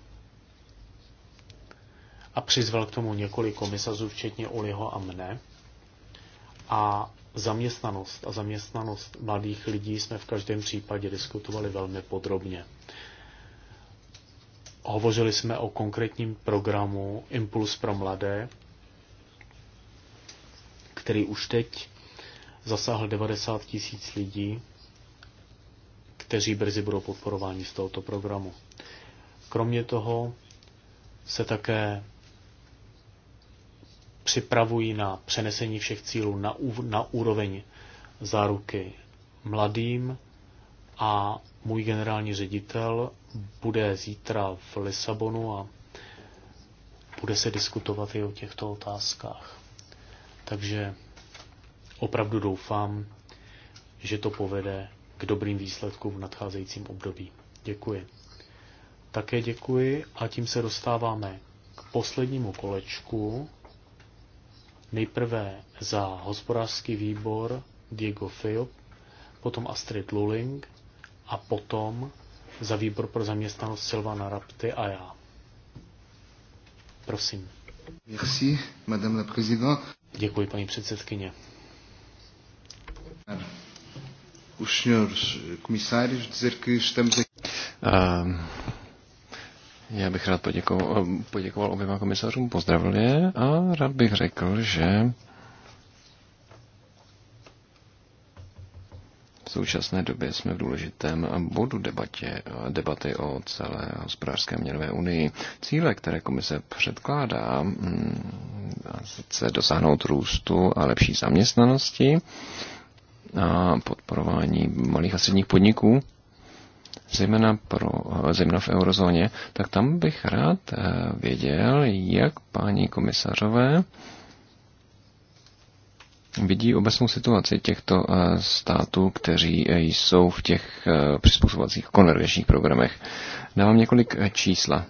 a přizval k tomu několik komisařů, včetně Oliho a mne. A zaměstnanost a zaměstnanost mladých lidí jsme v každém případě diskutovali velmi podrobně. Hovořili jsme o konkrétním programu Impuls pro mladé, který už teď zasáhl 90 tisíc lidí kteří brzy budou podporováni z tohoto programu. Kromě toho se také připravují na přenesení všech cílů na, na úroveň záruky mladým a můj generální ředitel bude zítra v Lisabonu a bude se diskutovat i o těchto otázkách. Takže opravdu doufám, že to povede k dobrým výsledkům v nadcházejícím období. Děkuji. Také děkuji a tím se dostáváme k poslednímu kolečku. Nejprve za hospodářský výbor Diego Feop, potom Astrid Luling a potom za výbor pro zaměstnanost Silvana Rapty a já. Prosím. Merci, madame la présidente. Děkuji, paní předsedkyně os senhores comissários, dizer que estamos aqui. Já bych rád poděkoval, poděkoval oběma komisařům, pozdravil je a rád bych řekl, že v současné době jsme v důležitém bodu debatě, debaty o celé hospodářské měnové unii. Cíle, které komise předkládá, mm, sice dosáhnout růstu a lepší zaměstnanosti, a pod podporování malých a středních podniků, zejména, pro, zejména v eurozóně, tak tam bych rád eh, věděl, jak páni komisařové vidí obecnou situaci těchto eh, států, kteří eh, jsou v těch přizpůsobovacích konvergenčních programech. Dávám několik čísla.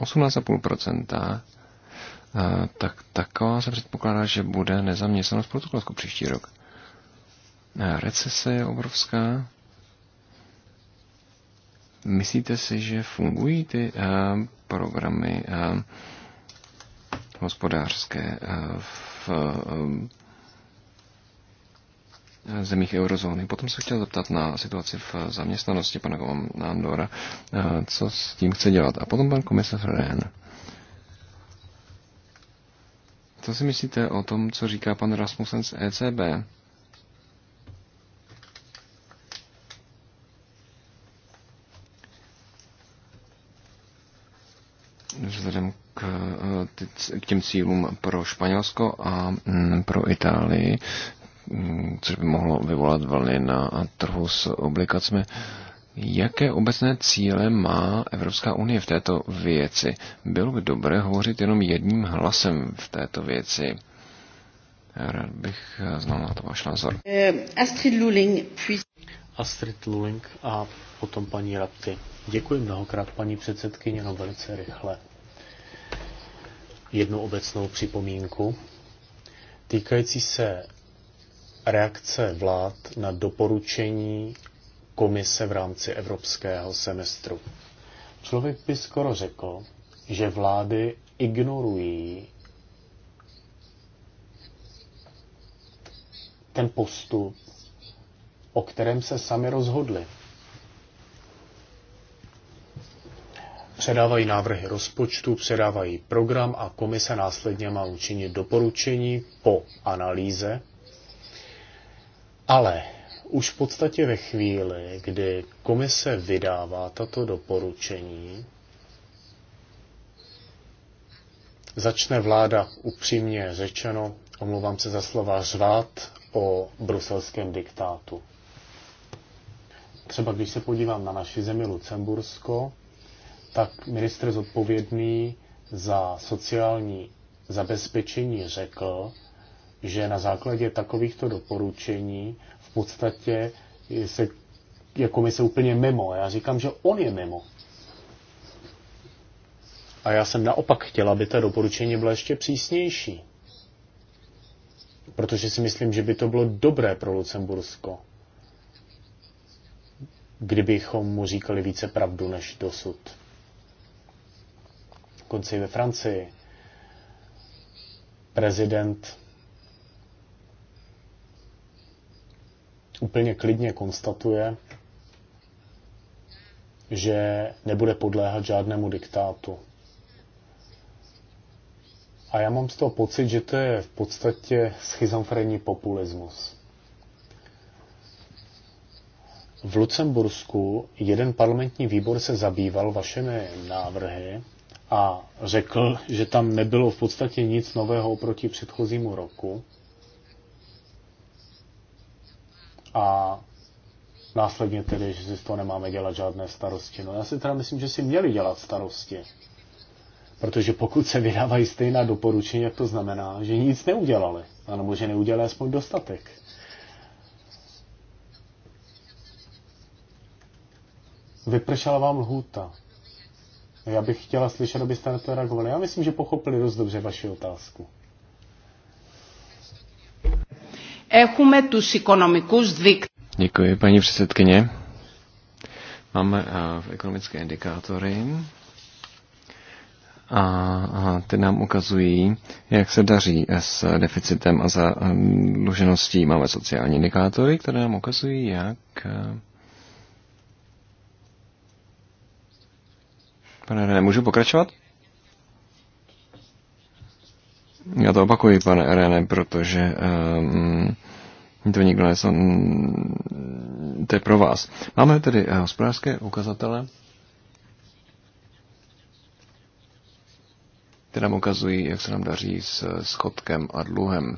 18,5%, tak taková se předpokládá, že bude nezaměstnanost Portugalsku příští rok. Eh, recese je obrovská. Myslíte si, že fungují ty eh, programy eh, hospodářské v zemích eurozóny. Potom se chtěl zeptat na situaci v zaměstnanosti pana Andora, co s tím chce dělat. A potom pan komisař Rehn. Co si myslíte o tom, co říká pan Rasmussen z ECB? vzhledem k, eh, k těm cílům pro Španělsko a mm, pro Itálii, mm, což by mohlo vyvolat vlny na trhu s obligacemi. Jaké obecné cíle má Evropská unie v této věci? Bylo by dobré hovořit jenom jedním hlasem v této věci. Rád bych eh, znal na to váš názor. Eh, Astrid Luling, Astrid Luling a potom paní Rapty. Děkuji mnohokrát, paní předsedkyně, no velice rychle jednu obecnou připomínku týkající se reakce vlád na doporučení komise v rámci evropského semestru. Člověk by skoro řekl, že vlády ignorují ten postup, o kterém se sami rozhodli. předávají návrhy rozpočtu, předávají program a komise následně má učinit doporučení po analýze. Ale už v podstatě ve chvíli, kdy komise vydává tato doporučení, začne vláda upřímně řečeno, omlouvám se za slova, řvát o bruselském diktátu. Třeba když se podívám na naši zemi Lucembursko, tak ministr zodpovědný za sociální zabezpečení řekl, že na základě takovýchto doporučení v podstatě se, mi se úplně mimo. Já říkám, že on je mimo. A já jsem naopak chtěla, aby ta doporučení byla ještě přísnější. Protože si myslím, že by to bylo dobré pro Lucembursko. Kdybychom mu říkali více pravdu než dosud dokonce i ve Francii. Prezident úplně klidně konstatuje, že nebude podléhat žádnému diktátu. A já mám z toho pocit, že to je v podstatě schizofrenní populismus. V Lucembursku jeden parlamentní výbor se zabýval vašimi návrhy a řekl, že tam nebylo v podstatě nic nového oproti předchozímu roku. A následně tedy, že si z toho nemáme dělat žádné starosti. No já si teda myslím, že si měli dělat starosti. Protože pokud se vydávají stejná doporučení, jak to znamená, že nic neudělali. Ano, že neudělali aspoň dostatek. Vypršela vám lhůta. Já bych chtěla slyšet, abyste na to reagovali. Já myslím, že pochopili dost dobře vaši otázku. Děkuji, paní předsedkyně. Máme v eh, ekonomické indikátory a, a ty nám ukazují, jak se daří s deficitem a za dlužeností, Máme sociální indikátory, které nám ukazují, jak eh, Pane René, můžu pokračovat? Já to opakuji, pane René, protože um, to nikdo nesl, um, to je pro vás. Máme tedy eh, hospodářské ukazatele, které nám ukazují, jak se nám daří s schodkem a dluhem.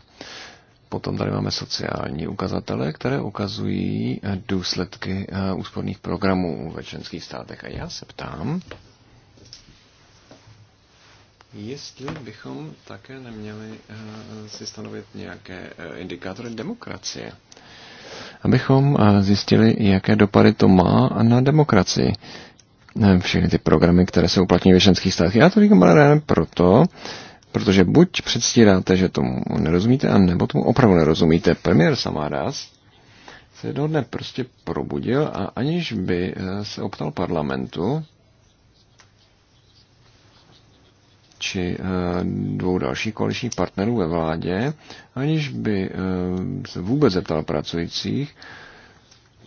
Potom tady máme sociální ukazatele, které ukazují eh, důsledky eh, úsporných programů ve členských státech. A já se ptám, jestli bychom také neměli eh, si stanovit nějaké eh, indikátory demokracie, abychom eh, zjistili, jaké dopady to má na demokracii. Všechny ty programy, které se uplatní ve členských státech. Já to říkám ale proto, protože buď předstíráte, že tomu nerozumíte, nebo tomu opravdu nerozumíte. Premiér Samaras se jednoho dne prostě probudil a aniž by se optal parlamentu, či eh, dvou dalších koaličních partnerů ve vládě, aniž by eh, se vůbec zeptal pracujících,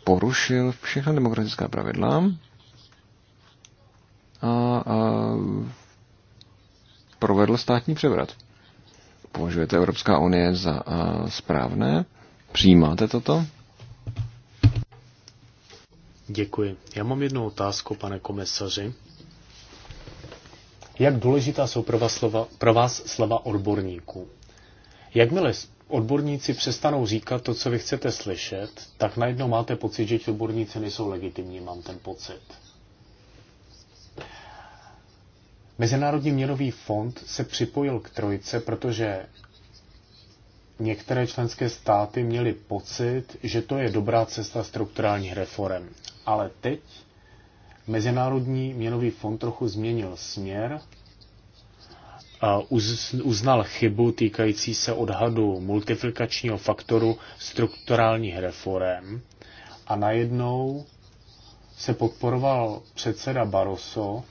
porušil všechna demokratická pravidla a, a provedl státní převrat. Považujete Evropská unie za eh, správné? Přijímáte toto? Děkuji. Já mám jednu otázku, pane komisaři jak důležitá jsou pro vás slova, pro vás slova odborníků. Jakmile odborníci přestanou říkat to, co vy chcete slyšet, tak najednou máte pocit, že ti odborníci nejsou legitimní, mám ten pocit. Mezinárodní měnový fond se připojil k trojce, protože některé členské státy měly pocit, že to je dobrá cesta strukturálních reform. Ale teď Mezinárodní měnový fond trochu změnil směr, a uznal chybu týkající se odhadu multiplikačního faktoru strukturálních reform a najednou se podporoval předseda Barroso,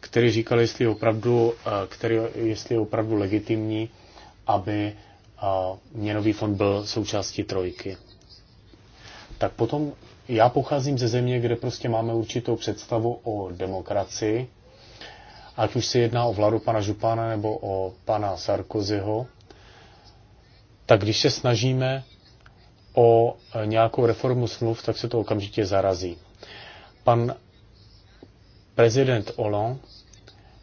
který říkal, jestli je opravdu, eh, který, jestli je opravdu legitimní, aby eh, měnový fond byl součástí trojky. Tak potom já pocházím ze země, kde prostě máme určitou představu o demokracii, ať už se jedná o vládu pana Župana nebo o pana Sarkozyho, tak když se snažíme o nějakou reformu smluv, tak se to okamžitě zarazí. Pan prezident Hollande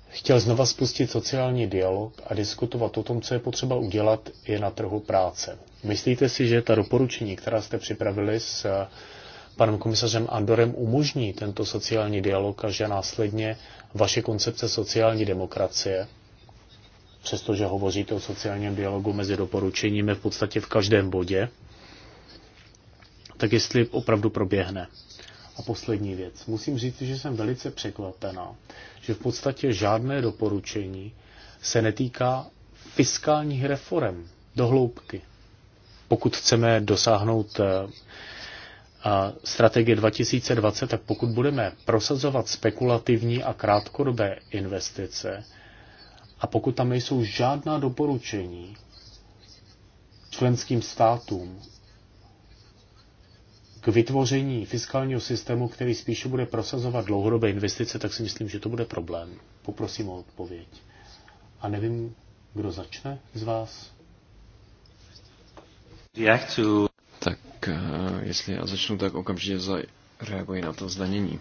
chtěl znova spustit sociální dialog a diskutovat o tom, co je potřeba udělat i na trhu práce. Myslíte si, že ta doporučení, která jste připravili s panem komisařem Andorem umožní tento sociální dialog a že následně vaše koncepce sociální demokracie, přestože hovoříte o sociálním dialogu mezi doporučeními v podstatě v každém bodě, tak jestli opravdu proběhne. A poslední věc. Musím říct, že jsem velice překvapená, že v podstatě žádné doporučení se netýká fiskálních reform do hloubky. Pokud chceme dosáhnout eh, strategie 2020, tak pokud budeme prosazovat spekulativní a krátkodobé investice a pokud tam nejsou žádná doporučení členským státům k vytvoření fiskálního systému, který spíše bude prosazovat dlouhodobé investice, tak si myslím, že to bude problém. Poprosím o odpověď. A nevím, kdo začne z vás. Jak to tak eh, jestli já začnu, tak okamžitě zareaguji na to zdanění.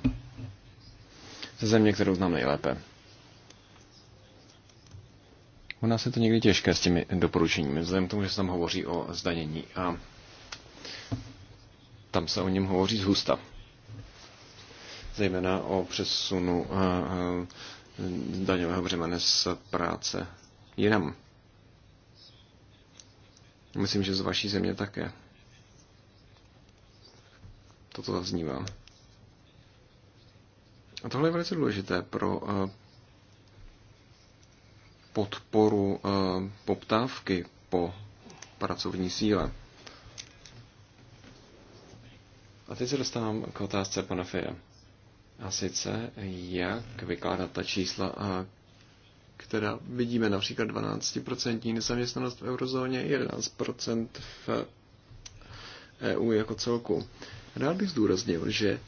Ze země, kterou znám nejlépe. U nás je to někdy těžké s těmi doporučeními, vzhledem k tomu, že se tam hovoří o zdanění a tam se o něm hovoří zhusta. Zejména o přesunu eh, eh, daňového břemene z práce jinam. Myslím, že z vaší země také toto zaznívá. A tohle je velice důležité pro eh, podporu eh, poptávky po pracovní síle. A teď se dostávám k otázce pana Feje. A sice, jak vykládat ta čísla, eh, která vidíme například 12% nezaměstnanost v eurozóně, 11% v EU jako celku. Rád bych zdůraznil, že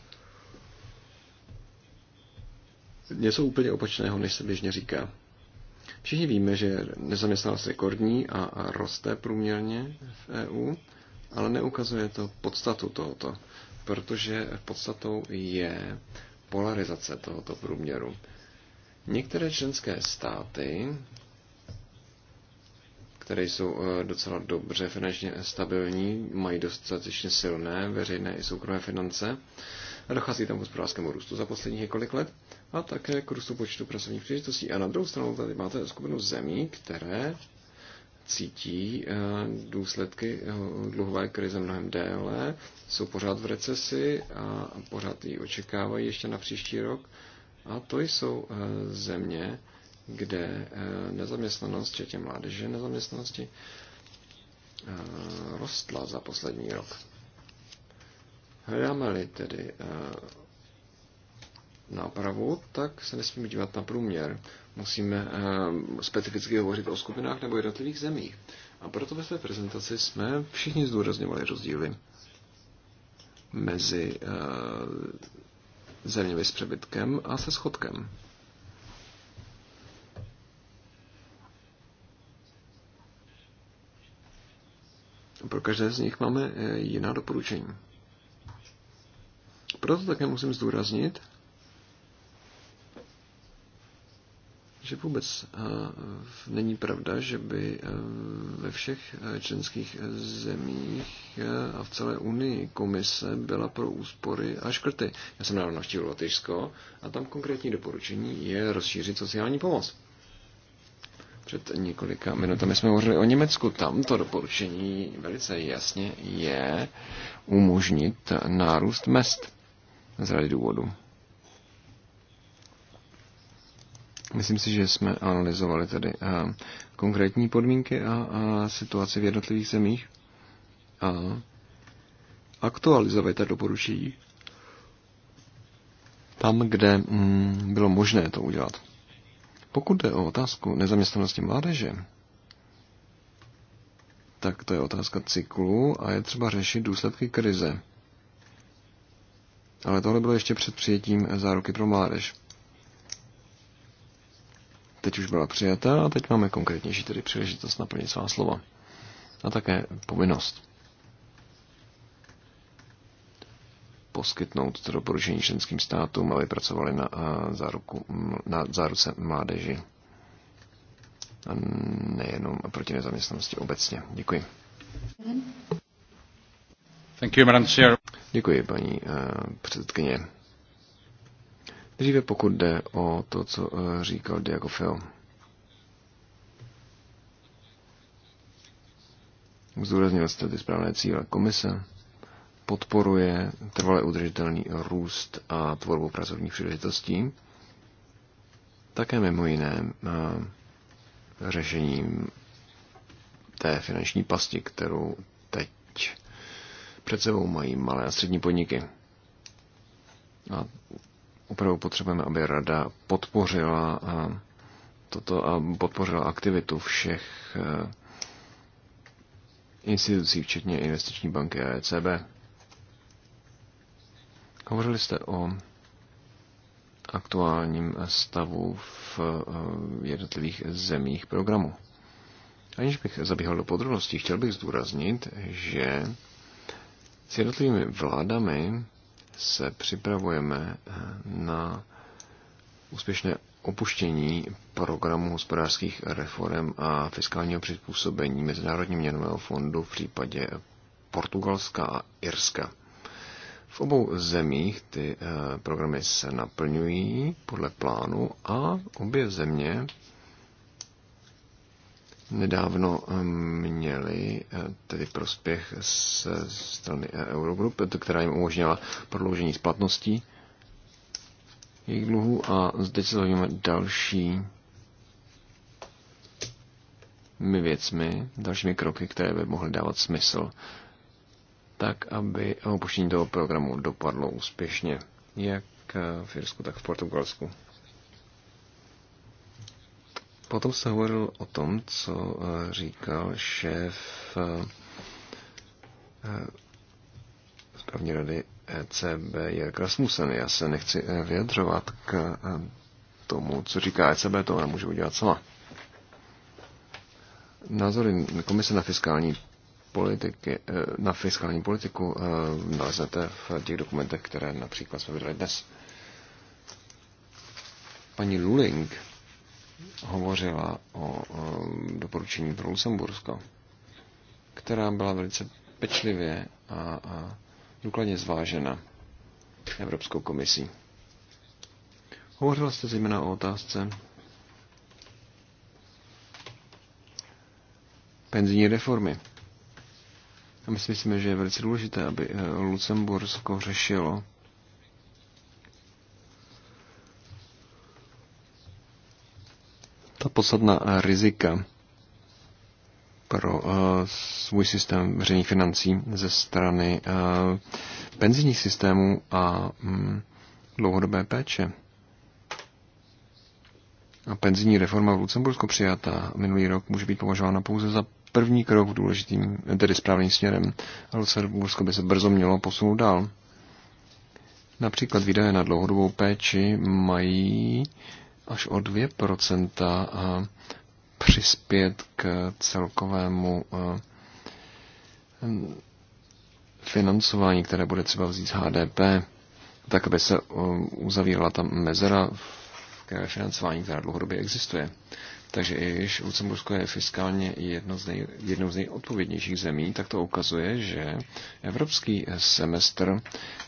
něco úplně opačného, než se běžně říká. Všichni víme, že nezaměstnanost je rekordní a, a roste průměrně v EU, ale neukazuje to podstatu tohoto, protože podstatou je polarizace tohoto průměru. Některé členské státy které jsou eh, docela dobře finančně stabilní, mají dostatečně silné veřejné i soukromé finance a dochází tam k hospodářskému růstu za posledních několik let a také k růstu počtu pracovních příležitostí. A na druhou stranu tady máte skupinu zemí, které cítí eh, důsledky dluhové krize mnohem déle, jsou pořád v recesi a pořád ji očekávají ještě na příští rok. A to jsou eh, země, kde eh, nezaměstnanost, včetně mládeže nezaměstnanosti, eh, rostla za poslední rok. Hledáme-li tedy eh, nápravu, tak se nesmíme dívat na průměr. Musíme specificky hovořit o skupinách nebo jednotlivých zemích. A proto ve své prezentaci jsme všichni zdůrazněvali rozdíly mezi zeměmi s přebytkem a se schodkem. Pro každé z nich máme e, jiná doporučení. Proto také musím zdůraznit, že vůbec e, není pravda, že by e, ve všech členských zemích a v celé Unii komise byla pro úspory a škrty. Já jsem nedávno navštívil Lotyšsko a tam konkrétní doporučení je rozšířit sociální pomoc. Před několika minutami jsme hovořili o Německu. Tam to doporučení velice jasně je umožnit nárůst mest z rady důvodu. Myslím si, že jsme analyzovali tady eh, konkrétní podmínky a, a situaci v jednotlivých zemích a aktualizovali ta doporučení tam, kde mm, bylo možné to udělat. Pokud jde o otázku nezaměstnanosti mládeže, tak to je otázka cyklu a je třeba řešit důsledky krize. Ale tohle bylo ještě před přijetím záruky pro mládež. Teď už byla přijata a teď máme konkrétnější tedy příležitost naplnit svá slova. A také povinnost. poskytnout to doporučení členským státům, aby pracovali na, záruku, na záruce mládeži a nejenom proti nezaměstnanosti obecně. Děkuji. Thank you, Madam Chair. Děkuji, paní uh, předsedkyně. Dříve pokud jde o to, co uh, říkal Diego Feo. Zúraznil jste ty správné cíle komise podporuje trvale udržitelný růst a tvorbu pracovních příležitostí, také mimo jiné eh, řešením té finanční pasti, kterou teď před sebou mají malé a střední podniky. A opravdu potřebujeme, aby rada podpořila eh, toto a podpořila aktivitu všech eh, institucí, včetně investiční banky a ECB. Hovořili jste o aktuálním stavu v eh, jednotlivých zemích programu. Aniž bych zabíhal do podrobností, chtěl bych zdůraznit, že s jednotlivými vládami se připravujeme eh, na úspěšné opuštění programu hospodářských reform a fiskálního přizpůsobení Mezinárodního měnového fondu v případě Portugalska a Irska. V obou zemích ty eh, programy se naplňují podle plánu a obě země nedávno ehm, měli eh, tedy prospěch ze strany eh, Eurogroup, která jim umožnila prodloužení splatností jejich dluhů a zde se zaujímáme další věcmi, dalšími kroky, které by mohly dávat smysl tak aby opuštění toho programu dopadlo úspěšně, jak v Jirsku, tak v Portugalsku. Potom se hovoril o tom, co eh, říkal šéf eh, správní rady ECB Jirk Rasmussen. Já se nechci eh, vyjadřovat k tomu, co říká ECB, to ona může udělat sama. Názory Komise na fiskální politiky, eh, na fiskální politiku eh, naleznete v těch dokumentech, které například jsme vydali dnes. Paní Luling hovořila o eh, doporučení pro Lucembursko, která byla velice pečlivě a, a důkladně zvážena Evropskou komisí. Hovořila jste zejména o otázce penzijní reformy. A my si myslíme, že je velice důležité, aby eh, Lucembursko řešilo ta podstatná eh, rizika pro uh, svůj systém veřejných financí ze strany uh, penzijních systémů a um, dlouhodobé péče. A penzijní reforma v Lucembursku přijatá minulý rok může být považována pouze za první krok důležitým, tedy správným směrem. Lucembursko by se brzo mělo posunout dál. Například výdaje na dlouhodobou péči mají až o 2% přispět k celkovému financování, které bude třeba vzít z HDP, tak aby se uzavírala ta mezera v financování, která dlouhodobě existuje. Takže když Lucembursko je fiskálně jedno z nej, jednou z nejodpovědnějších zemí, tak to ukazuje, že evropský semestr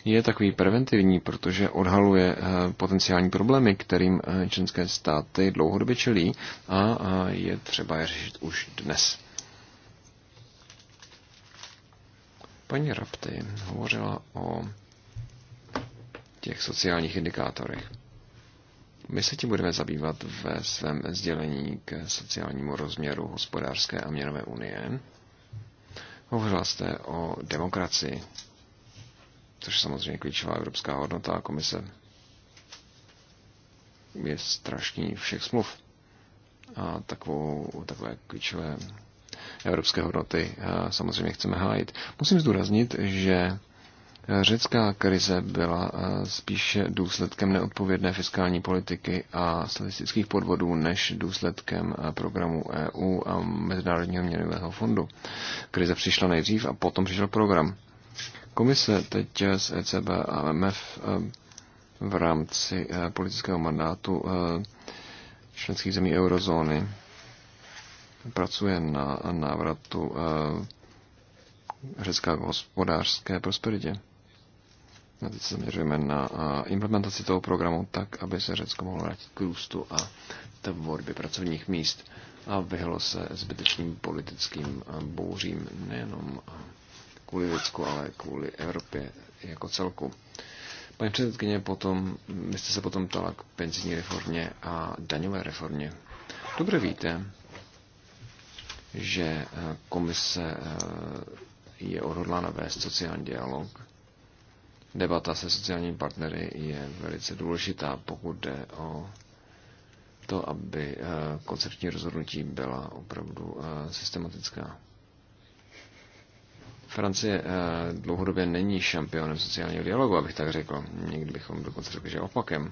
je takový preventivní, protože odhaluje eh, potenciální problémy, kterým eh, členské státy dlouhodobě čelí a je třeba je řešit už dnes. Paní Rapty hovořila o těch sociálních indikátorech. My se tím budeme zabývat ve svém sdělení k sociálnímu rozměru hospodářské a měnové unie. Hovořila jste o demokracii, což je samozřejmě klíčová evropská hodnota a komise je strašný všech smluv. A takovou, takové klíčové evropské hodnoty eh, samozřejmě chceme hájit. Musím zdůraznit, že Řecká krize byla eh, spíše důsledkem neodpovědné fiskální politiky a statistických podvodů než důsledkem eh, programu EU a Mezinárodního měnového fondu. Krize přišla nejdřív a potom přišel program. Komise teď z ECB a MF eh, v rámci politického mandátu členských zemí eurozóny pracuje na návratu řecké hospodářské prosperitě teď se zaměřujeme na implementaci toho programu tak, aby se Řecko mohlo vrátit k růstu a tvorbě pracovních míst a vyhlo se zbytečným politickým bouřím nejenom kvůli Řecku, ale kvůli Evropě jako celku. Paní předsedkyně, potom, vy jste se potom ptala k penzijní reformě a daňové reformě. Dobře víte, že komise je odhodlána vést sociální dialog debata se sociálními partnery je velice důležitá, pokud jde o to, aby eh, koncepční rozhodnutí byla opravdu eh, systematická. Francie eh, dlouhodobě není šampionem sociálního dialogu, abych tak řekl. Někdy bychom dokonce řekli, že opakem.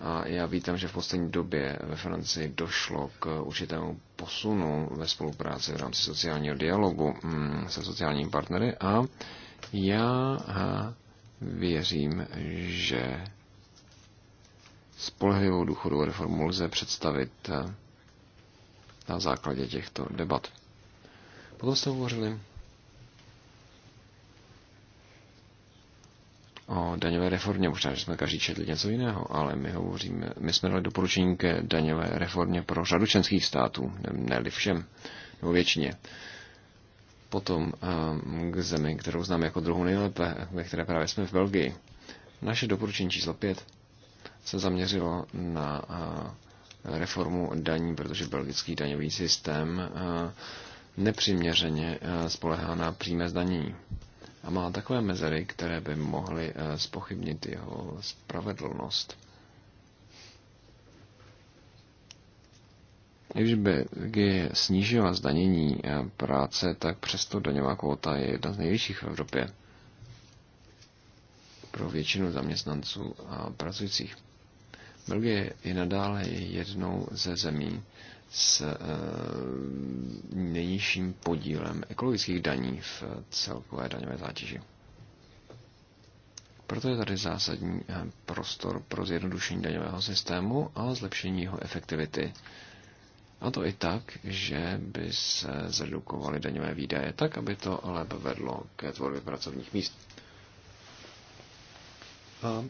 A já vítám, že v poslední době ve Francii došlo k určitému posunu ve spolupráci v rámci sociálního dialogu mm, se sociálními partnery a já eh, věřím, že spolehlivou důchodovou reformu lze představit eh, na základě těchto debat. Potom jste hovořili o daňové reformě. Možná, že jsme každý četli něco jiného, ale my hovoříme, my jsme dali doporučení ke daňové reformě pro řadu členských států, ne, ne všem, nebo většině potom ehm, k zemi, kterou znám jako druhou nejlépe, ve které právě jsme v Belgii. Naše doporučení číslo 5 se zaměřilo na eh, reformu daní, protože belgický daňový systém eh, nepřiměřeně eh, spolehá na přímé zdanění a má takové mezery, které by mohly spochybnit jeho spravedlnost. Když Belgie snížila zdanění eh, práce, tak přesto daňová kvota je jedna z nejvyšších v Evropě pro většinu zaměstnanců a pracujících. Belgie je nadále jednou ze zemí s eh, nejnižším podílem ekologických daní v celkové daňové zátěži. Proto je tady zásadní eh, prostor pro zjednodušení daňového systému a zlepšení jeho efektivity a to i tak, že by se zredukovaly daňové výdaje tak, aby to lépe vedlo ke tvorbě pracovních míst. A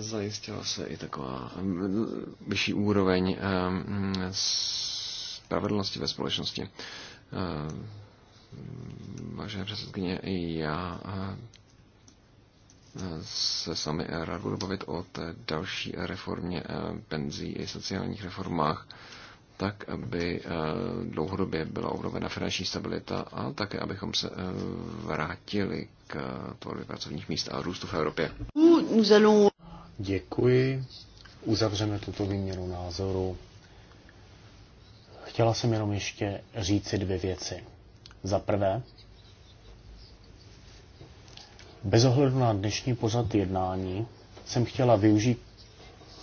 zajistila se i taková mm, vyšší úroveň mm, spravedlnosti ve společnosti. Mm, vážené předsedkyně, já se sami rád budu bavit o té další reformě penzí i sociálních reformách tak, aby eh, dlouhodobě byla obnovena finanční stabilita a také, abychom se eh, vrátili k eh, tvorbě pracovních míst a růstu v Evropě. Děkuji. Uzavřeme tuto výměnu názoru. Chtěla jsem jenom ještě říci dvě věci. Za prvé, bez ohledu na dnešní pořad jednání jsem chtěla využít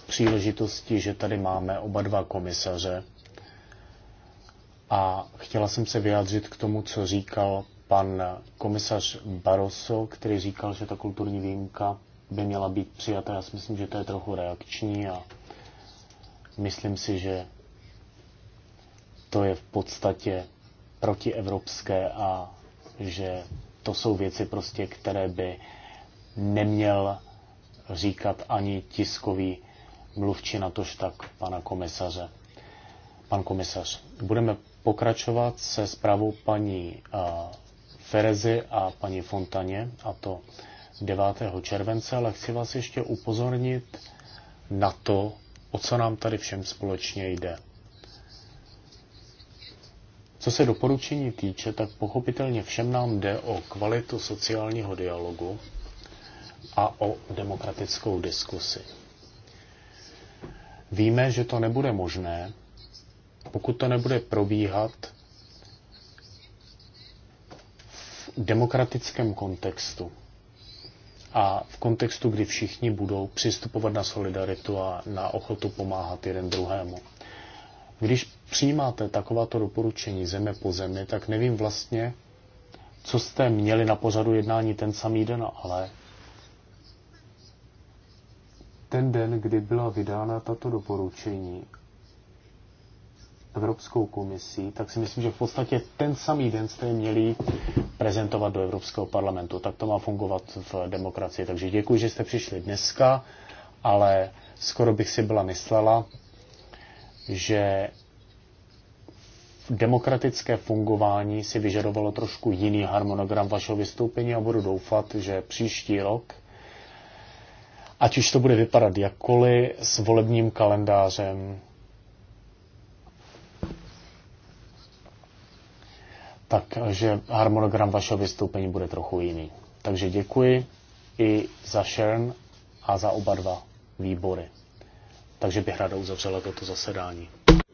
příležitosti, že tady máme oba dva komisaře, a chtěla jsem se vyjádřit k tomu, co říkal pan komisař Barroso, který říkal, že ta kulturní výjimka by měla být přijata. Já si myslím, že to je trochu reakční a myslím si, že to je v podstatě protievropské a že to jsou věci prostě, které by neměl říkat ani tiskový mluvčí, tož tak pana komisaře. Pan komisař, budeme pokračovat se zprávou paní eh, Ferezy a paní Fontaně, a to 9. července, ale chci vás ještě upozornit na to, o co nám tady všem společně jde. Co se doporučení týče, tak pochopitelně všem nám jde o kvalitu sociálního dialogu a o demokratickou diskusi. Víme, že to nebude možné, pokud to nebude probíhat v demokratickém kontextu a v kontextu, kdy všichni budou přistupovat na solidaritu a na ochotu pomáhat jeden druhému. Když přijímáte takováto doporučení země po zemi, tak nevím vlastně, co jste měli na pořadu jednání ten samý den, ale ten den, kdy byla vydána tato doporučení Evropskou komisí, tak si myslím, že v podstatě ten samý den jste je měli prezentovat do Evropského parlamentu. Tak to má fungovat v demokracii. Takže děkuji, že jste přišli dneska, ale skoro bych si byla myslela, že demokratické fungování si vyžadovalo trošku jiný harmonogram vašeho vystoupení a budu doufat, že příští rok, ať už to bude vypadat jakkoliv, s volebním kalendářem takže harmonogram vašeho vystoupení bude trochu jiný. Takže děkuji i za Sharon a za oba dva výbory. Takže bych rád uzavřela toto zasedání.